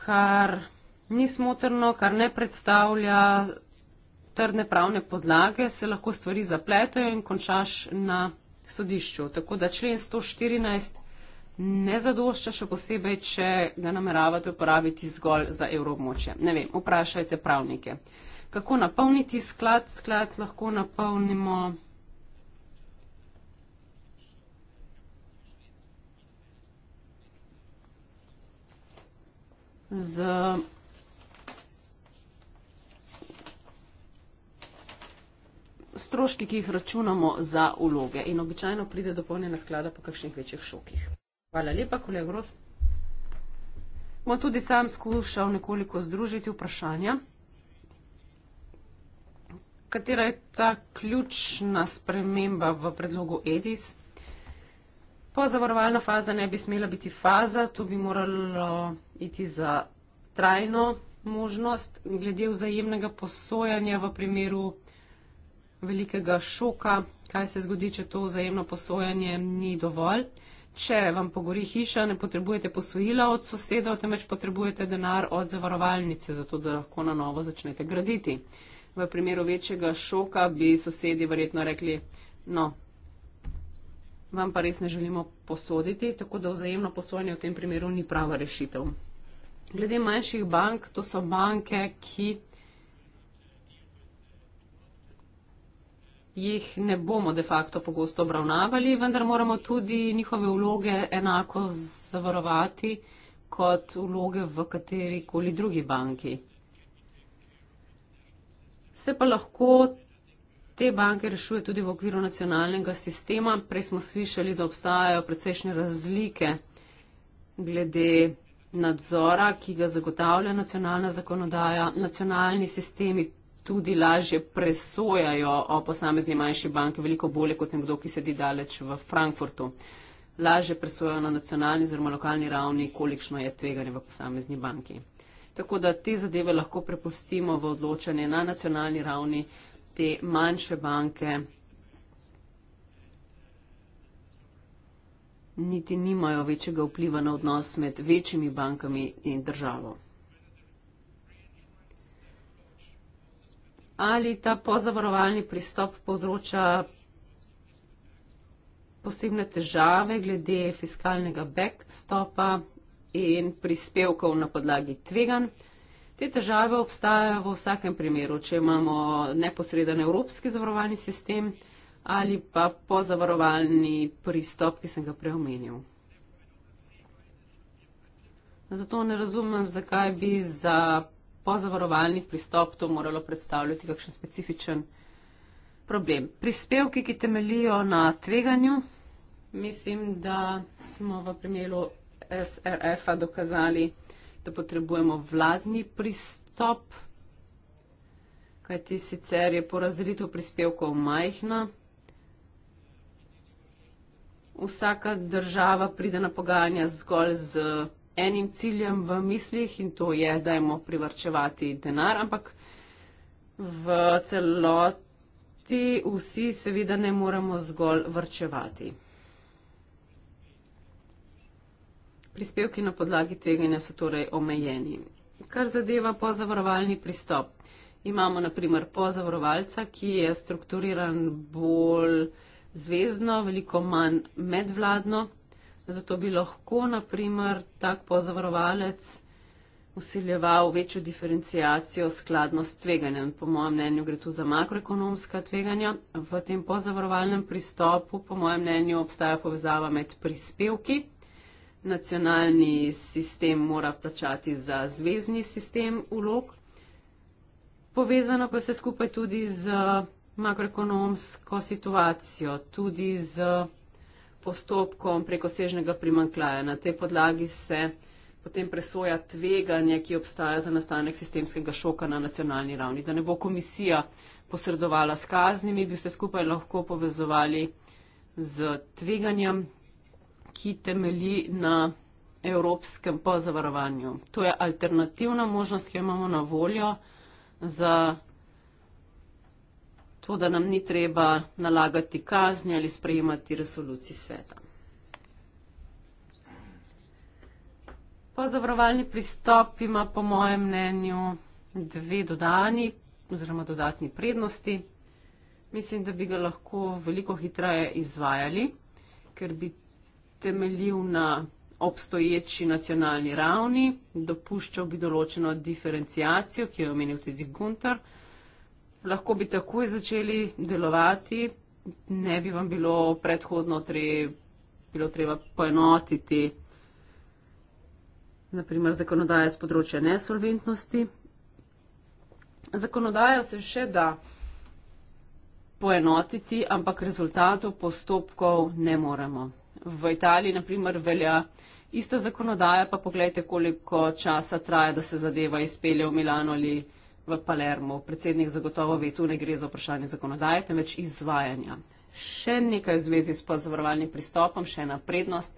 B: kar ni smotrno, kar ne predstavlja trdne pravne podlage, se lahko stvari zapletejo in končaš na sodišču. Tako da člen 114 ne zadošča, še posebej, če ga nameravate uporabiti zgolj za evroobmočje. Ne vem, vprašajte pravnike. Kako napolniti sklad? Sklad lahko napolnimo. Z stroški, ki jih računamo za uloge, in običajno pride do polnjenja sklada po kakšnih večjih šokih. Hvala lepa, kolega Gros. Bom tudi sam skušal nekoliko združiti vprašanja. Katera je ta ključna sprememba v predlogu EDIS? Pozavarovalna faza ne bi smela biti faza, tu bi moralo iti za trajno možnost. Glede vzajemnega posojanja v primeru velikega šoka, kaj se zgodi, če to vzajemno posojanje ni dovolj če vam pogori hiša, ne potrebujete posojila od soseda, temveč potrebujete denar od zavarovalnice, zato da lahko na novo začnete graditi. V primeru večjega šoka bi sosedi verjetno rekli, no, vam pa res ne želimo posoditi, tako da vzajemno posojanje v tem primeru ni prava rešitev. Glede manjših bank, to so banke, ki. jih ne bomo de facto pogosto obravnavali, vendar moramo tudi njihove vloge enako zavarovati kot vloge v kateri koli drugi banki. Se pa lahko te banke rešuje tudi v okviru nacionalnega sistema. Prej smo slišali, da obstajajo precejšnje razlike glede nadzora, ki ga zagotavlja nacionalna zakonodaja, nacionalni sistemi tudi lažje presojajo o posamezni manjši banki, veliko bolje kot nekdo, ki sedi daleč v Frankfurtu. Lažje presojajo na nacionalni oziroma lokalni ravni, kolikšno je tveganje v posamezni banki. Tako da te zadeve lahko prepustimo v odločanje na nacionalni ravni, te manjše banke niti nimajo večjega vpliva na odnos med večjimi bankami in državo. ali ta pozavarovalni pristop povzroča posebne težave glede fiskalnega backstopa in prispevkov na podlagi tvegan. Te težave obstajajo v vsakem primeru, če imamo neposreden evropski zavarovalni sistem ali pa pozavarovalni pristop, ki sem ga preomenil. Zato ne razumem, zakaj bi za pozavarovalni pristop to moralo predstavljati kakšen specifičen problem. Prispevki, ki temelijo na tveganju, mislim, da smo v primeru SRF-a dokazali, da potrebujemo vladni pristop, kajti sicer je porazdelitev prispevkov majhna. Vsaka država pride na pogajanja zgolj z enim ciljem v mislih in to je, da imamo privrčevati denar, ampak v celoti vsi seveda ne moremo zgolj vrčevati. Prispevki na podlagi tveganja so torej omejeni. Kar zadeva pozavarovalni pristop. Imamo naprimer pozavarovalca, ki je strukturiran bolj zvezdno, veliko manj medvladno. Zato bi lahko, naprimer, tak pozavarovalec usiljeval večjo diferencijacijo skladno s tveganjem. Po mojem mnenju gre tu za makroekonomska tveganja. V tem pozavarovalnem pristopu, po mojem mnenju, obstaja povezava med prispevki. Nacionalni sistem mora plačati za zvezdni sistem ulog. Povezano pa se skupaj tudi z makroekonomsko situacijo, tudi z postopkom prekosežnega primankljaja. Na tej podlagi se potem presoja tveganje, ki obstaja za nastanek sistemskega šoka na nacionalni ravni. Da ne bo komisija posredovala s kaznimi, bi vse skupaj lahko povezovali z tveganjem, ki temelji na evropskem pozavarovanju. To je alternativna možnost, ki jo imamo na voljo za to, da nam ni treba nalagati kazni ali sprejemati resolucij sveta. Pozavarovalni pristop ima po mojem mnenju dve dodani oziroma dodatni prednosti. Mislim, da bi ga lahko veliko hitreje izvajali, ker bi temeljil na obstoječi nacionalni ravni, dopuščal bi določeno diferencijacijo, ki jo je omenil tudi Gunter, lahko bi takoj začeli delovati, ne bi vam bilo predhodno tre, bilo treba poenotiti naprimer zakonodaje z področja nesolventnosti. Zakonodajo se še da poenotiti, ampak rezultatov postopkov ne moremo. V Italiji naprimer velja ista zakonodaja, pa pogledajte, koliko časa traja, da se zadeva izpelje v Milano ali Milano v Palermo. Predsednik zagotovo ve, tu ne gre za vprašanje zakonodaje, temveč izvajanja. Še nekaj v zvezi s pozavarovalnim pristopom, še ena prednost.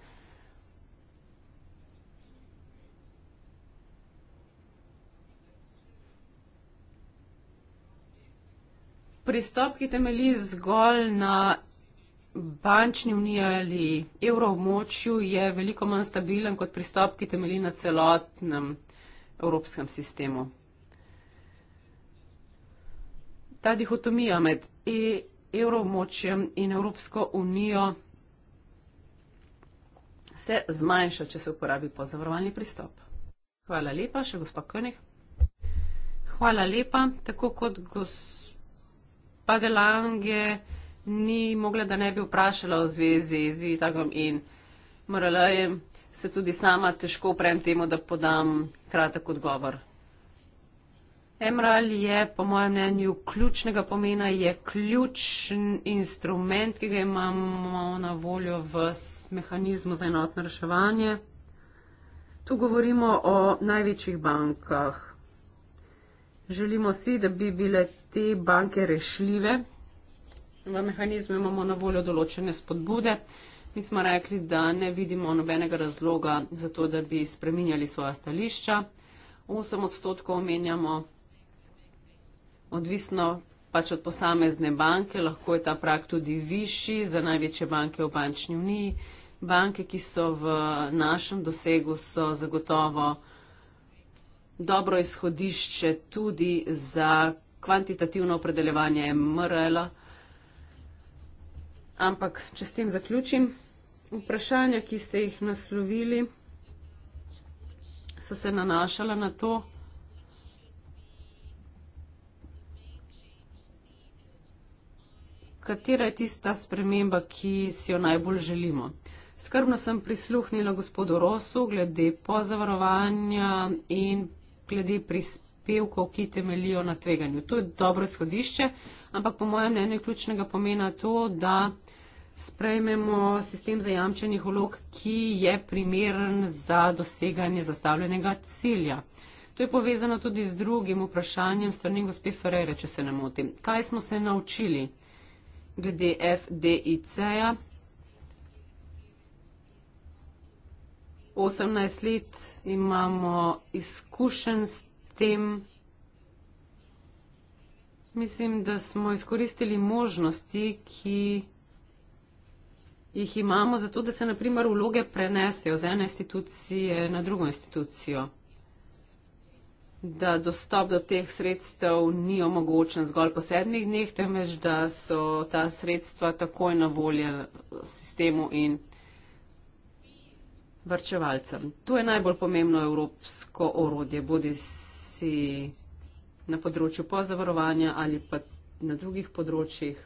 B: Pristop, ki temelji zgolj na bančni uniji ali evroobmočju, je veliko manj stabilen kot pristop, ki temelji na celotnem evropskem sistemu ta dihotomija med e evromočjem in Evropsko unijo se zmanjša, če se uporabi pozavarovalni pristop. Hvala lepa, še gospod König. Hvala lepa, tako kot gospa Delange ni mogla, da ne bi vprašala o zvezi z Itagom in MRL-jem, se tudi sama težko prem temu, da podam kratek odgovor Emerald je po mojem mnenju ključnega pomena, je ključen instrument, ki ga imamo na voljo v mehanizmu za enotno reševanje. Tu govorimo o največjih bankah. Želimo si, da bi bile te banke rešljive. V mehanizmu imamo na voljo določene spodbude. Mi smo rekli, da ne vidimo nobenega razloga za to, da bi spreminjali svoja stališča. 8 odstotkov omenjamo odvisno pač od posamezne banke, lahko je ta prak tudi višji za največje banke v bančni uniji. Banke, ki so v našem dosegu, so zagotovo dobro izhodišče tudi za kvantitativno opredeljevanje MRL-a. Ampak, če s tem zaključim, vprašanja, ki ste jih naslovili, so se nanašala na to, katera je tista sprememba, ki si jo najbolj želimo. Skrbno sem prisluhnila gospodu Rosu glede pozavarovanja in glede prispevkov, ki temelijo na tveganju. To je dobro izhodišče, ampak po mojem mnenju je ključnega pomena to, da sprejmemo sistem zajamčenih vlog, ki je primeren za doseganje zastavljenega cilja. To je povezano tudi z drugim vprašanjem strani gospe Ferrere, če se ne motim. Kaj smo se naučili? glede FDIC-ja. 18 let imamo izkušen s tem. Mislim, da smo izkoristili možnosti, ki jih imamo, zato da se naprimer vloge prenesejo z ene institucije na drugo institucijo da dostop do teh sredstev ni omogočen zgolj po sedmih dneh, temveč da so ta sredstva takoj na volje sistemu in vrčevalcem. Tu je najbolj pomembno evropsko orodje, bodi si na področju pozavarovanja ali pa na drugih področjih.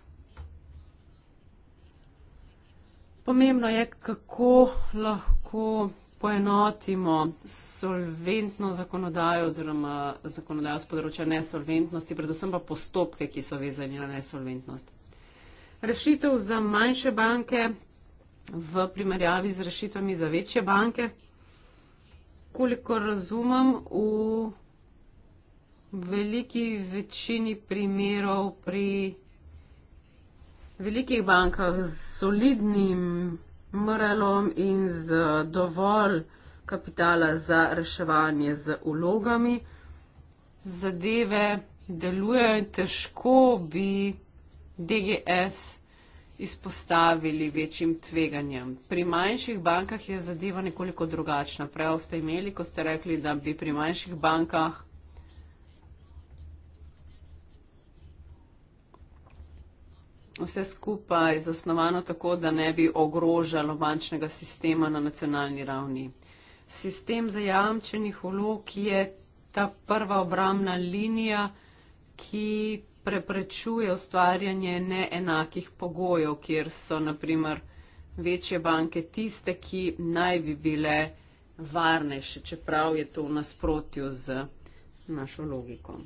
B: Pomembno je, kako lahko poenotimo solventno zakonodajo oziroma zakonodajo z področja nesolventnosti, predvsem pa postopke, ki so vezani na nesolventnost. Rešitev za manjše banke v primerjavi z rešitvami za večje banke, koliko razumem, v veliki večini primerov pri velikih bankah z solidnim MRL-om in z dovolj kapitala za reševanje z ulogami. Zadeve delujejo in težko bi DGS izpostavili večjim tveganjem. Pri manjših bankah je zadeva nekoliko drugačna. Prav ste imeli, ko ste rekli, da bi pri manjših bankah vse skupaj zasnovano tako, da ne bi ogrožalo bančnega sistema na nacionalni ravni. Sistem zajamčenih vlog je ta prva obramna linija, ki preprečuje ustvarjanje neenakih pogojev, kjer so naprimer večje banke tiste, ki naj bi bile varnejše, čeprav je to v nasprotju z našo logiko.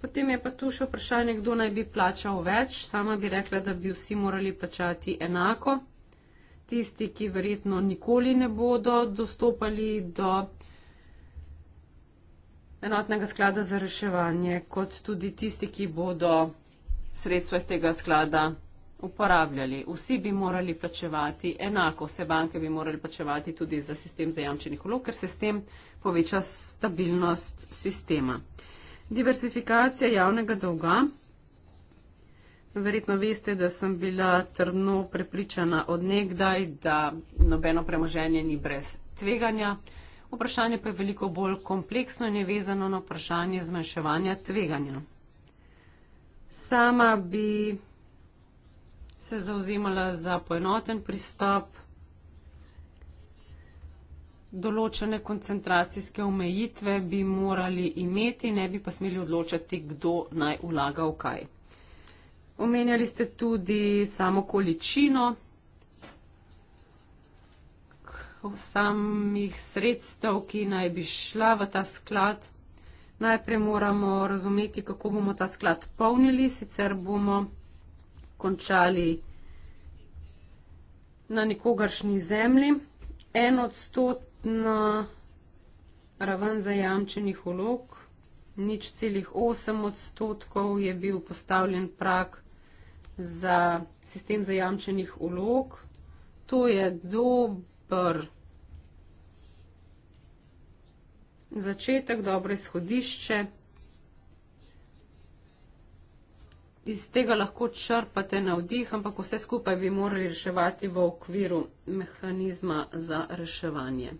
B: Potem je pa tu še vprašanje, kdo naj bi plačal več. Sama bi rekla, da bi vsi morali plačati enako. Tisti, ki verjetno nikoli ne bodo dostopali do enotnega sklada za reševanje, kot tudi tisti, ki bodo sredstva iz tega sklada uporabljali. Vsi bi morali plačevati enako, vse banke bi morali plačevati tudi za sistem zajamčenih vlog, ker se s tem poveča stabilnost sistema. Diversifikacija javnega dolga. Verjetno veste, da sem bila trdno prepričana od nekdaj, da nobeno premoženje ni brez tveganja. Vprašanje pa je veliko bolj kompleksno in je vezano na vprašanje zmanjševanja tveganja. Sama bi se zauzemala za poenoten pristop določene koncentracijske omejitve bi morali imeti, ne bi pa smeli odločati, kdo naj vlaga v kaj. Omenjali ste tudi samo količino samih sredstev, ki naj bi šla v ta sklad. Najprej moramo razumeti, kako bomo ta sklad polnili, sicer bomo končali na nekogaršnji zemlji. En odstot celotna raven zajamčenih vlog, nič celih 8 odstotkov je bil postavljen prak za sistem zajamčenih vlog. To je dober začetek, dobro izhodišče. Iz tega lahko črpate na vdih, ampak vse skupaj bi morali reševati v okviru mehanizma za reševanje.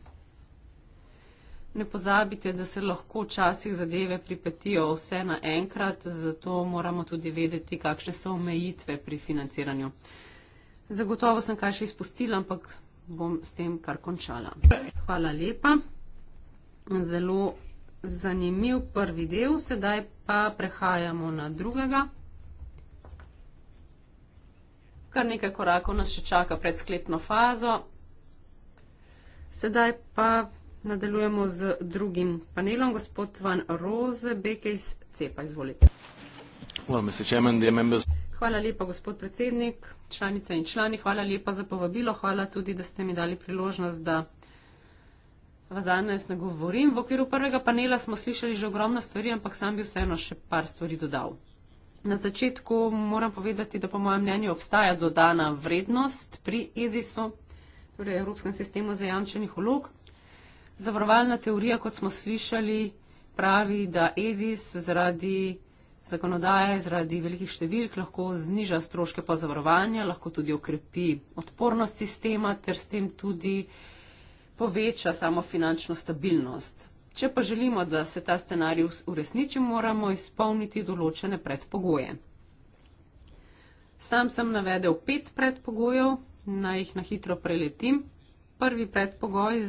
B: Ne pozabite, da se lahko včasih zadeve pripetijo vse naenkrat, zato moramo tudi vedeti, kakšne so omejitve pri financiranju. Zagotovo sem kaj še izpustila, ampak bom s tem kar končala. Hvala lepa. Zelo zanimiv prvi del, sedaj pa prehajamo na drugega. Kar nekaj korakov nas še čaka pred sklepno fazo. Sedaj pa Nadaljujemo z drugim panelom. Gospod Van Rozebek iz CEPA, izvolite.
H: Well, Chairman,
B: hvala lepa, gospod predsednik, članice in člani. Hvala lepa za povabilo. Hvala tudi, da ste mi dali priložnost, da vas danes nagovorim. V okviru prvega panela smo slišali že ogromno stvari, ampak sam bi vseeno še par stvari dodal. Na začetku moram povedati, da po mojem mnenju obstaja dodana vrednost pri EDIS-u, torej Evropskem sistemu zajamčenih vlog. Zavarovalna teorija, kot smo slišali, pravi, da Edis zaradi zakonodaje, zaradi velikih številk lahko zniža stroške pa zavarovanja, lahko tudi okrepi odpornost sistema ter s tem tudi poveča samo finančno stabilnost. Če pa želimo, da se ta scenarij uresniči, moramo izpolniti določene predpogoje. Sam sem navedel pet predpogojev, naj jih na hitro preletim. Prvi predpogoj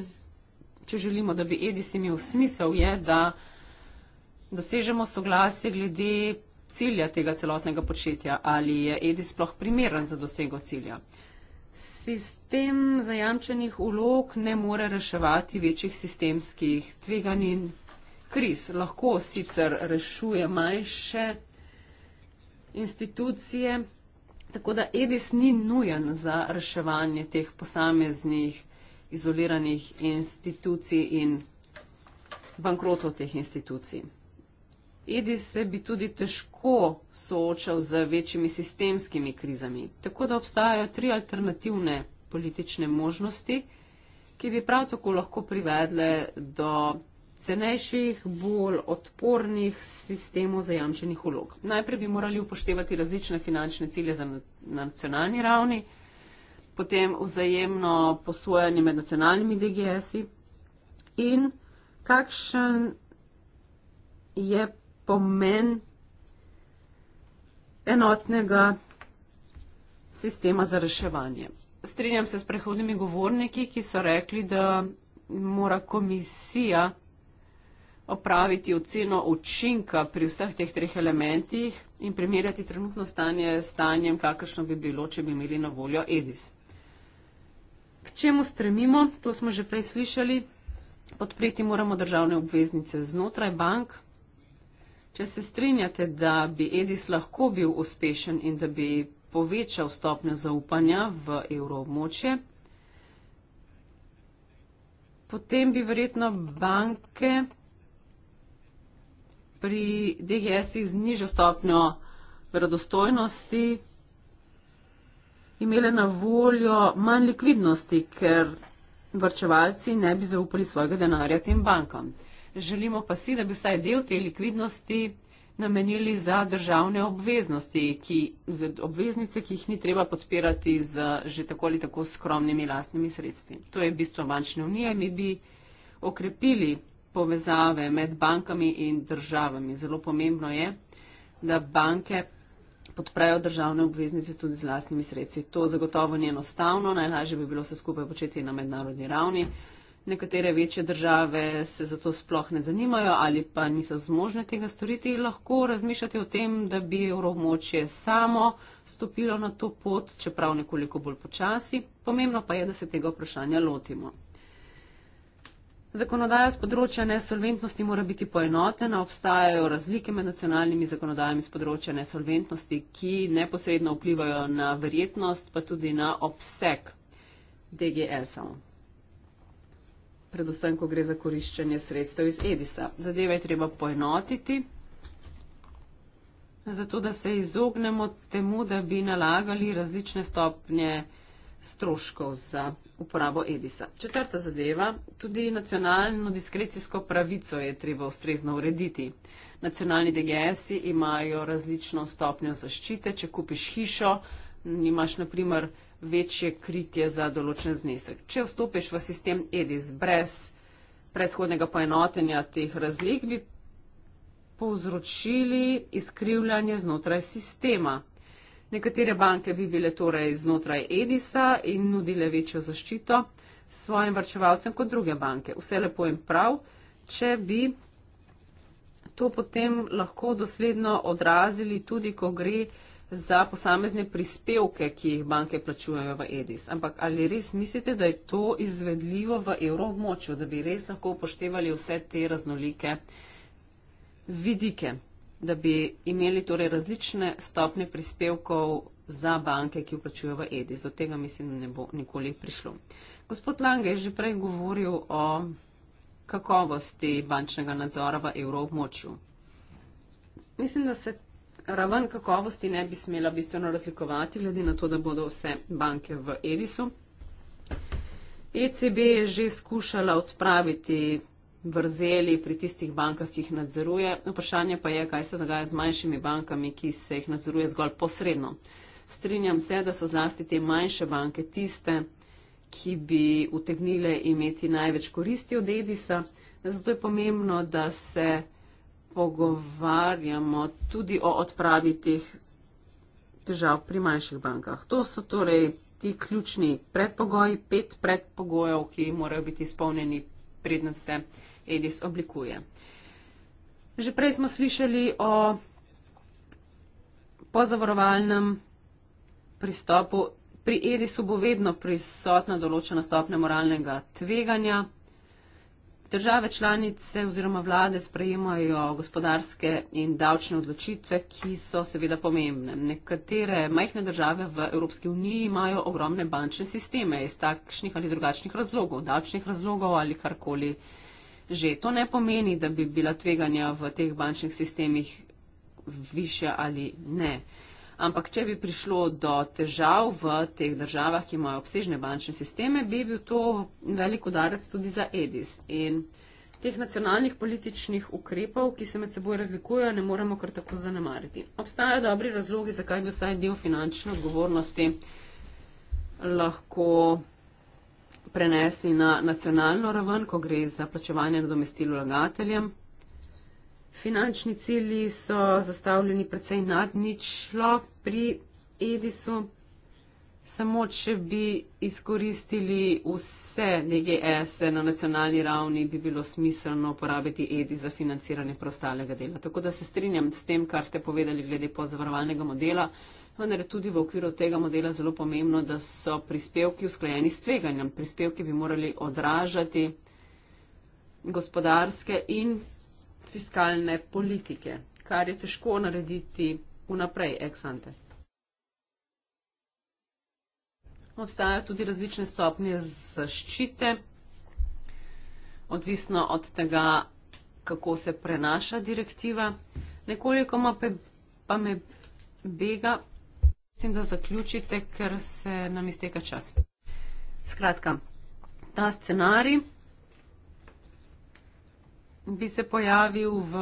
B: če želimo, da bi Edis imel smisel, je, da dosežemo soglasje glede cilja tega celotnega početja, ali je Edis sploh primeren za dosego cilja. Sistem zajamčenih ulog ne more reševati večjih sistemskih tveganj in kriz. Lahko sicer rešuje manjše institucije, tako da Edis ni nujen za reševanje teh posameznih izoliranih institucij in bankrotov teh institucij. Edi se bi tudi težko soočal z večjimi sistemskimi krizami, tako da obstajajo tri alternativne politične možnosti, ki bi prav tako lahko privedle do cenejših, bolj odpornih sistemov zajamčenih ulog. Najprej bi morali upoštevati različne finančne cilje na nacionalni ravni, potem vzajemno posvojanje med nacionalnimi DGS-i in kakšen je pomen enotnega sistema za reševanje. Strinjam se s prehodnimi govorniki, ki so rekli, da mora komisija opraviti oceno učinka pri vseh teh treh elementih in primerjati trenutno stanje s stanjem, kakršno bi bilo, če bi imeli na voljo EDIS. K čemu stremimo? To smo že prej slišali. Podpreti moramo državne obveznice znotraj bank. Če se strinjate, da bi Edis lahko bil uspešen in da bi povečal stopnjo zaupanja v evroobmočje, potem bi verjetno banke pri DGS-ih z nižjo stopnjo verodostojnosti imele na voljo manj likvidnosti, ker vrčevalci ne bi zaupali svojega denarja tem bankam. Želimo pa si, da bi vsaj del te likvidnosti namenili za državne obveznosti, ki, obveznice, ki jih ni treba podpirati z že tako ali tako skromnimi lastnimi sredstvi. To je bistvo bančne unije. Mi bi okrepili povezave med bankami in državami. Zelo pomembno je, da banke podprejo državne obveznice tudi z lastnimi sredstvi. To zagotovo ni enostavno, najlažje bi bilo vse skupaj početi na mednarodni ravni. Nekatere večje države se za to sploh ne zanimajo ali pa niso zmožne tega storiti. Lahko razmišljate o tem, da bi evromočje samo stopilo na to pot, čeprav nekoliko bolj počasi. Pomembno pa je, da se tega vprašanja lotimo. Zakonodaja z področja nesolventnosti mora biti poenotena, obstajajo razlike med nacionalnimi zakonodajami z področja nesolventnosti, ki neposredno vplivajo na verjetnost, pa tudi na obseg DGS-ov. Predvsem, ko gre za koriščenje sredstev iz EDIS-a. Zadeve je treba poenotiti, zato da se izognemo temu, da bi nalagali različne stopnje stroškov za uporabo Edisa. Četrta zadeva, tudi nacionalno diskrecijsko pravico je treba ustrezno urediti. Nacionalni DGS-i imajo različno stopnjo zaščite, če kupiš hišo, nimaš naprimer večje kritje za določen znesek. Če vstopiš v sistem Edis brez predhodnega poenotenja teh razlik, bi povzročili izkrivljanje znotraj sistema. Nekatere banke bi bile torej znotraj Edisa in nudile večjo zaščito svojim vrčevalcem kot druge banke. Vse lepo in prav, če bi to potem lahko dosledno odrazili tudi, ko gre za posamezne prispevke, ki jih banke plačujejo v Edis. Ampak ali res mislite, da je to izvedljivo v evroobmočju, da bi res lahko upoštevali vse te raznolike vidike? da bi imeli torej različne stopne prispevkov za banke, ki vplačujejo v EDIS. Od tega mislim, da ne bo nikoli prišlo. Gospod Lange je že prej govoril o kakovosti bančnega nadzora v evroobmočju. Mislim, da se raven kakovosti ne bi smela bistveno razlikovati, glede na to, da bodo vse banke v EDISu. ECB je že skušala odpraviti vrzeli pri tistih bankah, ki jih nadzoruje. Vprašanje pa je, kaj se dogaja z manjšimi bankami, ki se jih nadzoruje zgolj posredno. Strinjam se, da so zlasti te manjše banke tiste, ki bi utegnile imeti največ koristi od Edisa. Zato je pomembno, da se pogovarjamo tudi o odpravi teh težav pri manjših bankah. To so torej ti ključni predpogoji, pet predpogojev, ki morajo biti izpolnjeni predna se. Edis oblikuje. Že prej smo slišali o pozavarovalnem pristopu. Pri Edisu bo vedno prisotna določena stopnja moralnega tveganja. Države članice oziroma vlade sprejemajo gospodarske in davčne odločitve, ki so seveda pomembne. Nekatere majhne države v Evropski uniji imajo ogromne bančne sisteme iz takšnih ali drugačnih razlogov, davčnih razlogov ali karkoli že. To ne pomeni, da bi bila tveganja v teh bančnih sistemih više ali ne. Ampak, če bi prišlo do težav v teh državah, ki imajo obsežne bančne sisteme, bi bil to velik udarec tudi za EDIS. In teh nacionalnih političnih ukrepov, ki se med seboj razlikujejo, ne moremo kar tako zanemariti. Obstajajo dobri razlogi, zakaj bi vsaj del finančne odgovornosti lahko prenesli na nacionalno raven, ko gre za plačevanje nadomestil vlagateljem. Finančni cilji so zastavljeni precej nad ničlo pri Edisu. Samo, če bi izkoristili vse DGS-e na nacionalni ravni, bi bilo smiselno uporabiti EDI za financiranje prostalega dela. Tako da se strinjam s tem, kar ste povedali glede pozavarovalnega modela vendar je tudi v okviru tega modela zelo pomembno, da so prispevki usklajeni s tveganjem. Prispevki bi morali odražati gospodarske in fiskalne politike, kar je težko narediti vnaprej, ex ante. Obstajajo tudi različne stopnje zaščite, odvisno od tega, kako se prenaša direktiva. Nekoliko pa me bega prosim, da zaključite, ker se nam izteka čas. Skratka, ta scenarij bi se pojavil v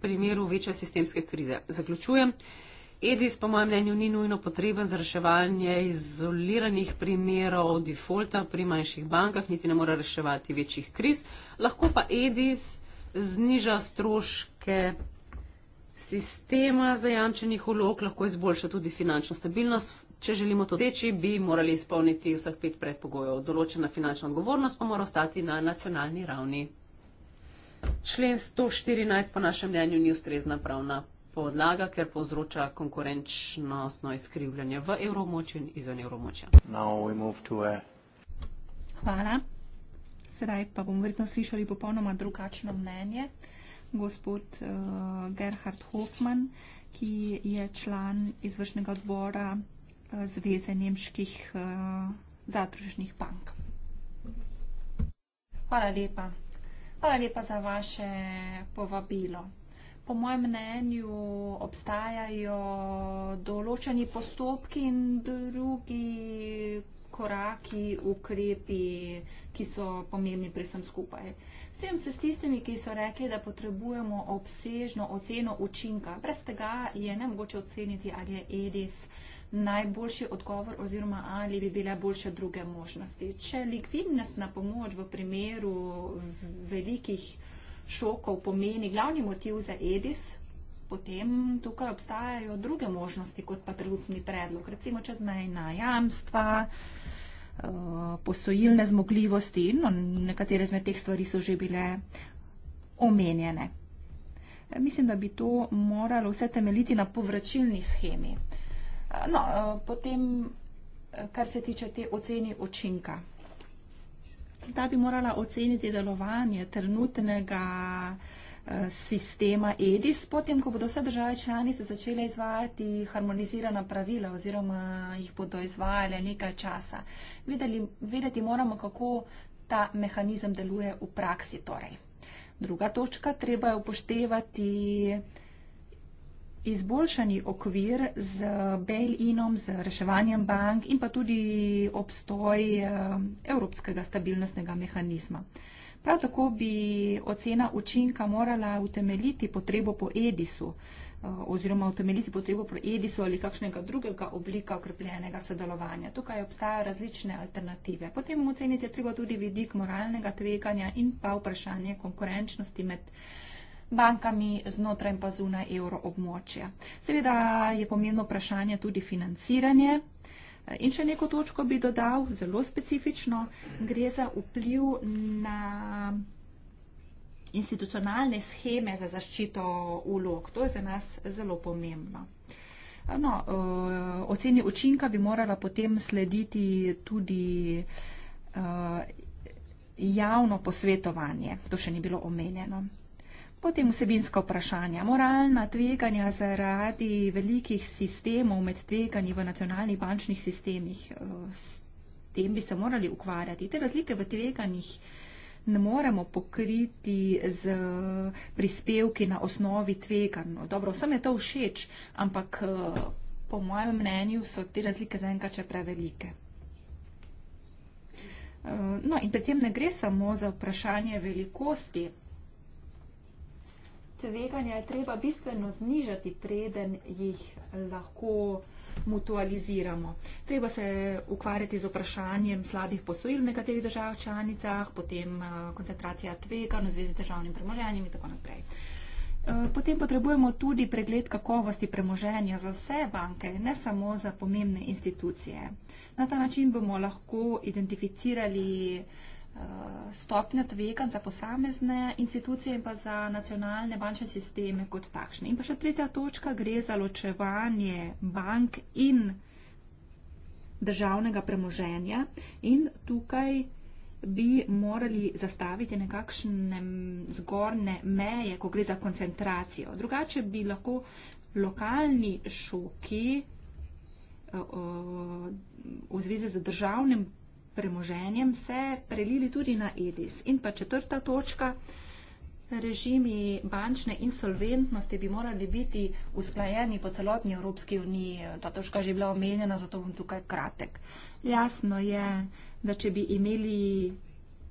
B: primeru večje sistemske krize. Zaključujem. Edis, po mojem mnenju, ni nujno potreben za reševanje izoliranih primerov defolta pri manjših bankah, niti ne mora reševati večjih kriz. Lahko pa Edis zniža stroške sistema zajamčenih vlog lahko izboljša tudi finančno stabilnost. Če želimo to doseči, bi morali izpolniti vseh pet predpogojev. Določena finančna odgovornost pa mora ostati na nacionalni ravni. Člen 114 po našem mnenju ni ustrezna pravna podlaga, ker povzroča konkurenčnostno izkrivljanje v evromočju in izven evromočja.
E: Hvala. Sedaj pa bomo verjetno slišali popolnoma drugačno mnenje gospod uh, Gerhard Hofman, ki je član izvršnega odbora uh, Zveze nemških uh, zadružnih bank. Hvala lepa. Hvala lepa za vaše povabilo. Po mojem mnenju obstajajo določeni postopki in drugi koraki, ukrepi, ki so pomembni pri vsem skupaj. Sem se s tistimi, ki so rekli, da potrebujemo obsežno oceno učinka. Brez tega je ne mogoče oceniti, ali je Edis najboljši odgovor oziroma ali bi bile boljše druge možnosti. Če likvidnostna pomoč v primeru velikih šokov pomeni glavni motiv za Edis, potem tukaj obstajajo druge možnosti kot pa trenutni predlog. Recimo čezmejna jamstva, uh, Eh, posojilne zmogljivosti. No, nekatere izmed teh stvari so že bile omenjene. Eh, mislim, da bi to moralo vse temeljiti na povračilni schemi. Eh, no, potem, kar se tiče te oceni učinka. Ta bi morala oceniti delovanje trenutnega uh, sistema EDIS, potem, ko bodo vse države članice začele izvajati harmonizirana pravila oziroma jih bodo izvajale nekaj časa. Vedeli, vedeti moramo, kako ta mehanizem deluje v praksi. Torej. Druga točka, treba je upoštevati izboljšani okvir z bail-inom, z reševanjem bank in pa tudi obstoj eh, evropskega stabilnostnega mehanizma. Prav tako bi ocena učinka morala utemeljiti potrebo po Edisu eh, oziroma utemeljiti potrebo po Edisu ali kakšnega drugega oblika okrepljenega sodelovanja. Tukaj obstajajo različne alternative. Potem oceniti je treba tudi vidik moralnega tveganja in pa vprašanje konkurenčnosti med bankami znotraj in pa zunaj evroobmočja. Seveda je pomembno vprašanje tudi financiranje. In še neko točko bi dodal, zelo specifično, gre za vpliv na institucionalne scheme za zaščito ulog. To je za nas zelo pomembno. No, eh, oceni učinka bi morala potem slediti tudi eh, javno posvetovanje. To še ni bilo omenjeno. Potem vsebinska vprašanja. Moralna tveganja zaradi velikih sistemov med tveganji v nacionalnih bančnih sistemih. Eh, s tem bi se morali ukvarjati. Te razlike v tveganjih ne moremo pokriti z prispevki na osnovi tveganj. Dobro, vsem je to všeč, ampak eh, po mojem mnenju so te razlike zaenkrat še prevelike. Eh, no, in predtem ne gre samo za vprašanje velikosti tveganja je treba bistveno znižati, preden jih lahko mutualiziramo. Treba se ukvarjati z vprašanjem slabih posojil v nekaterih državah članicah, potem eh, koncentracija tveganj v zvezi z državnim premoženjem in tako naprej. Eh, potem potrebujemo tudi pregled kakovosti premoženja za vse banke, ne samo za pomembne institucije. Na ta način bomo lahko identificirali stopnja tvekan za posamezne institucije in pa za nacionalne bančne sisteme kot takšne. In pa še tretja točka gre za ločevanje bank in državnega premoženja. In tukaj bi morali zastaviti nekakšne zgorne meje, ko gre za koncentracijo. Drugače bi lahko lokalni šoki eh, v zvezi z državnim premoženjem se prelili tudi na Edis. In pa četrta točka, režimi bančne insolventnosti bi morali biti usklajeni po celotni Evropski uniji. Ta točka že bila omenjena, zato bom tukaj kratek. Jasno je, da če bi imeli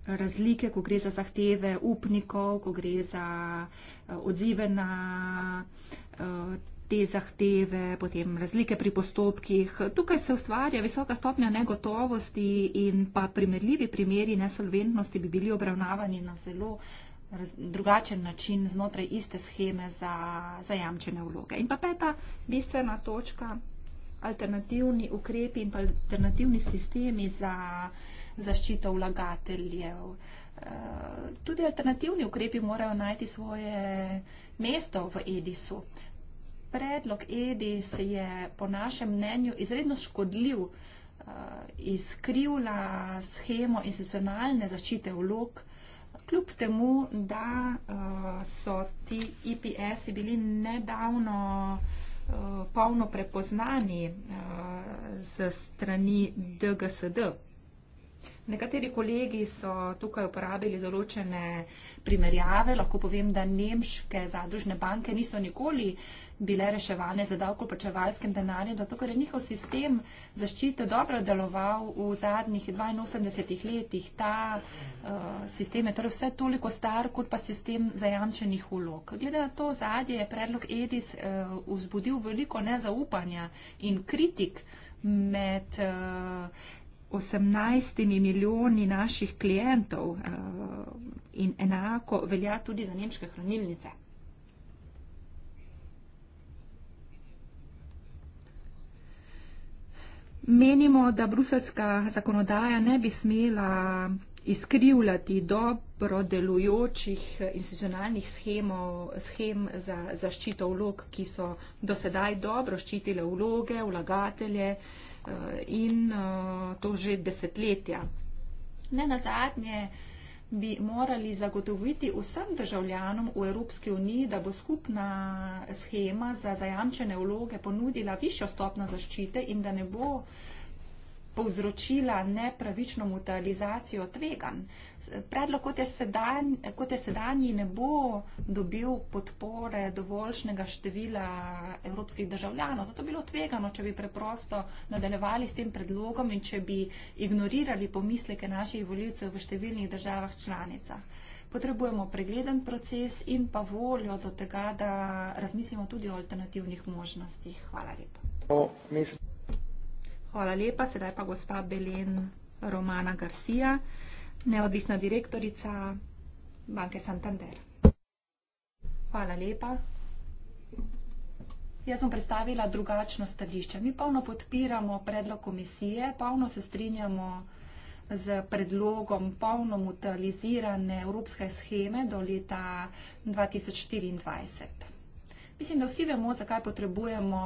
E: razlike, ko gre za zahteve upnikov, ko gre za eh, odzive na. Uh, te zahteve, potem razlike pri postopkih. Tukaj se ustvarja visoka stopnja negotovosti in pa primerljivi primeri nesolventnosti bi bili obravnavani na zelo raz, drugačen način znotraj iste scheme za zajamčene vloge. In pa peta bistvena točka, alternativni ukrepi in pa alternativni sistemi za zaščito vlagateljev. Eh, tudi alternativni ukrepi morajo najti svoje mesto v Edisu predlog Edi se je po našem mnenju izredno škodljiv uh, izkrivla schemo institucionalne zaščite vlog, kljub temu, da uh, so ti IPS-i e bili nedavno uh, polno prepoznani z strani DGSD. Nekateri kolegi so tukaj uporabili določene primerjave, lahko povem, da nemške zadružne banke niso nikoli uh, bile reševane za davkoplačevalskim denarjem, zato ker je njihov sistem zaščite dobro deloval v zadnjih 82 letih. Ta uh, sistem je torej vse toliko star, kot pa sistem zajamčenih ulog. Glede na to zadnje je predlog Edis uh, vzbudil veliko nezaupanja in kritik med. Uh, eh, 18 milijoni naših klientov in enako velja tudi za nemške hranilnice. Menimo, da bruselska zakonodaja ne bi smela izkrivljati dobro delujočih institucionalnih schemov, schem za zaščito vlog, ki so dosedaj dobro ščitile vloge, vlagatelje eh, in eh, to že desetletja. Ne nazadnje, bi morali zagotoviti vsem državljanom v Evropski uniji, da bo skupna schema za zajamčene vloge ponudila višjo stopno zaščite in da ne bo povzročila nepravično mutualizacijo tvegan predlog, kot je, sedanj, kot je sedanji, ne bo dobil podpore dovoljšnega števila evropskih državljanov. Zato bi bilo tvegano, če bi preprosto nadaljevali s tem predlogom in če bi ignorirali pomisleke naših voljivcev v številnih državah članicah. Potrebujemo pregleden proces in pa voljo do tega, da razmislimo tudi o alternativnih možnostih. Hvala
G: lepa.
E: Hvala lepa, sedaj pa gospa Belen Romana Garcia neodvisna direktorica Banke Santander. Hvala lepa. Jaz bom predstavila drugačno stališče. Mi polno podpiramo predlog komisije, polno se strinjamo z predlogom polno mutualizirane evropske scheme do leta 2024. Mislim, da vsi vemo, zakaj potrebujemo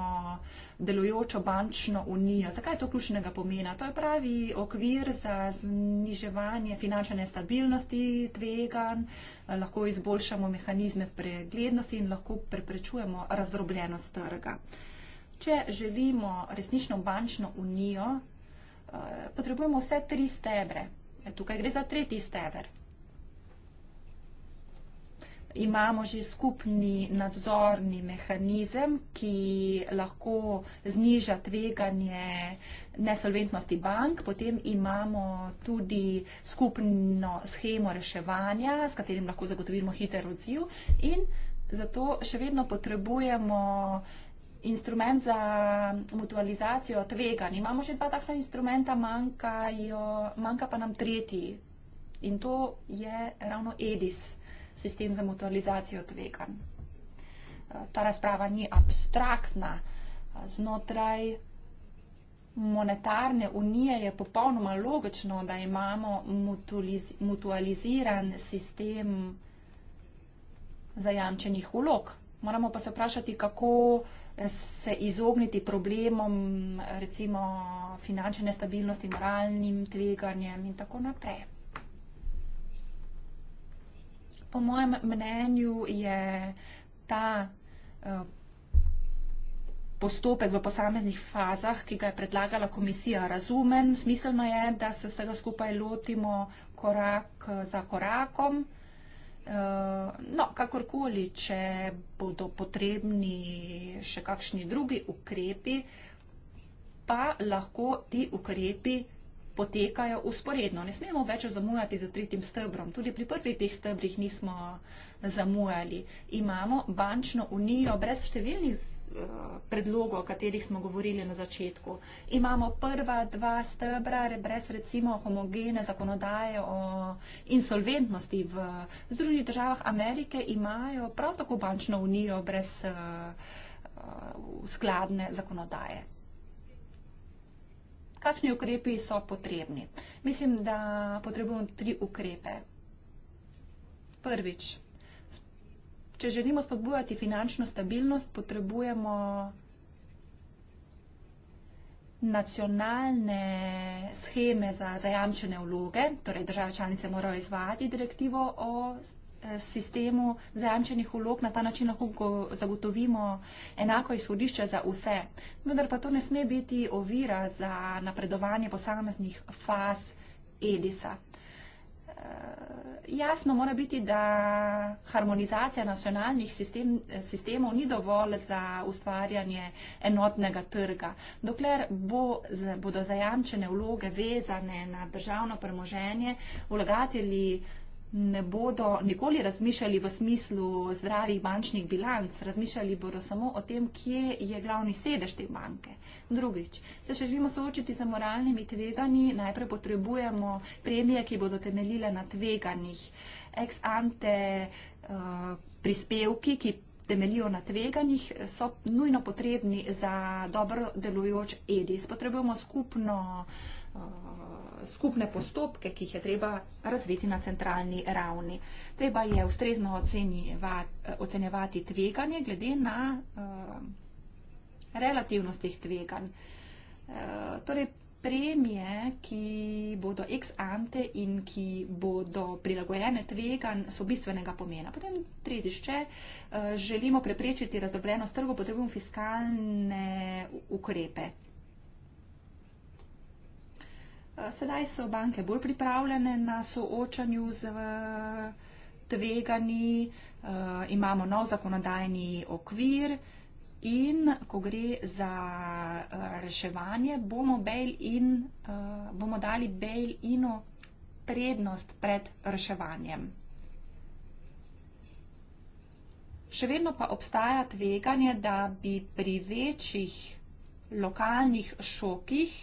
E: delujočo bančno unijo, zakaj je to ključnega pomena. To je pravi okvir za zniževanje finančne nestabilnosti, tvegan, lahko izboljšamo mehanizme preglednosti in lahko preprečujemo razdrobljenost trga. Če želimo resnično bančno unijo, eh, potrebujemo vse tri stebre. Tukaj gre za tretji steber imamo že skupni nadzorni mehanizem, ki lahko zniža tveganje nesolventnosti bank. Potem imamo tudi skupno schemo reševanja, s katerim lahko zagotovimo hiter odziv. In zato še vedno potrebujemo instrument za mutualizacijo tveganj. Imamo že dva takšna instrumenta, manjkajo, manjka pa nam tretji. In to je ravno Edis sistem za mutualizacijo tvegan. Eh, ta razprava ni abstraktna. Eh, znotraj monetarne unije je popolnoma logično, da imamo mutualiziran sistem zajamčenih ulog. Moramo pa se vprašati, kako eh, se izogniti problemom recimo finančne stabilnosti, moralnim tveganjem in tako naprej. Po mojem mnenju je ta eh, postopek v posameznih fazah, ki ga je predlagala komisija, razumen. Smiselno je, da se vsega skupaj lotimo korak eh, za korakom. Eh, no, kakorkoli, če bodo potrebni še kakšni drugi ukrepi, pa lahko ti ukrepi potekajo usporedno. Ne smemo več zamujati za tretjim stebrom. Tudi pri prvih teh stebrih nismo zamujali. Imamo bančno unijo brez številnih eh, predlogov, o katerih smo govorili na začetku. Imamo prva dva stebra brez recimo homogene zakonodaje o insolventnosti. V Združenih državah Amerike imajo prav tako bančno unijo brez uh, uh, skladne zakonodaje kakšni ukrepi so potrebni. Mislim, da potrebujemo tri ukrepe. Prvič, če želimo spodbujati finančno stabilnost, potrebujemo nacionalne scheme za zajamčene vloge, torej države članice morajo izvajati direktivo o Eh, sistemu zajamčenih ulog na ta način lahko zagotovimo enako izhodišče za vse. Vendar pa to ne sme biti ovira za napredovanje posameznih faz Edisa. Eh, jasno mora biti, da harmonizacija nacionalnih sistem, sistemov ni dovolj za ustvarjanje enotnega trga. Dokler bo, bodo zajamčene vloge vezane na državno premoženje, vlagatelji eh, ne bodo nikoli razmišljali v smislu zdravih bančnih bilanc, razmišljali bodo samo o tem, kje je glavni sedež te banke. Drugič, se še želimo soočiti z moralnimi tveganji, najprej potrebujemo premije, ki bodo temeljile na tveganjih, ex ante uh, prispevki, ki temeljijo na tveganjih, so nujno potrebni za dobro delujoč edis. Potrebujemo skupno. Uh, skupne postopke, ki jih je treba razviti na centralni ravni. Treba je ustrezno ocenjevati tveganje glede na eh, relativnost teh tveganj. Eh, torej, premije, ki bodo ex ante in ki bodo prilagojene tveganj, so bistvenega pomena. Potem tretjišče, eh, želimo preprečiti razdrobljenost trgov, potrebujemo fiskalne ukrepe. Eh, sedaj so banke bolj pripravljene na soočanju z eh, tveganji, eh, imamo nov zakonodajni okvir in ko gre za reševanje, bomo, in, bomo dali bail-inu prednost pred reševanjem. Še vedno pa obstaja tveganje, da bi pri večjih lokalnih šokih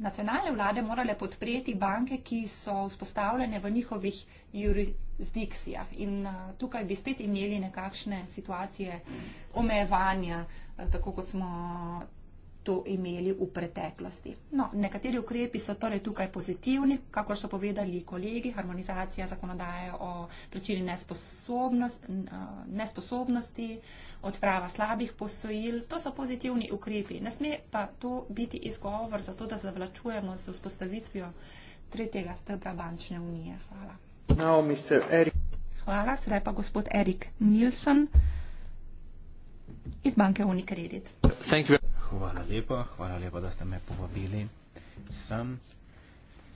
E: nacionalne vlade morale podpreti banke, ki so vzpostavljene v njihovih jurisdikcijah. In eh, tukaj bi spet imeli nekakšne situacije omejevanja, eh, tako kot smo to imeli v preteklosti. No, nekateri ukrepi so torej tukaj pozitivni, kako so povedali kolegi, harmonizacija zakonodaje o plačilni nesposobnost, eh, nesposobnosti odprava slabih posojil. To so pozitivni ukrepi. Ne sme pa to biti izgovor za to, da zavlačujemo z vzpostavitvijo tretjega stebra bančne unije. Hvala. No, Hvala, sedaj pa gospod Erik Nilsson iz banke Unicredit.
C: Hvala lepa, hvala lepa, da ste me povabili. Sam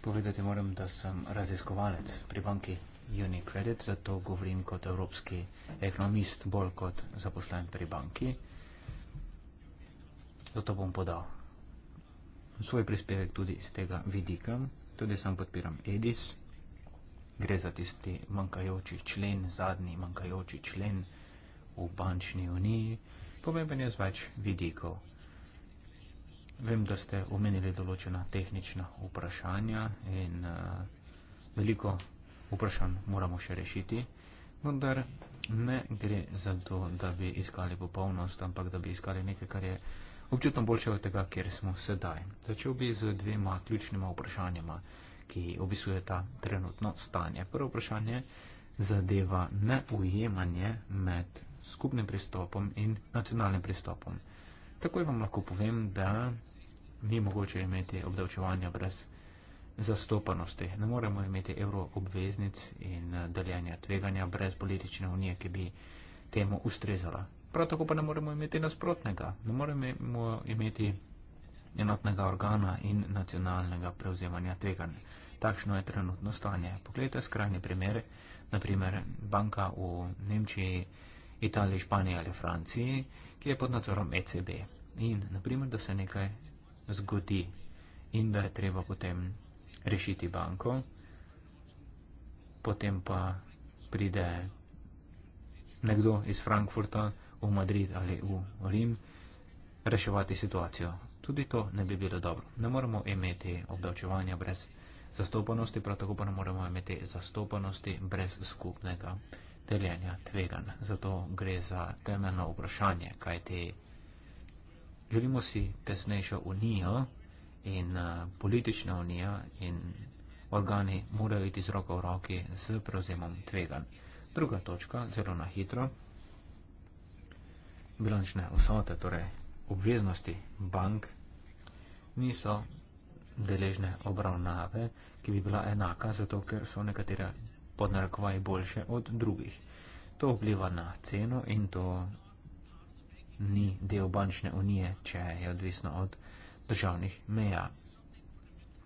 C: povedati moram, da sem raziskovalec pri banki Unicredit, zato govorim kot evropski ekonomist, bolj kot zaposlen pri banki. Zato bom podal svoj prispevek tudi z tega vidika. Tudi sam podpiram EDIS, gre za tisti manjkajoči člen, zadnji manjkajoči člen v bančni uniji. Pomemben je z več vidikov. Vem, da ste omenili določena tehnična vprašanja in uh, veliko vprašanj moramo še rešiti, vendar ne gre za to, da bi iskali popolnost, ampak da bi iskali nekaj, kar je občutno boljše od tega, kjer smo sedaj. Začel bi z dvema ključnima vprašanjima, ki obisuje ta trenutno stanje. Prvo vprašanje zadeva neujemanje med skupnim pristopom in nacionalnim pristopom. Takoj vam lahko povem, da ni mogoče imeti obdavčevanja brez zastopanosti. Ne moremo imeti evro obveznic in eh, deljenja tveganja brez politične unije, ki bi temu ustrezala. Prav tako pa ne moremo imeti nasprotnega. Ne moremo imeti enotnega organa in nacionalnega prevzemanja tveganj. Takšno je trenutno stanje. Poglejte skrajni primer, naprimer banka v Nemčiji, Italiji, Španiji ali Franciji, ki je pod nadzorom ECB. In naprimer, da se nekaj zgodi in da je treba potem rešiti banko, potem pa pride nekdo iz Frankfurta v Madrid ali v Rim reševati situacijo. Tudi to ne bi bilo dobro. Ne moremo imeti obdavčevanja brez zastopanosti, prav tako pa ne moremo imeti zastopanosti brez skupnega deljenja tvegan. Zato gre za temeljno vprašanje, kaj te. Želimo si tesnejšo unijo, in uh, politična unija in organi morajo iti z roko v roki z prevzemom tvegan. Druga točka, zelo na hitro, bilančne vsote, torej obveznosti bank, niso deležne obravnave, ki bi bila enaka, zato ker so nekatere podnarekovaje boljše od drugih. To vpliva na ceno in to ni del bančne unije, če je odvisno od državnih meja.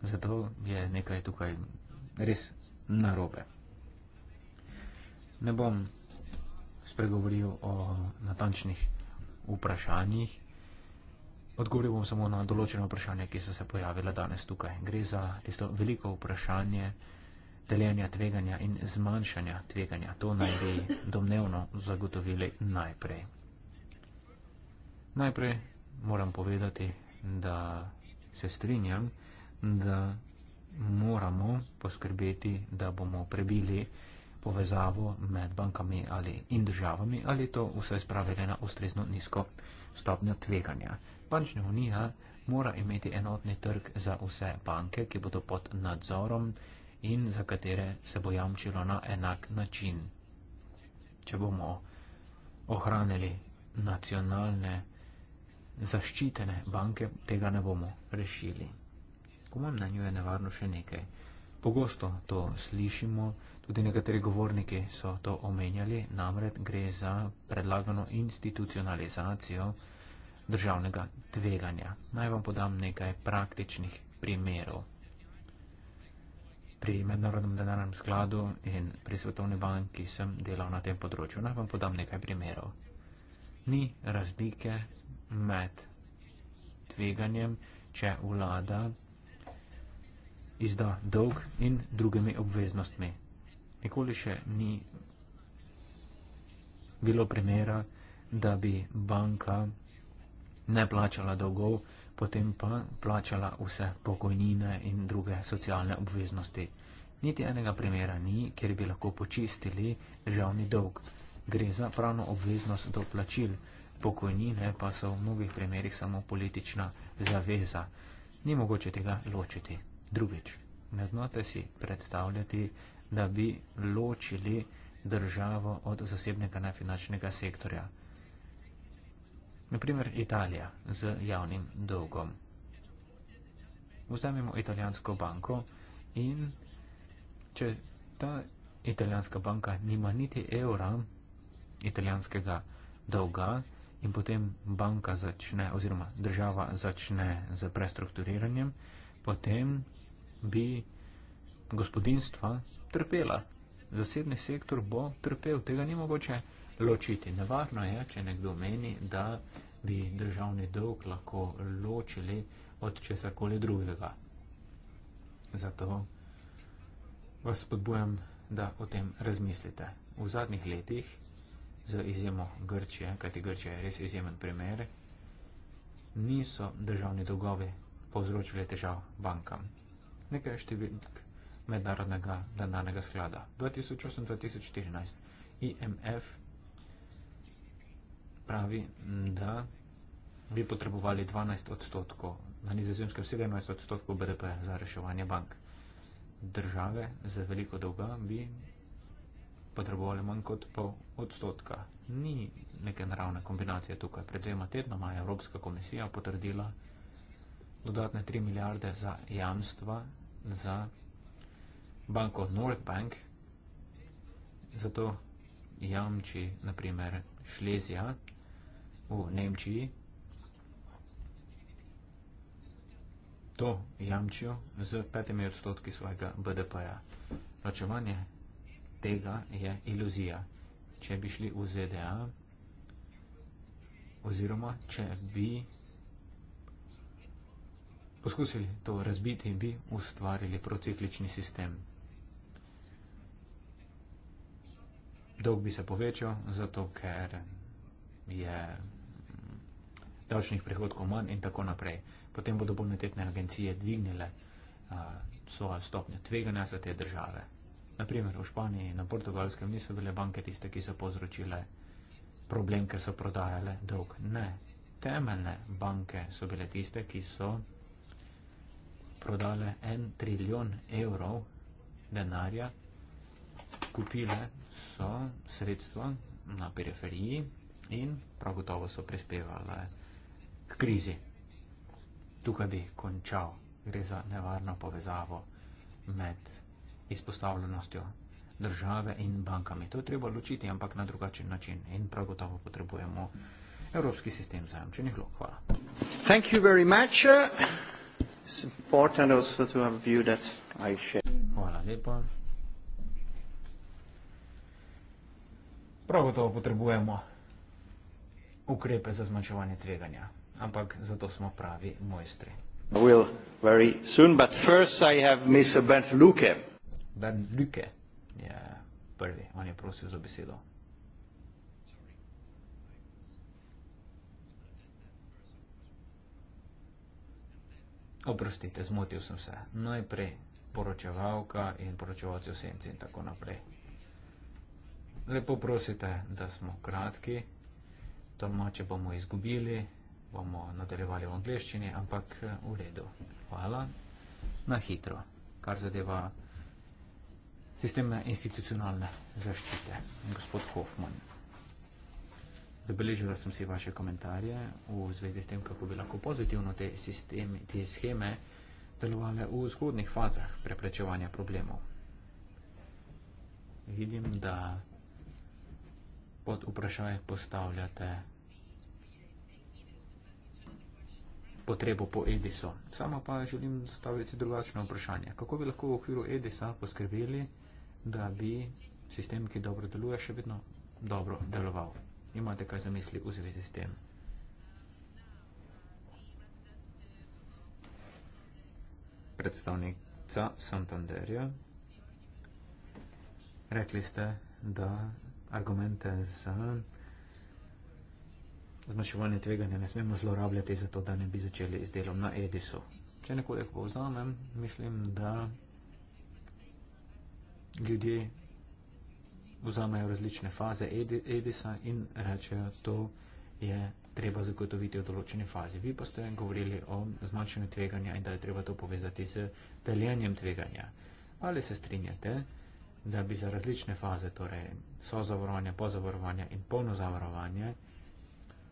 C: Zato je nekaj tukaj res narobe. Ne bom spregovoril o natančnih vprašanjih, odgovoril bom samo na določene vprašanja, ki so se pojavile danes tukaj. Gre za tisto veliko vprašanje deljenja tveganja in zmanjšanja tveganja. To naj bi domnevno zagotovili najprej. Najprej moram povedati, da se strinjam, da moramo poskrbeti, da bomo prebili povezavo med bankami ali in državami ali to vse spravili na ustrezno nizko stopnjo tveganja. Bančna unija mora imeti enotni trg za vse banke, ki bodo pod nadzorom in za katere se bo jamčilo na enak način. Če bomo ohranili nacionalne zaščitene banke tega ne bomo rešili. Po mojem mnenju je nevarno še nekaj. Pogosto to slišimo, tudi nekateri govorniki so to omenjali, namreč gre za predlagano institucionalizacijo državnega tveganja. Naj vam podam nekaj praktičnih primerov. Pri Mednarodnem denarnem skladu in pri Svetovni banki sem delal na tem področju. Naj vam podam nekaj primerov. Ni razlike med tveganjem, če vlada izda dolg in drugimi obveznostmi. Nikoli še ni bilo primera, da bi banka ne plačala dolgov, potem pa plačala vse pokojnine in druge socialne obveznosti. Niti enega primera ni, kjer bi lahko počistili državni dolg. Gre za pravno obveznost do plačil pokojnine pa so v mnogih primerjih samo politična zaveza. Ni mogoče tega ločiti. Drugič, ne znate si predstavljati, da bi ločili državo od zasebnega nefinančnega sektorja. Naprimer Italija z javnim dolgom. Vzamemo italijansko banko in če ta italijanska banka nima niti evra italijanskega dolga, in potem banka začne, oziroma država začne z prestrukturiranjem, potem bi gospodinstva trpela. Zasebni sektor bo trpel, tega ni mogoče ločiti. Nevarno je, če nekdo meni, da bi državni dolg lahko ločili od česarkoli drugega. Zato vas spodbujam, da o tem razmislite. V zadnjih letih z izjemo Grčije, kajti Grčija je res izjemen primer, niso državni dolgovi povzročili težav bankam. Nekaj številk mednarodnega denarnega sklada. 2008-2014 IMF pravi, da bi potrebovali 12 odstotkov, na nizozemskem 17 odstotkov BDP za reševanje bank. Države za veliko dolga bi potrebovali manj kot pol odstotka. Ni neke naravne kombinacije tukaj. Pred dvema tednoma je Evropska komisija potrdila dodatne 3 milijarde za jamstva za banko North Bank. Zato jamči, naprimer, Šlezija v Nemčiji. To jamčijo z petimi odstotki svojega BDP-ja. Račevanje tega je iluzija. Če bi šli v ZDA, oziroma če bi poskusili to razbiti in bi ustvarili prociklični sistem. Dolg bi se povečal, zato ker je davčnih prihodkov manj in tako naprej. Potem bodo bonitetne agencije dvignile uh, svojo stopnjo tveganja za te države naprimer v Španiji, na portugalskem niso bile banke tiste, ki so povzročile problem, ker so prodajale dolg. Ne, temeljne banke so bile tiste, ki so prodale en trilijon evrov denarja, kupile so sredstva na periferiji in prav gotovo so prispevale k krizi. Tukaj bi končal. Gre za nevarno povezavo med izpostavljenostjo države in bankami. To je treba ločiti, ampak na drugačen način. In prav gotovo potrebujemo evropski sistem zajamčenih vlog. Hvala.
A: Hvala lepa.
C: Prav gotovo potrebujemo ukrepe za zmanjševanje tveganja, ampak zato smo pravi mojstri.
A: I will very soon, but first I have Mr. Bent Luke. Bernd Luke
C: je prvi, on je prosil za besedo. Oprostite, zmotil sem se. Najprej poročevalka in poročevalci v senci in tako naprej. Lepo prosite, da smo kratki. Tolmače bomo izgubili, bomo nadaljevali v angliščini, ampak v redu. Hvala. Na hitro. Kar zadeva sistem institucionalne zaščite. Gospod Hoffman, zabeležila sem si vaše komentarje v zvezi s tem, kako bi lahko pozitivno te, sistemi, te scheme delovale v zgodnih fazah preprečevanja problemov. Vidim, da pod vprašanje postavljate potrebo po Edisu. Sama pa želim staviti drugačno vprašanje. Kako bi lahko v okviru Edisa poskrbeli, da bi sistem, ki dobro deluje, še vedno dobro deloval. Imate kaj za misli v zvezi s tem? Predstavnica Santanderja, rekli ste, da argumente za zmanjševanje tveganja ne smemo zlorabljati, zato da ne bi začeli z delom na Edisu. Če nekoliko povzamem, mislim, da ljudje vzamejo različne faze Edisa in rečejo, to je treba zagotoviti v določeni fazi. Vi pa ste govorili o zmanjšanju tveganja in da je treba to povezati z deljenjem tveganja. Ali se strinjate, da bi za različne faze, torej sozavarovanje, pozavarovanje in polno zavarovanje,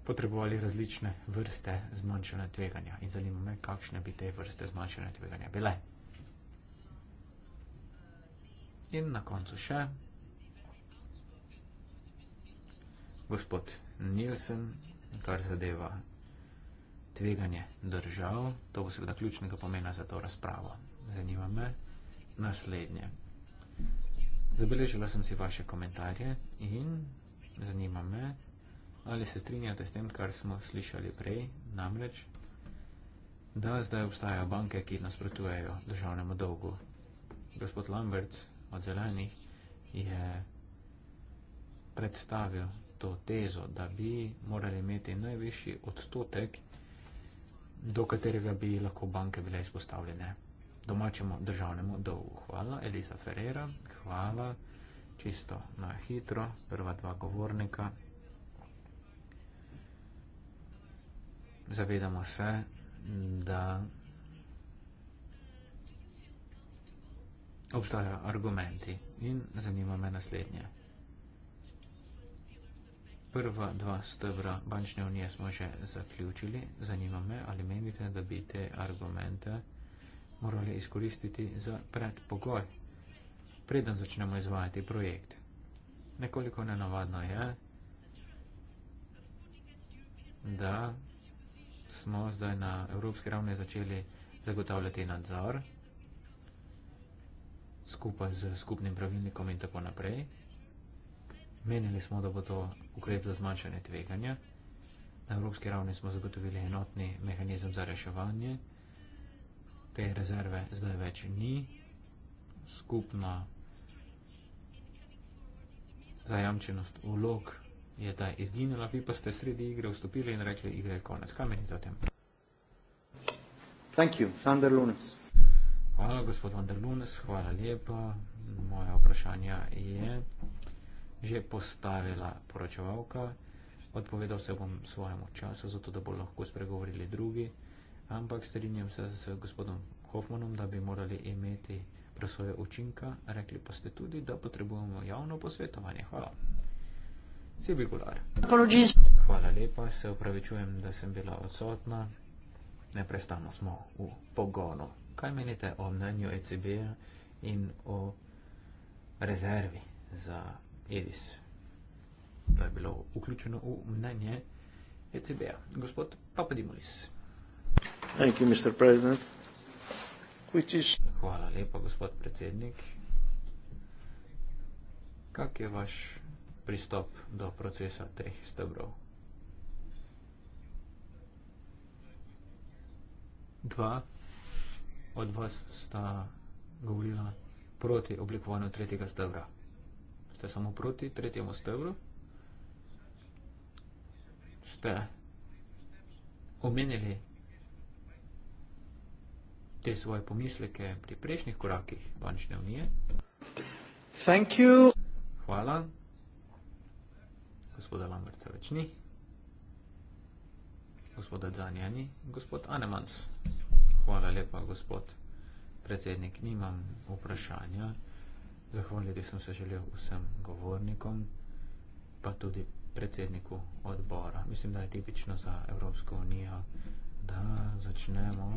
C: potrebovali različne vrste zmanjšanja tveganja? In zanima me, kakšne bi te vrste zmanjšanja tveganja bile. In na koncu še gospod Nilsen, kar zadeva tveganje držav. To bo seveda ključnega pomena za to razpravo. Zanima me naslednje. Zabeležila sem si vaše komentarje in zanima me, ali se strinjate s tem, kar smo slišali prej, namreč, da zdaj obstajajo banke, ki nasprotujejo državnemu dolgu. Gospod Lambert, od zelenih je predstavil to tezo, da bi morali imeti najvišji odstotek, do katerega bi lahko banke bile izpostavljene domačemu državnemu dolgu. Hvala, Elisa Ferreira, hvala, čisto na hitro, prva dva govornika. Zavedamo se, da obstajajo argumenti in zanima me naslednje. Prva dva stebra bančne unije smo že zaključili. Zanima me, ali menite, da bi te argumente morali izkoristiti za predpogoj, preden začnemo izvajati projekt. Nekoliko nenavadno je, da smo zdaj na evropski ravni začeli zagotavljati nadzor, skupaj z skupnim pravilnikom in tako naprej. Menili smo, da bo to ukrep za zmanjšanje tveganja. Na evropski ravni smo zagotovili enotni mehanizem za reševanje. Te rezerve zdaj več ni. Skupna zajamčenost vlog je zdaj izginila, vi pa ste sredi igre vstopili in rekli, igra je konec. Kaj menite o tem?
A: Thank you, Sander Lunas.
C: Hvala, gospod Vanderlunes, hvala lepa. Moja vprašanja je že postavila poročevalka. Odpovedal se bom svojemu času, zato da bo lahko spregovorili drugi, ampak strinjam se s gospodom Hoffmanom, da bi morali imeti presoje učinka. Rekli pa ste tudi, da potrebujemo javno posvetovanje. Hvala. Sibigular. Hvala lepa, se upravičujem, da sem bila odsotna. Neprestano smo v pogonu kaj menite o mnenju ECB-ja in o rezervi za EDIS? To je bilo vključeno v mnenje ECB-ja. Gospod Papadimulis.
D: Thank you, Mr. President.
C: Which is... Hvala lepa, gospod predsednik. Kak je vaš pristop do procesa treh stebrov? Dva, od vas sta govorila proti oblikovanju tretjega stebra. Ste samo proti tretjemu stebru? Ste omenili te svoje pomisleke pri prejšnjih korakih bančne unije?
A: Thank you.
C: Hvala. Gospoda Lamberca več ni. Gospoda Dzanjani, gospod Anemans. Hvala. Hvala lepa, gospod predsednik. Nimam vprašanja. Zahvaliti sem se želel vsem govornikom, pa tudi predsedniku odbora. Mislim, da je tipično za Evropsko unijo, da začnemo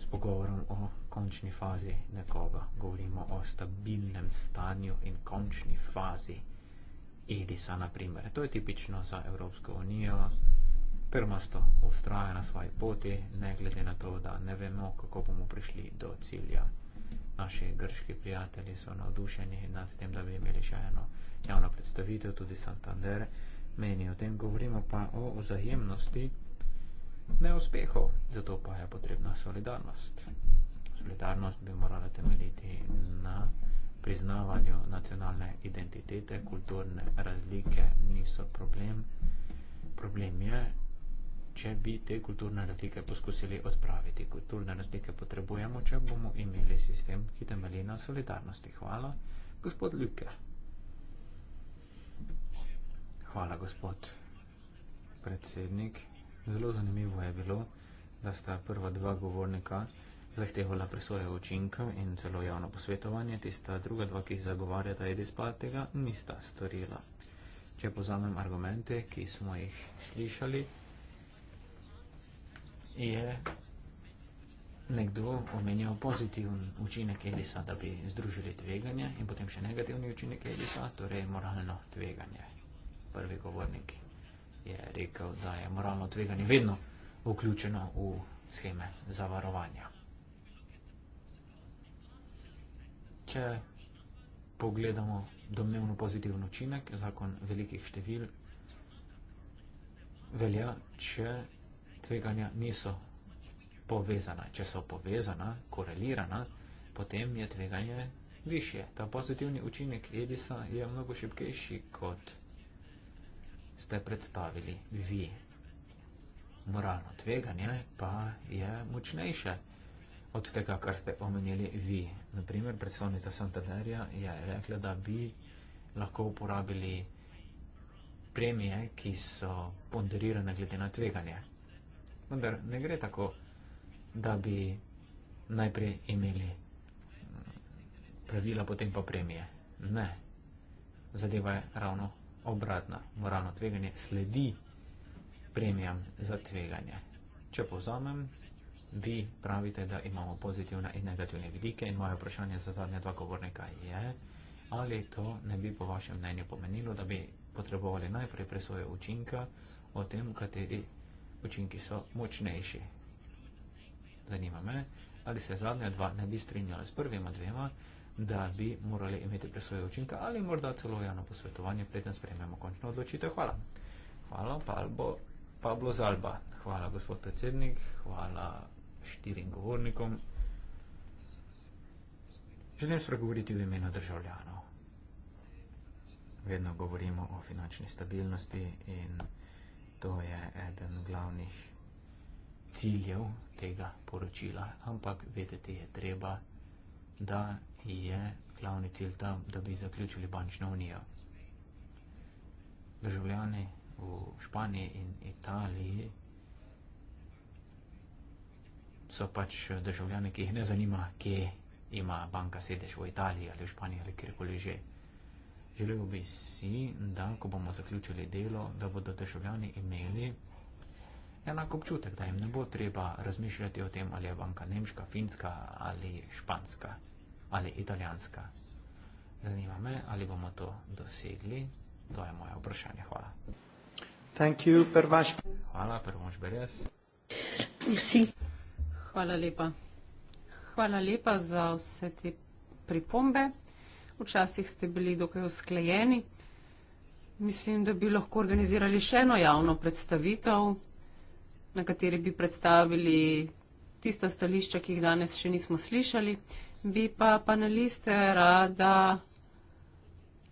C: s pogovorom o končni fazi nekoga. Govorimo o stabilnem stanju in končni fazi Edisa, na primer. To je tipično za Evropsko unijo trmasto ustraja na svoji poti, ne glede na to, da ne vemo, kako bomo prišli do cilja. Naši grški prijatelji so navdušeni nad tem, da bi imeli še eno javno predstavitev, tudi Santander. Meni o tem govorimo pa o vzajemnosti neuspehov, zato pa je potrebna solidarnost. Solidarnost bi morala temeljiti na priznavanju nacionalne identitete, kulturne razlike niso problem. Problem je, če bi te kulturne razlike poskusili odpraviti. Kulturne razlike potrebujemo, če bomo imeli sistem, ki temelji na solidarnosti. Hvala, gospod Ljuke. Hvala, gospod predsednik. Zelo zanimivo je bilo, da sta prva dva govornika zahtevala presoje učinkov in celo javno posvetovanje, tista druga dva, ki zagovarjata edispa, tega nista storila. Če pozamem argumente, ki smo jih slišali, je nekdo omenjal pozitiven učinek Elisa, da bi združili tveganje in potem še negativni učinek Elisa, torej moralno tveganje. Prvi govornik je rekel, da je moralno tveganje vedno vključeno v scheme zavarovanja. Če pogledamo domnevno pozitiven učinek, zakon velikih števil velja, če tveganja niso povezana. Če so povezana, korelirana, potem je tveganje više. Ta pozitivni učinek Edisa je mnogo šipkejši, kot ste predstavili vi. Moralno tveganje pa je močnejše od tega, kar ste omenili vi. Naprimer, predstavnica Santanderja je rekla, da bi lahko uporabili premije, ki so ponderirane glede na tveganje. Vendar ne gre tako, da bi najprej imeli mm, pravila, potem pa premije. Ne. Zadeva je ravno obratna. Moralno tveganje sledi premijam za tveganje. Če povzamem, vi pravite, da imamo pozitivne in negativne vidike in moje vprašanje za zadnja dva govornika je, ali to ne bi po vašem mnenju pomenilo, da bi potrebovali najprej presoje učinka o tem, kateri učinki so močnejši. Zanima me, ali se zadnja dva ne bi strinjala s prvima dvema, da bi morali imeti presoje učinka ali morda celo javno posvetovanje, preden sprememo končno odločitev. Hvala. Hvala, Palbo, Pablo Zalba. Hvala, gospod predsednik. Hvala štirim govornikom. Želim spregovoriti v imenu državljanov. Vedno govorimo o finančni stabilnosti in. To je eden glavnih ciljev tega poročila, ampak vedeti je treba, da je glavni cilj tam, da bi zaključili bančno unijo. Državljani v Španiji in Italiji so pač državljani, ki jih ne zanima, kje ima banka sedež v Italiji ali v Španiji ali kjerkoli že. Želel bi si, da ko bomo zaključili delo, da bodo državljani imeli enak občutek, da jim ne bo treba razmišljati o tem, ali je banka nemška, finska ali španska ali italijanska. Zanima me, ali bomo to dosegli. To je moje vprašanje. Hvala.
B: You, prvaš...
C: Hvala, prvomoč Berjes.
B: Si. Hvala lepa. Hvala lepa za vse te pripombe. Včasih ste bili dokaj usklajeni. Mislim, da bi lahko organizirali še eno javno predstavitev, na kateri bi predstavili tista stališča, ki jih danes še nismo slišali. Bi pa paneliste rada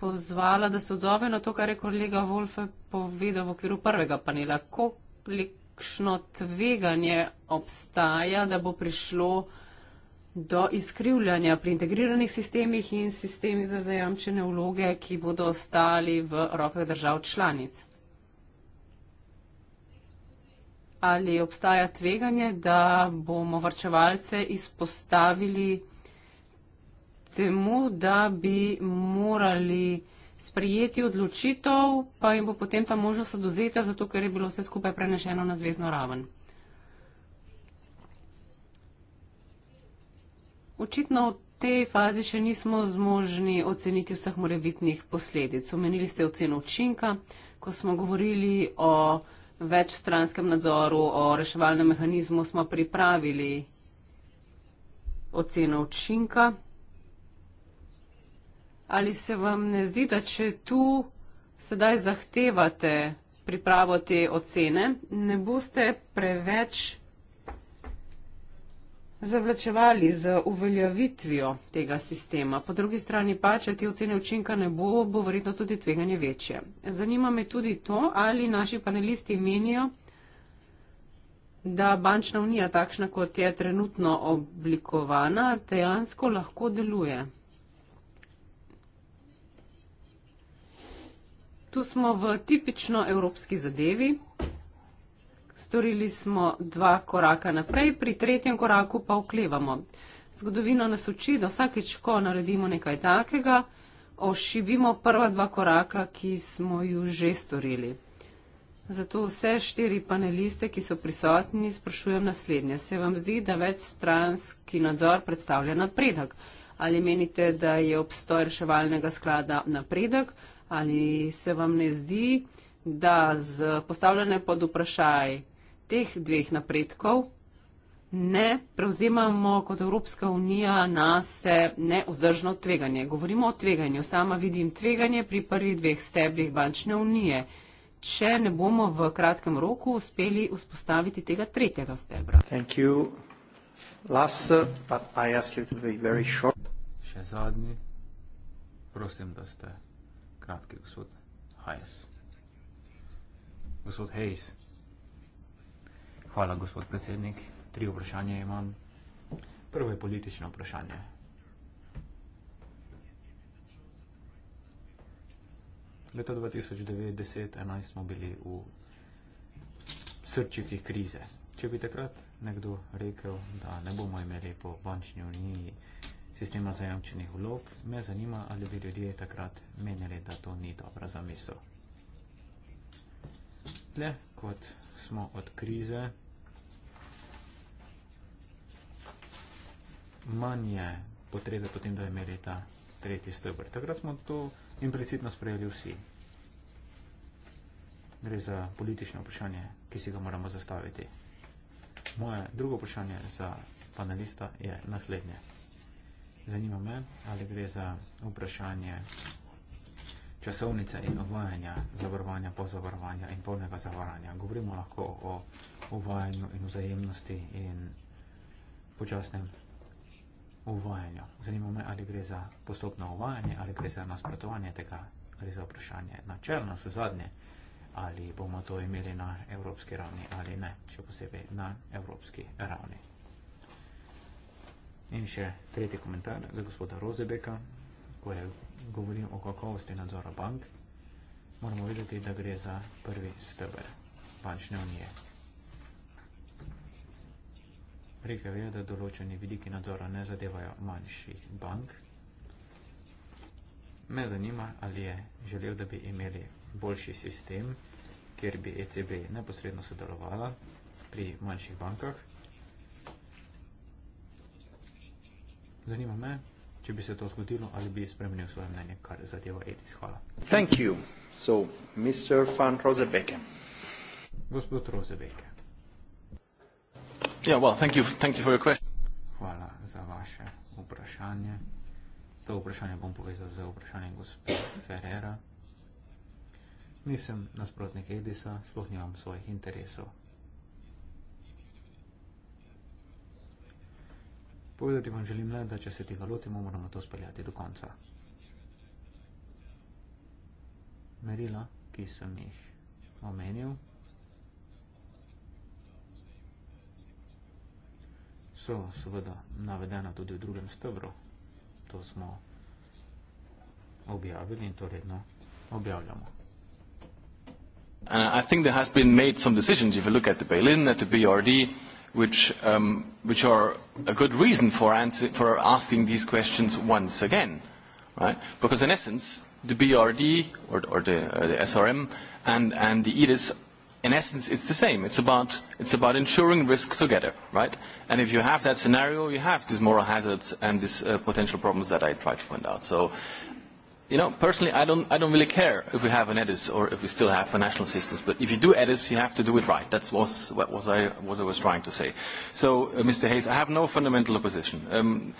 B: pozvala, da se odzove na to, kar je kolega Wolfe povedal v okviru prvega panela. Kolikšno tveganje obstaja, da bo prišlo do izkrivljanja pri integriranih sistemih in sistemi za zajamčene vloge, ki bodo ostali v rokah držav članic. Ali obstaja tveganje, da bomo vrčevalce izpostavili temu, da bi morali sprijeti odločitev, pa jim bo potem ta možnost oduzeta, zato ker je bilo vse skupaj prenešeno na zvezdno raven? očitno v tej fazi še nismo zmožni oceniti vseh morebitnih posledic. Omenili ste oceno učinka, ko smo govorili o večstranskem nadzoru, o reševalnem mehanizmu, smo pripravili oceno učinka. Ali se vam ne zdi, da če tu sedaj zahtevate pripravo te ocene, ne boste preveč zavlačevali z uveljavitvijo tega sistema. Po drugi strani pa, če te ocene učinka ne bo, bo verjetno tudi tveganje večje. Zanima me tudi to, ali naši panelisti menijo, da bančna unija, takšna kot je trenutno oblikovana, dejansko lahko deluje. Tu smo v tipično evropski zadevi. Storili smo dva koraka naprej, pri tretjem koraku pa oklevamo. Zgodovina nas uči, da vsakeč, ko naredimo nekaj takega, ošibimo prva dva koraka, ki smo ju že storili. Zato vse štiri paneliste, ki so prisotni, sprašujem naslednje. Se vam zdi, da več stranski nadzor predstavlja napredek? Ali menite, da je obstoj reševalnega sklada napredek? Ali se vam ne zdi, da z postavljanje pod vprašaj teh dveh napredkov ne prevzemamo kot Evropska unija na se neuzdržno tveganje. Govorimo o tveganju. Sama vidim tveganje pri prvih dveh stebrih bančne unije, če ne bomo v kratkem roku uspeli vzpostaviti tega tretjega stebra.
A: Še zadnji. Prosim, da ste
C: kratki, gospod Hayes. Gospod Hayes. Hvala, gospod predsednik. Tri vprašanje imam. Prvo je politično vprašanje. Leto 2009-2011 smo bili v srčikih krize. Če bi takrat nekdo rekel, da ne bomo imeli po bančni uniji sistema zajamčenih vlog, me zanima, ali bi ljudje takrat menili, da to ni dobra zamisel. Tle, kot smo od krize, manj je potrebe potem, da imeli ta tretji stebr. Takrat smo to implicitno sprejeli vsi. Gre za politično vprašanje, ki si ga moramo zastaviti. Moje drugo vprašanje za panelista je naslednje. Zanima me, ali gre za vprašanje časovnice in uvajanja zavarovanja, pozavarovanja in polnega zavarovanja. Govorimo lahko o uvajanju in vzajemnosti in počasnem uvajanju. Zanima me, ali gre za postopno uvajanje, ali gre za nasprotovanje tega, ali za vprašanje načelno, vse zadnje, ali bomo to imeli na evropski ravni ali ne, še posebej na evropski ravni. In še tretji komentar za gospoda Rozebeka, ko je govoril o kakovosti nadzora bank, moramo videti, da gre za prvi steber bančne unije pripravljeno, da določeni vidiki nadzora ne zadevajo manjših bank. Me zanima, ali je želel, da bi imeli boljši sistem, kjer bi ECB neposredno sodelovala pri manjših bankah. Zanima me, če bi se to zgodilo, ali bi spremenil svoje mnenje, kar zadeva ETIS. Hvala.
A: Thank you. So, Mr. Van Rosebeke.
C: Gospod Rosebeke. Ja, well, thank you, thank you for your Hvala za vaše vprašanje. To vprašanje bom povezal z vprašanjem gospod Ferrera. Nisem nasprotnik Edisa, sploh nimam svojih interesov. Povedati vam želim le, da če se tega lotimo, moramo to speljati do konca. Merila, ki sem jih omenil, so seveda navedena tudi v drugem stebru. To smo objavili in to redno objavljamo.
H: Uh, I think there has been made some decisions, if you look at the bail-in, at the BRD, which, um, which are a good reason for, answer, for asking these questions once again, right? Because in essence, the BRD, or, or the, uh, the SRM, and, and the EDIS in essence, it's the same. It's about, it's about ensuring risk together, right? And if you have that scenario, you have these moral hazards and these uh, potential problems that I tried to point out. So, you know, personally, I don't, I don't really care if we have an EDIS or if we still have financial systems. But if you do EDIS, you have to do it right. That's was, what, was I, what I was trying to say. So, uh, Mr. Hayes, I have no fundamental opposition. Um,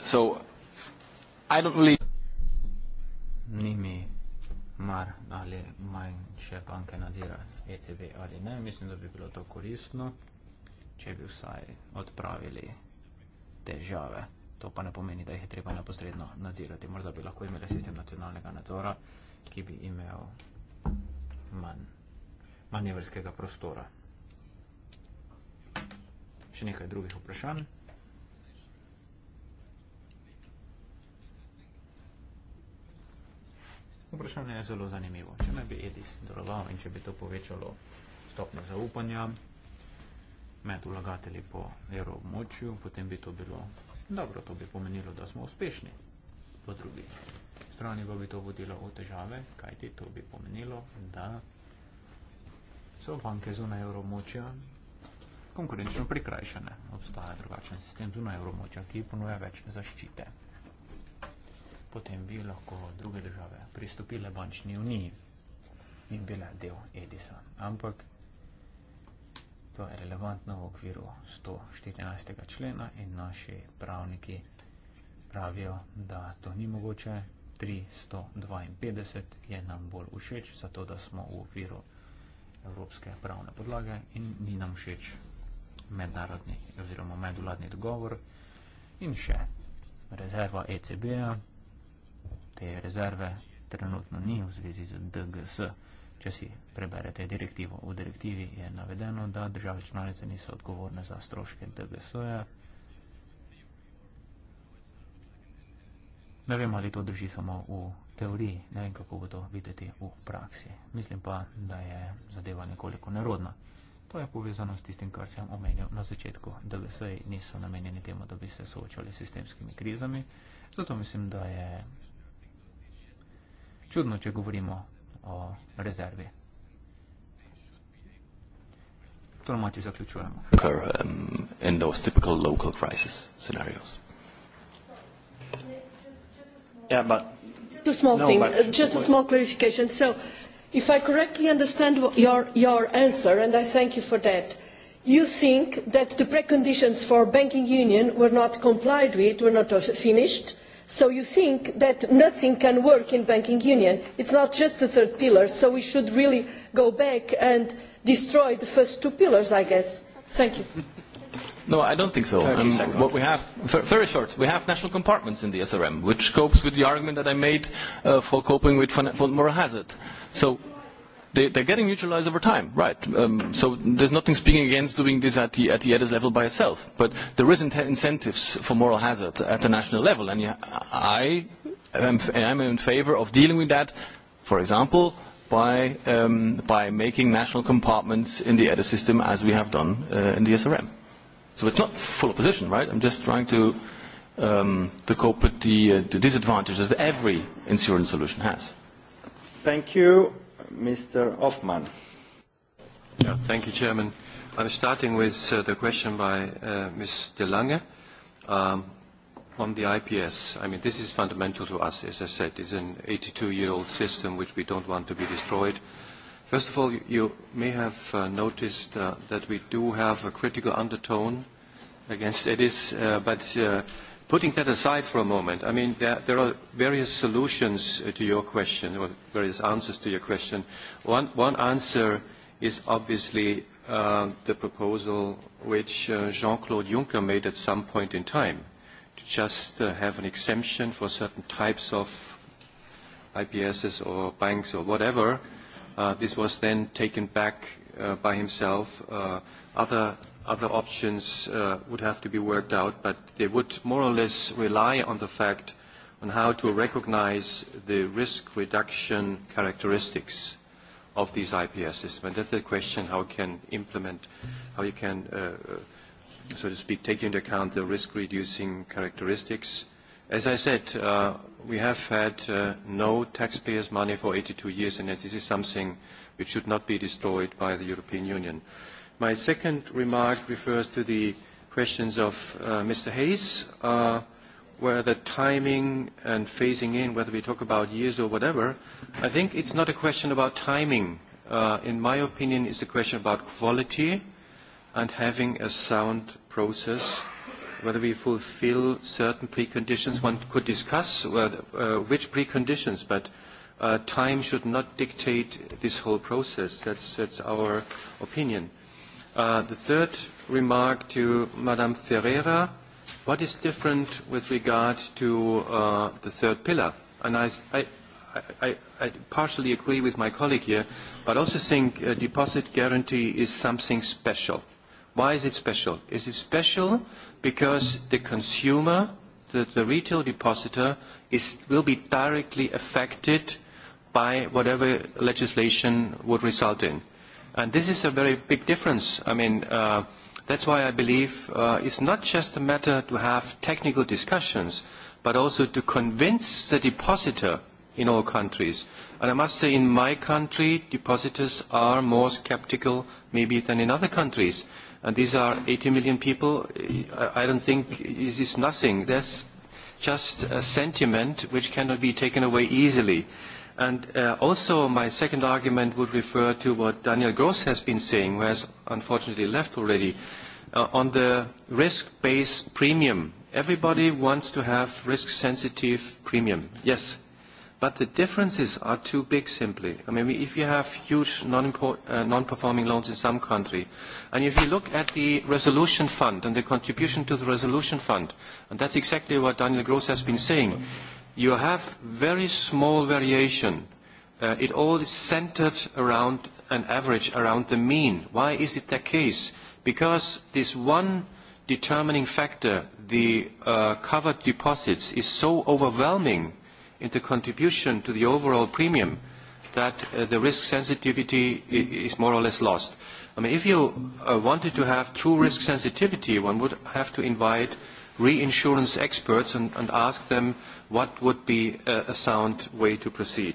H: so, I don't really... Nee,
C: nee mar ali manjše banke nadzira ECB ali ne. Mislim, da bi bilo to koristno, če bi vsaj odpravili težave. To pa ne pomeni, da jih je treba neposredno nadzirati. Morda bi lahko imeli sistem nacionalnega nadzora, ki bi imel manj manjeverskega prostora. Še nekaj drugih vprašanj. Vprašanje je zelo zanimivo. Če me bi Edis deloval in če bi to povečalo stopnjo zaupanja med vlagatelji po evroobmočju, potem bi to bilo dobro, to bi pomenilo, da smo uspešni. Po drugi strani pa bi to vodilo v težave, kajti to bi pomenilo, da so banke zunaj evroobmočja konkurenčno prikrajšane. Obstaja drugačen sistem zunaj evroobmočja, ki ponuja več zaščite potem bi lahko druge države pristopile bančni uniji in bile del Edisa. Ampak to je relevantno v okviru 114. člena in naši pravniki pravijo, da to ni mogoče. 352 je nam bolj všeč, zato da smo v okviru evropske pravne podlage in ni nam všeč mednarodni oziroma medvladni dogovor in še rezerva ECB-ja te rezerve trenutno ni v zvezi z DGS. Če si preberete direktivo, v direktivi je navedeno, da države članice niso odgovorne za stroške DGS-ja. Ne vem, ali to drži samo v teoriji, ne vem, kako bo to videti v praksi. Mislim pa, da je zadeva nekoliko nerodna. To je povezano s tistim, kar sem omenil na začetku. DGS-ji niso namenjeni temu, da bi se soočali s sistemskimi krizami, zato mislim, da je čudno, če govorimo o rezervi. To nam oči zaključujemo.
H: Occur um, in those typical local crisis scenarios. Yeah, but...
F: Just a small no, thing, but, uh, just a small clarification. So, if I correctly understand your, your answer, and I thank you for that, you think that the preconditions for banking union were not complied with, were not finished, So you think that nothing can work in banking union. It's not just the third pillar, so we should really go back and destroy the first two pillars, I guess. Thank you.
H: No, I don't think so. Um, what we have, very short, we have national compartments in the SRM, which copes with the argument that I made uh, for coping with, with moral hazard. So they, they're getting neutralized over time, right? Um, so there's nothing speaking against doing this at the, at the EDIS level by itself. But there is incentives for moral hazard at the national level. And I am in favor of dealing with that, for example, by, um, by making national compartments in the EDIS system as we have done uh, in the SRM. So it's not full opposition, right? I'm just trying to, um, to cope with the, uh, the disadvantages that every insurance solution has.
A: Thank you. Mr. Hoffman. Yeah, thank you, Chairman. I'm starting with uh, the question by uh, Ms. De Lange um, on the IPS. I mean, this is fundamental to us, as I said. It's an 82-year-old system which we don't want to be destroyed. First of all, you, you may have uh, noticed uh, that we do have a critical undertone against EDIS, uh, but uh, putting that aside for a moment, I mean, there, there are various solutions uh, to your question or various answers to your question. One, one answer is obviously uh, the proposal which uh, Jean-Claude Juncker made at some point in time to just uh, have an exemption for certain types of IPSs or banks or whatever. Uh, this was then taken back uh, by himself. Uh, other other options uh, would have to be worked out, but they would more or less rely on the fact on how to recognize the risk reduction characteristics of these IPS systems. And that's the question, how can implement, how you can, uh, uh, so to speak, take into account the risk reducing characteristics. As I said, uh, we have had uh, no taxpayers' money for 82 years, and this is something which should not be destroyed by the European Union. My second remark refers to the questions of uh, Mr. Hayes, uh, where the timing and phasing in, whether we talk about years or whatever, I think it's not a question about timing. Uh, in my opinion, it's a question about quality and having a sound process, whether we fulfill certain preconditions. One could discuss uh, uh which preconditions, but uh, time should not dictate this whole process. That's, that's our opinion. Uh, the third remark to Madame Ferreira. What is different with regard to uh, the third pillar? And I, I, I, I partially agree with my colleague here, but also think a deposit guarantee is something special. Why is it special? Is it special because the consumer, the, the retail depositor, is, will be directly affected by whatever legislation would result in? And this is a very big difference. I mean, uh, that's why I believe uh, it's not just a matter to have technical discussions, but also to convince the depositor in all countries. And I must say, in my country, depositors are more skeptical maybe than in other countries. And these are 80 million people. I don't think it is nothing. There's just a sentiment which cannot be taken away easily. Uh, And uh, also, my second argument would refer to what Daniel Gross has been saying, who has unfortunately left already, uh, on the risk-based premium. Everybody wants to have risk-sensitive premium, yes. But the differences are too big, simply. I mean, if you have huge uh, non-performing uh, non loans in some country, and if you look at the resolution fund and the contribution to the resolution fund, and that's exactly what Daniel Gross has been saying, mm -hmm you have very small variation. Uh, it all is centered around an average, around the mean. Why is it the case? Because this one determining factor, the uh, covered deposits, is so overwhelming in the contribution to the overall premium that uh, the risk sensitivity I- is more or less lost. I mean, if you uh, wanted to have true risk sensitivity, one would have to invite reinsurance experts and, and ask them what would be a, a sound way to proceed.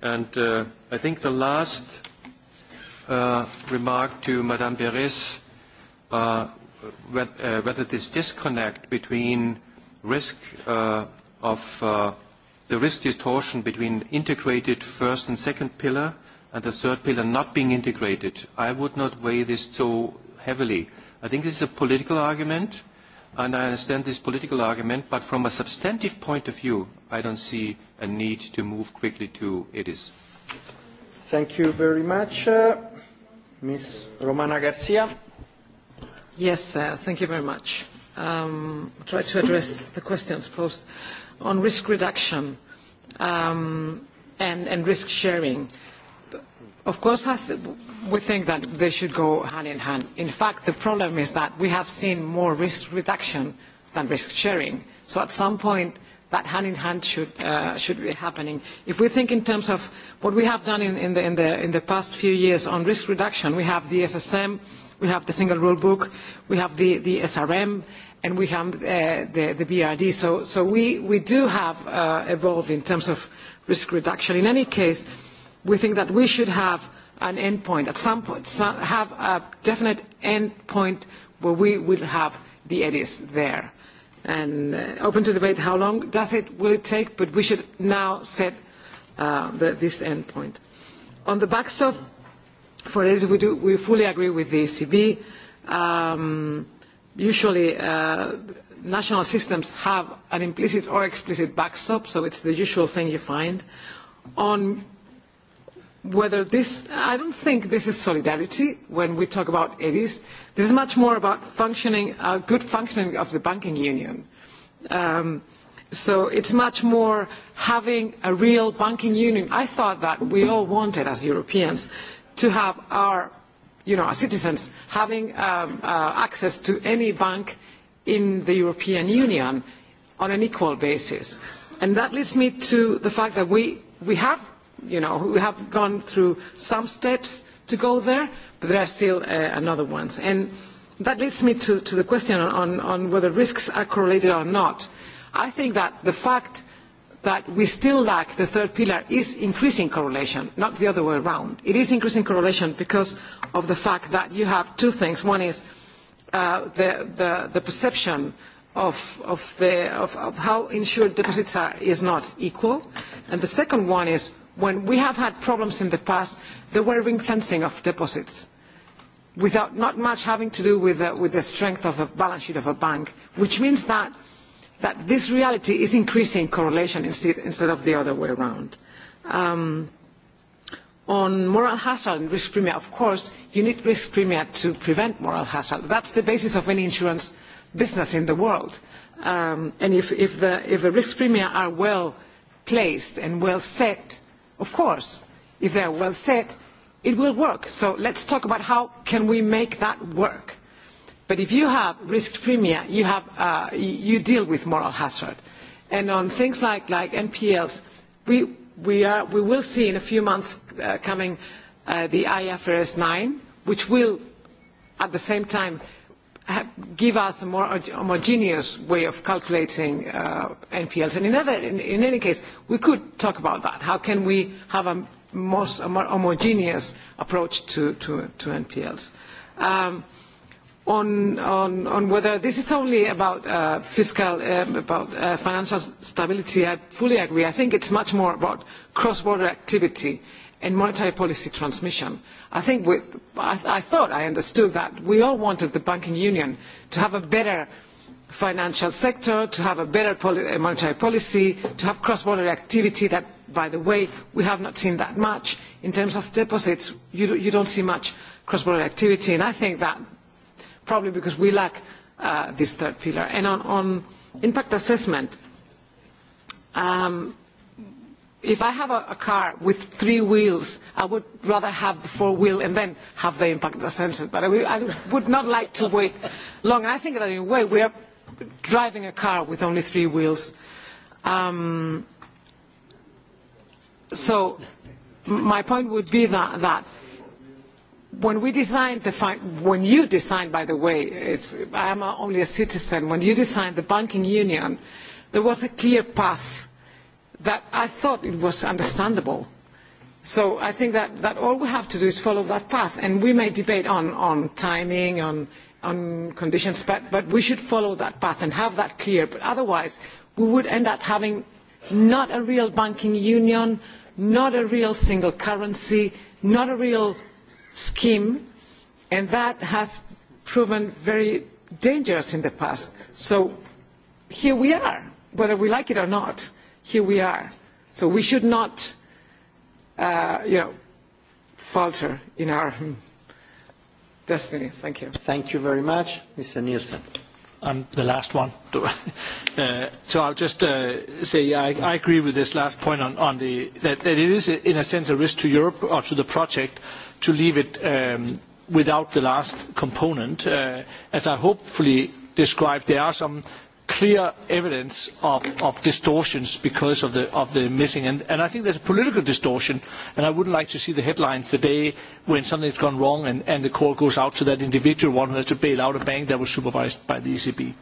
A: And uh, I think the last uh, remark to Madame Beres, uh, uh, whether this disconnect between risk uh, of uh, the risk distortion between integrated first and second pillar and the third pillar not being integrated, I would not weigh this so heavily. I think this is a political argument. Uh, and I understand this political argument, but from a substantive point of view, I don't see a need to move quickly to ITIS. Thank you very much. Uh, Ms. Romana Garcia.
G: Yes, uh, thank you very much. Um, I'll try to address the questions posed on risk reduction um, and, and risk sharing. Uh, Of course, I th we think that they should go hand in hand. In fact, the problem is that we have seen more risk reduction than risk sharing. So at some point, that hand in hand should, uh, should be happening. If we think in terms of what we have done in, in, the, in, the, in the past few years on risk reduction, we have the SSM, we have the single rule book, we have the, the SRM, and we have uh, the, the BRD. So, so we, we do have uh, evolved in terms of risk reduction. In any case, uh, we think that we should have an endpoint at some point, some, have a definite endpoint where we will have the eddies there. And uh, open to debate how long does it, will it take, but we should now set uh, the, this endpoint. On the backstop for eddies, we, do, we fully agree with the ECB. Um, usually, uh, national systems have an implicit or explicit backstop, so it's the usual thing you find. On whether this i don't think this is solidarity when we talk about edis this is much more about functioning a uh, good functioning of the banking union um, so it's much more having a real banking union i thought that we all wanted as europeans to have our you know our citizens having um, uh, access to any bank in the european union on an equal basis and that leads me to the fact that we we have you know, who have gone through some steps to go there, but there are still uh, another ones. And that leads me to, to the question on, on whether risks are correlated or not. I think that the fact that we still lack the third pillar is increasing correlation, not the other way around. It is increasing correlation because of the fact that you have two things. One is uh, the, the, the perception of, of, the, of, of how insured deposits are is not equal. And the second one is when we have had problems in the past, there were ring-fencing of deposits, without not much having to do with the, uh, with the strength of a balance sheet of a bank, which means that, that this reality is increasing correlation instead, instead of the other way around. Um, on moral hazard and risk premium, of course, you need risk premium to prevent moral hazard. That's the basis of any insurance business in the world. Um, and if, if, the, if the risk premium are well placed and well set, Of course, if they're well set, it will work. So let's talk about how can we make that work. But if you have risk premia, you, have, uh, you deal with moral hazard. And on things like, like NPLs, we, we, are, we will see in a few months uh, coming uh, the IFRS 9, which will at the same time give us a more homogeneous way of calculating uh, NPLs. And in, other, in, in any case, we could talk about that. How can we have a, most, a more homogeneous approach to, to, to NPLs? Um, on, on, on whether this is only about uh, fiscal, um, about uh, financial stability, I fully agree. I think it's much more about cross-border activity in monetary policy transmission. I think we, I, I thought I understood that we all wanted the banking union to have a better financial sector, to have a better poli monetary policy, to have cross-border activity that, by the way, we have not seen that much. In terms of deposits, you, you don't see much cross-border activity, and I think that probably because we lack uh, this third pillar. And on, on impact assessment, um, if I have a, a car with three wheels, I would rather have the four wheel and then have the impact assessment. But I, I would not like to wait long. And I think that in a way we are driving a car with only three wheels. Um, so my point would be that, that when we designed the fi- when you designed, by the way, it's, I am only a citizen, when you designed the banking union, there was a clear path that I thought it was understandable. So I think that, that all we have to do is follow that path. And we may debate on, on timing, on, on conditions, but, but we should follow that path and have that clear. But otherwise, we would end up having not a real banking union, not a real single currency, not a real scheme. And that has proven very dangerous in the past. So here we are, whether we like it or not here we are. So we should not, uh, you know, falter in our hmm, destiny.
D: Thank you. Thank you very much, Mr. Nielsen. I'm um, the last one. uh, so I'll just uh, say I, I agree with this last point on, on the that, that it is, in a sense, a risk to Europe or to the project to leave it um, without the last component. Uh, as I hopefully described, there are some clear evidence of, of distortions because of the, of the missing. And, and I think there's a political distortion, and I wouldn't like to see the headlines the day when something has gone wrong and, and the call goes out to that individual one who has to bail out a bank that was supervised by the ECB.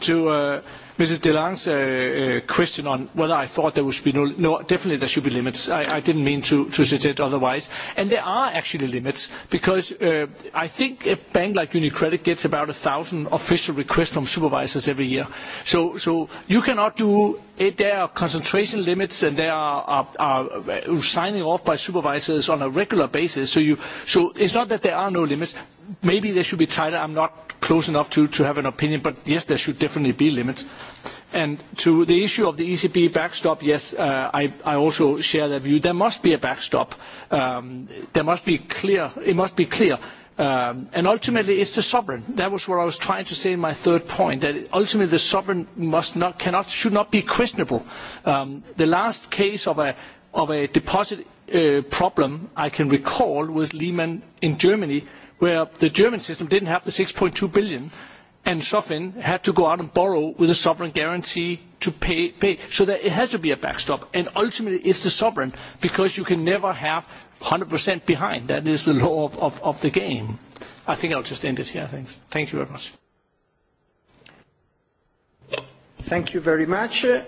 D: To uh, Mrs. DeLange's uh, uh, question on whether I thought there would be no, no, definitely there should be limits. I, I didn't mean to, to suggest otherwise. And there are actually limits because uh, I think a bank like UniCredit gets about a thousand official requests from supervisors every year. So, so you cannot do there eh, er are concentration limits and they are, er, er, are, are signing off by supervisors on a regular basis. So, you, so it's not that there are no limits. Maybe they should be tighter. I'm not close enough to, to have an opinion, but yes, there should definitely be limits. And to the issue of the ECB backstop, yes, uh, I, I also share that view. There must be a backstop. Um, there must be clear, it must be clear Um, and ultimately, it's the sovereign. That was what I was trying to say in my third point. That ultimately, the sovereign must not, cannot, should not be questionable. Um, the last case of a of a deposit uh, problem I can recall was Lehman in Germany, where the German system didn't have the 6.2 billion, and Sofin had to go out and borrow with a sovereign guarantee to pay. pay. So that it has to be a backstop. And ultimately, it's the sovereign because you can never have 100% behind. That is the law of, of, of the game. I think I'll just end it here. Thanks. Thank you very much. Thank you
A: very much. I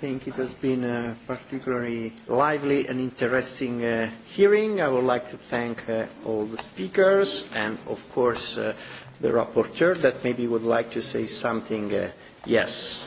A: think it has been a particularly lively and interesting uh, hearing. I would like to thank uh, all the speakers and, of course, uh, the rapporteur that maybe would like to say something. Uh, yes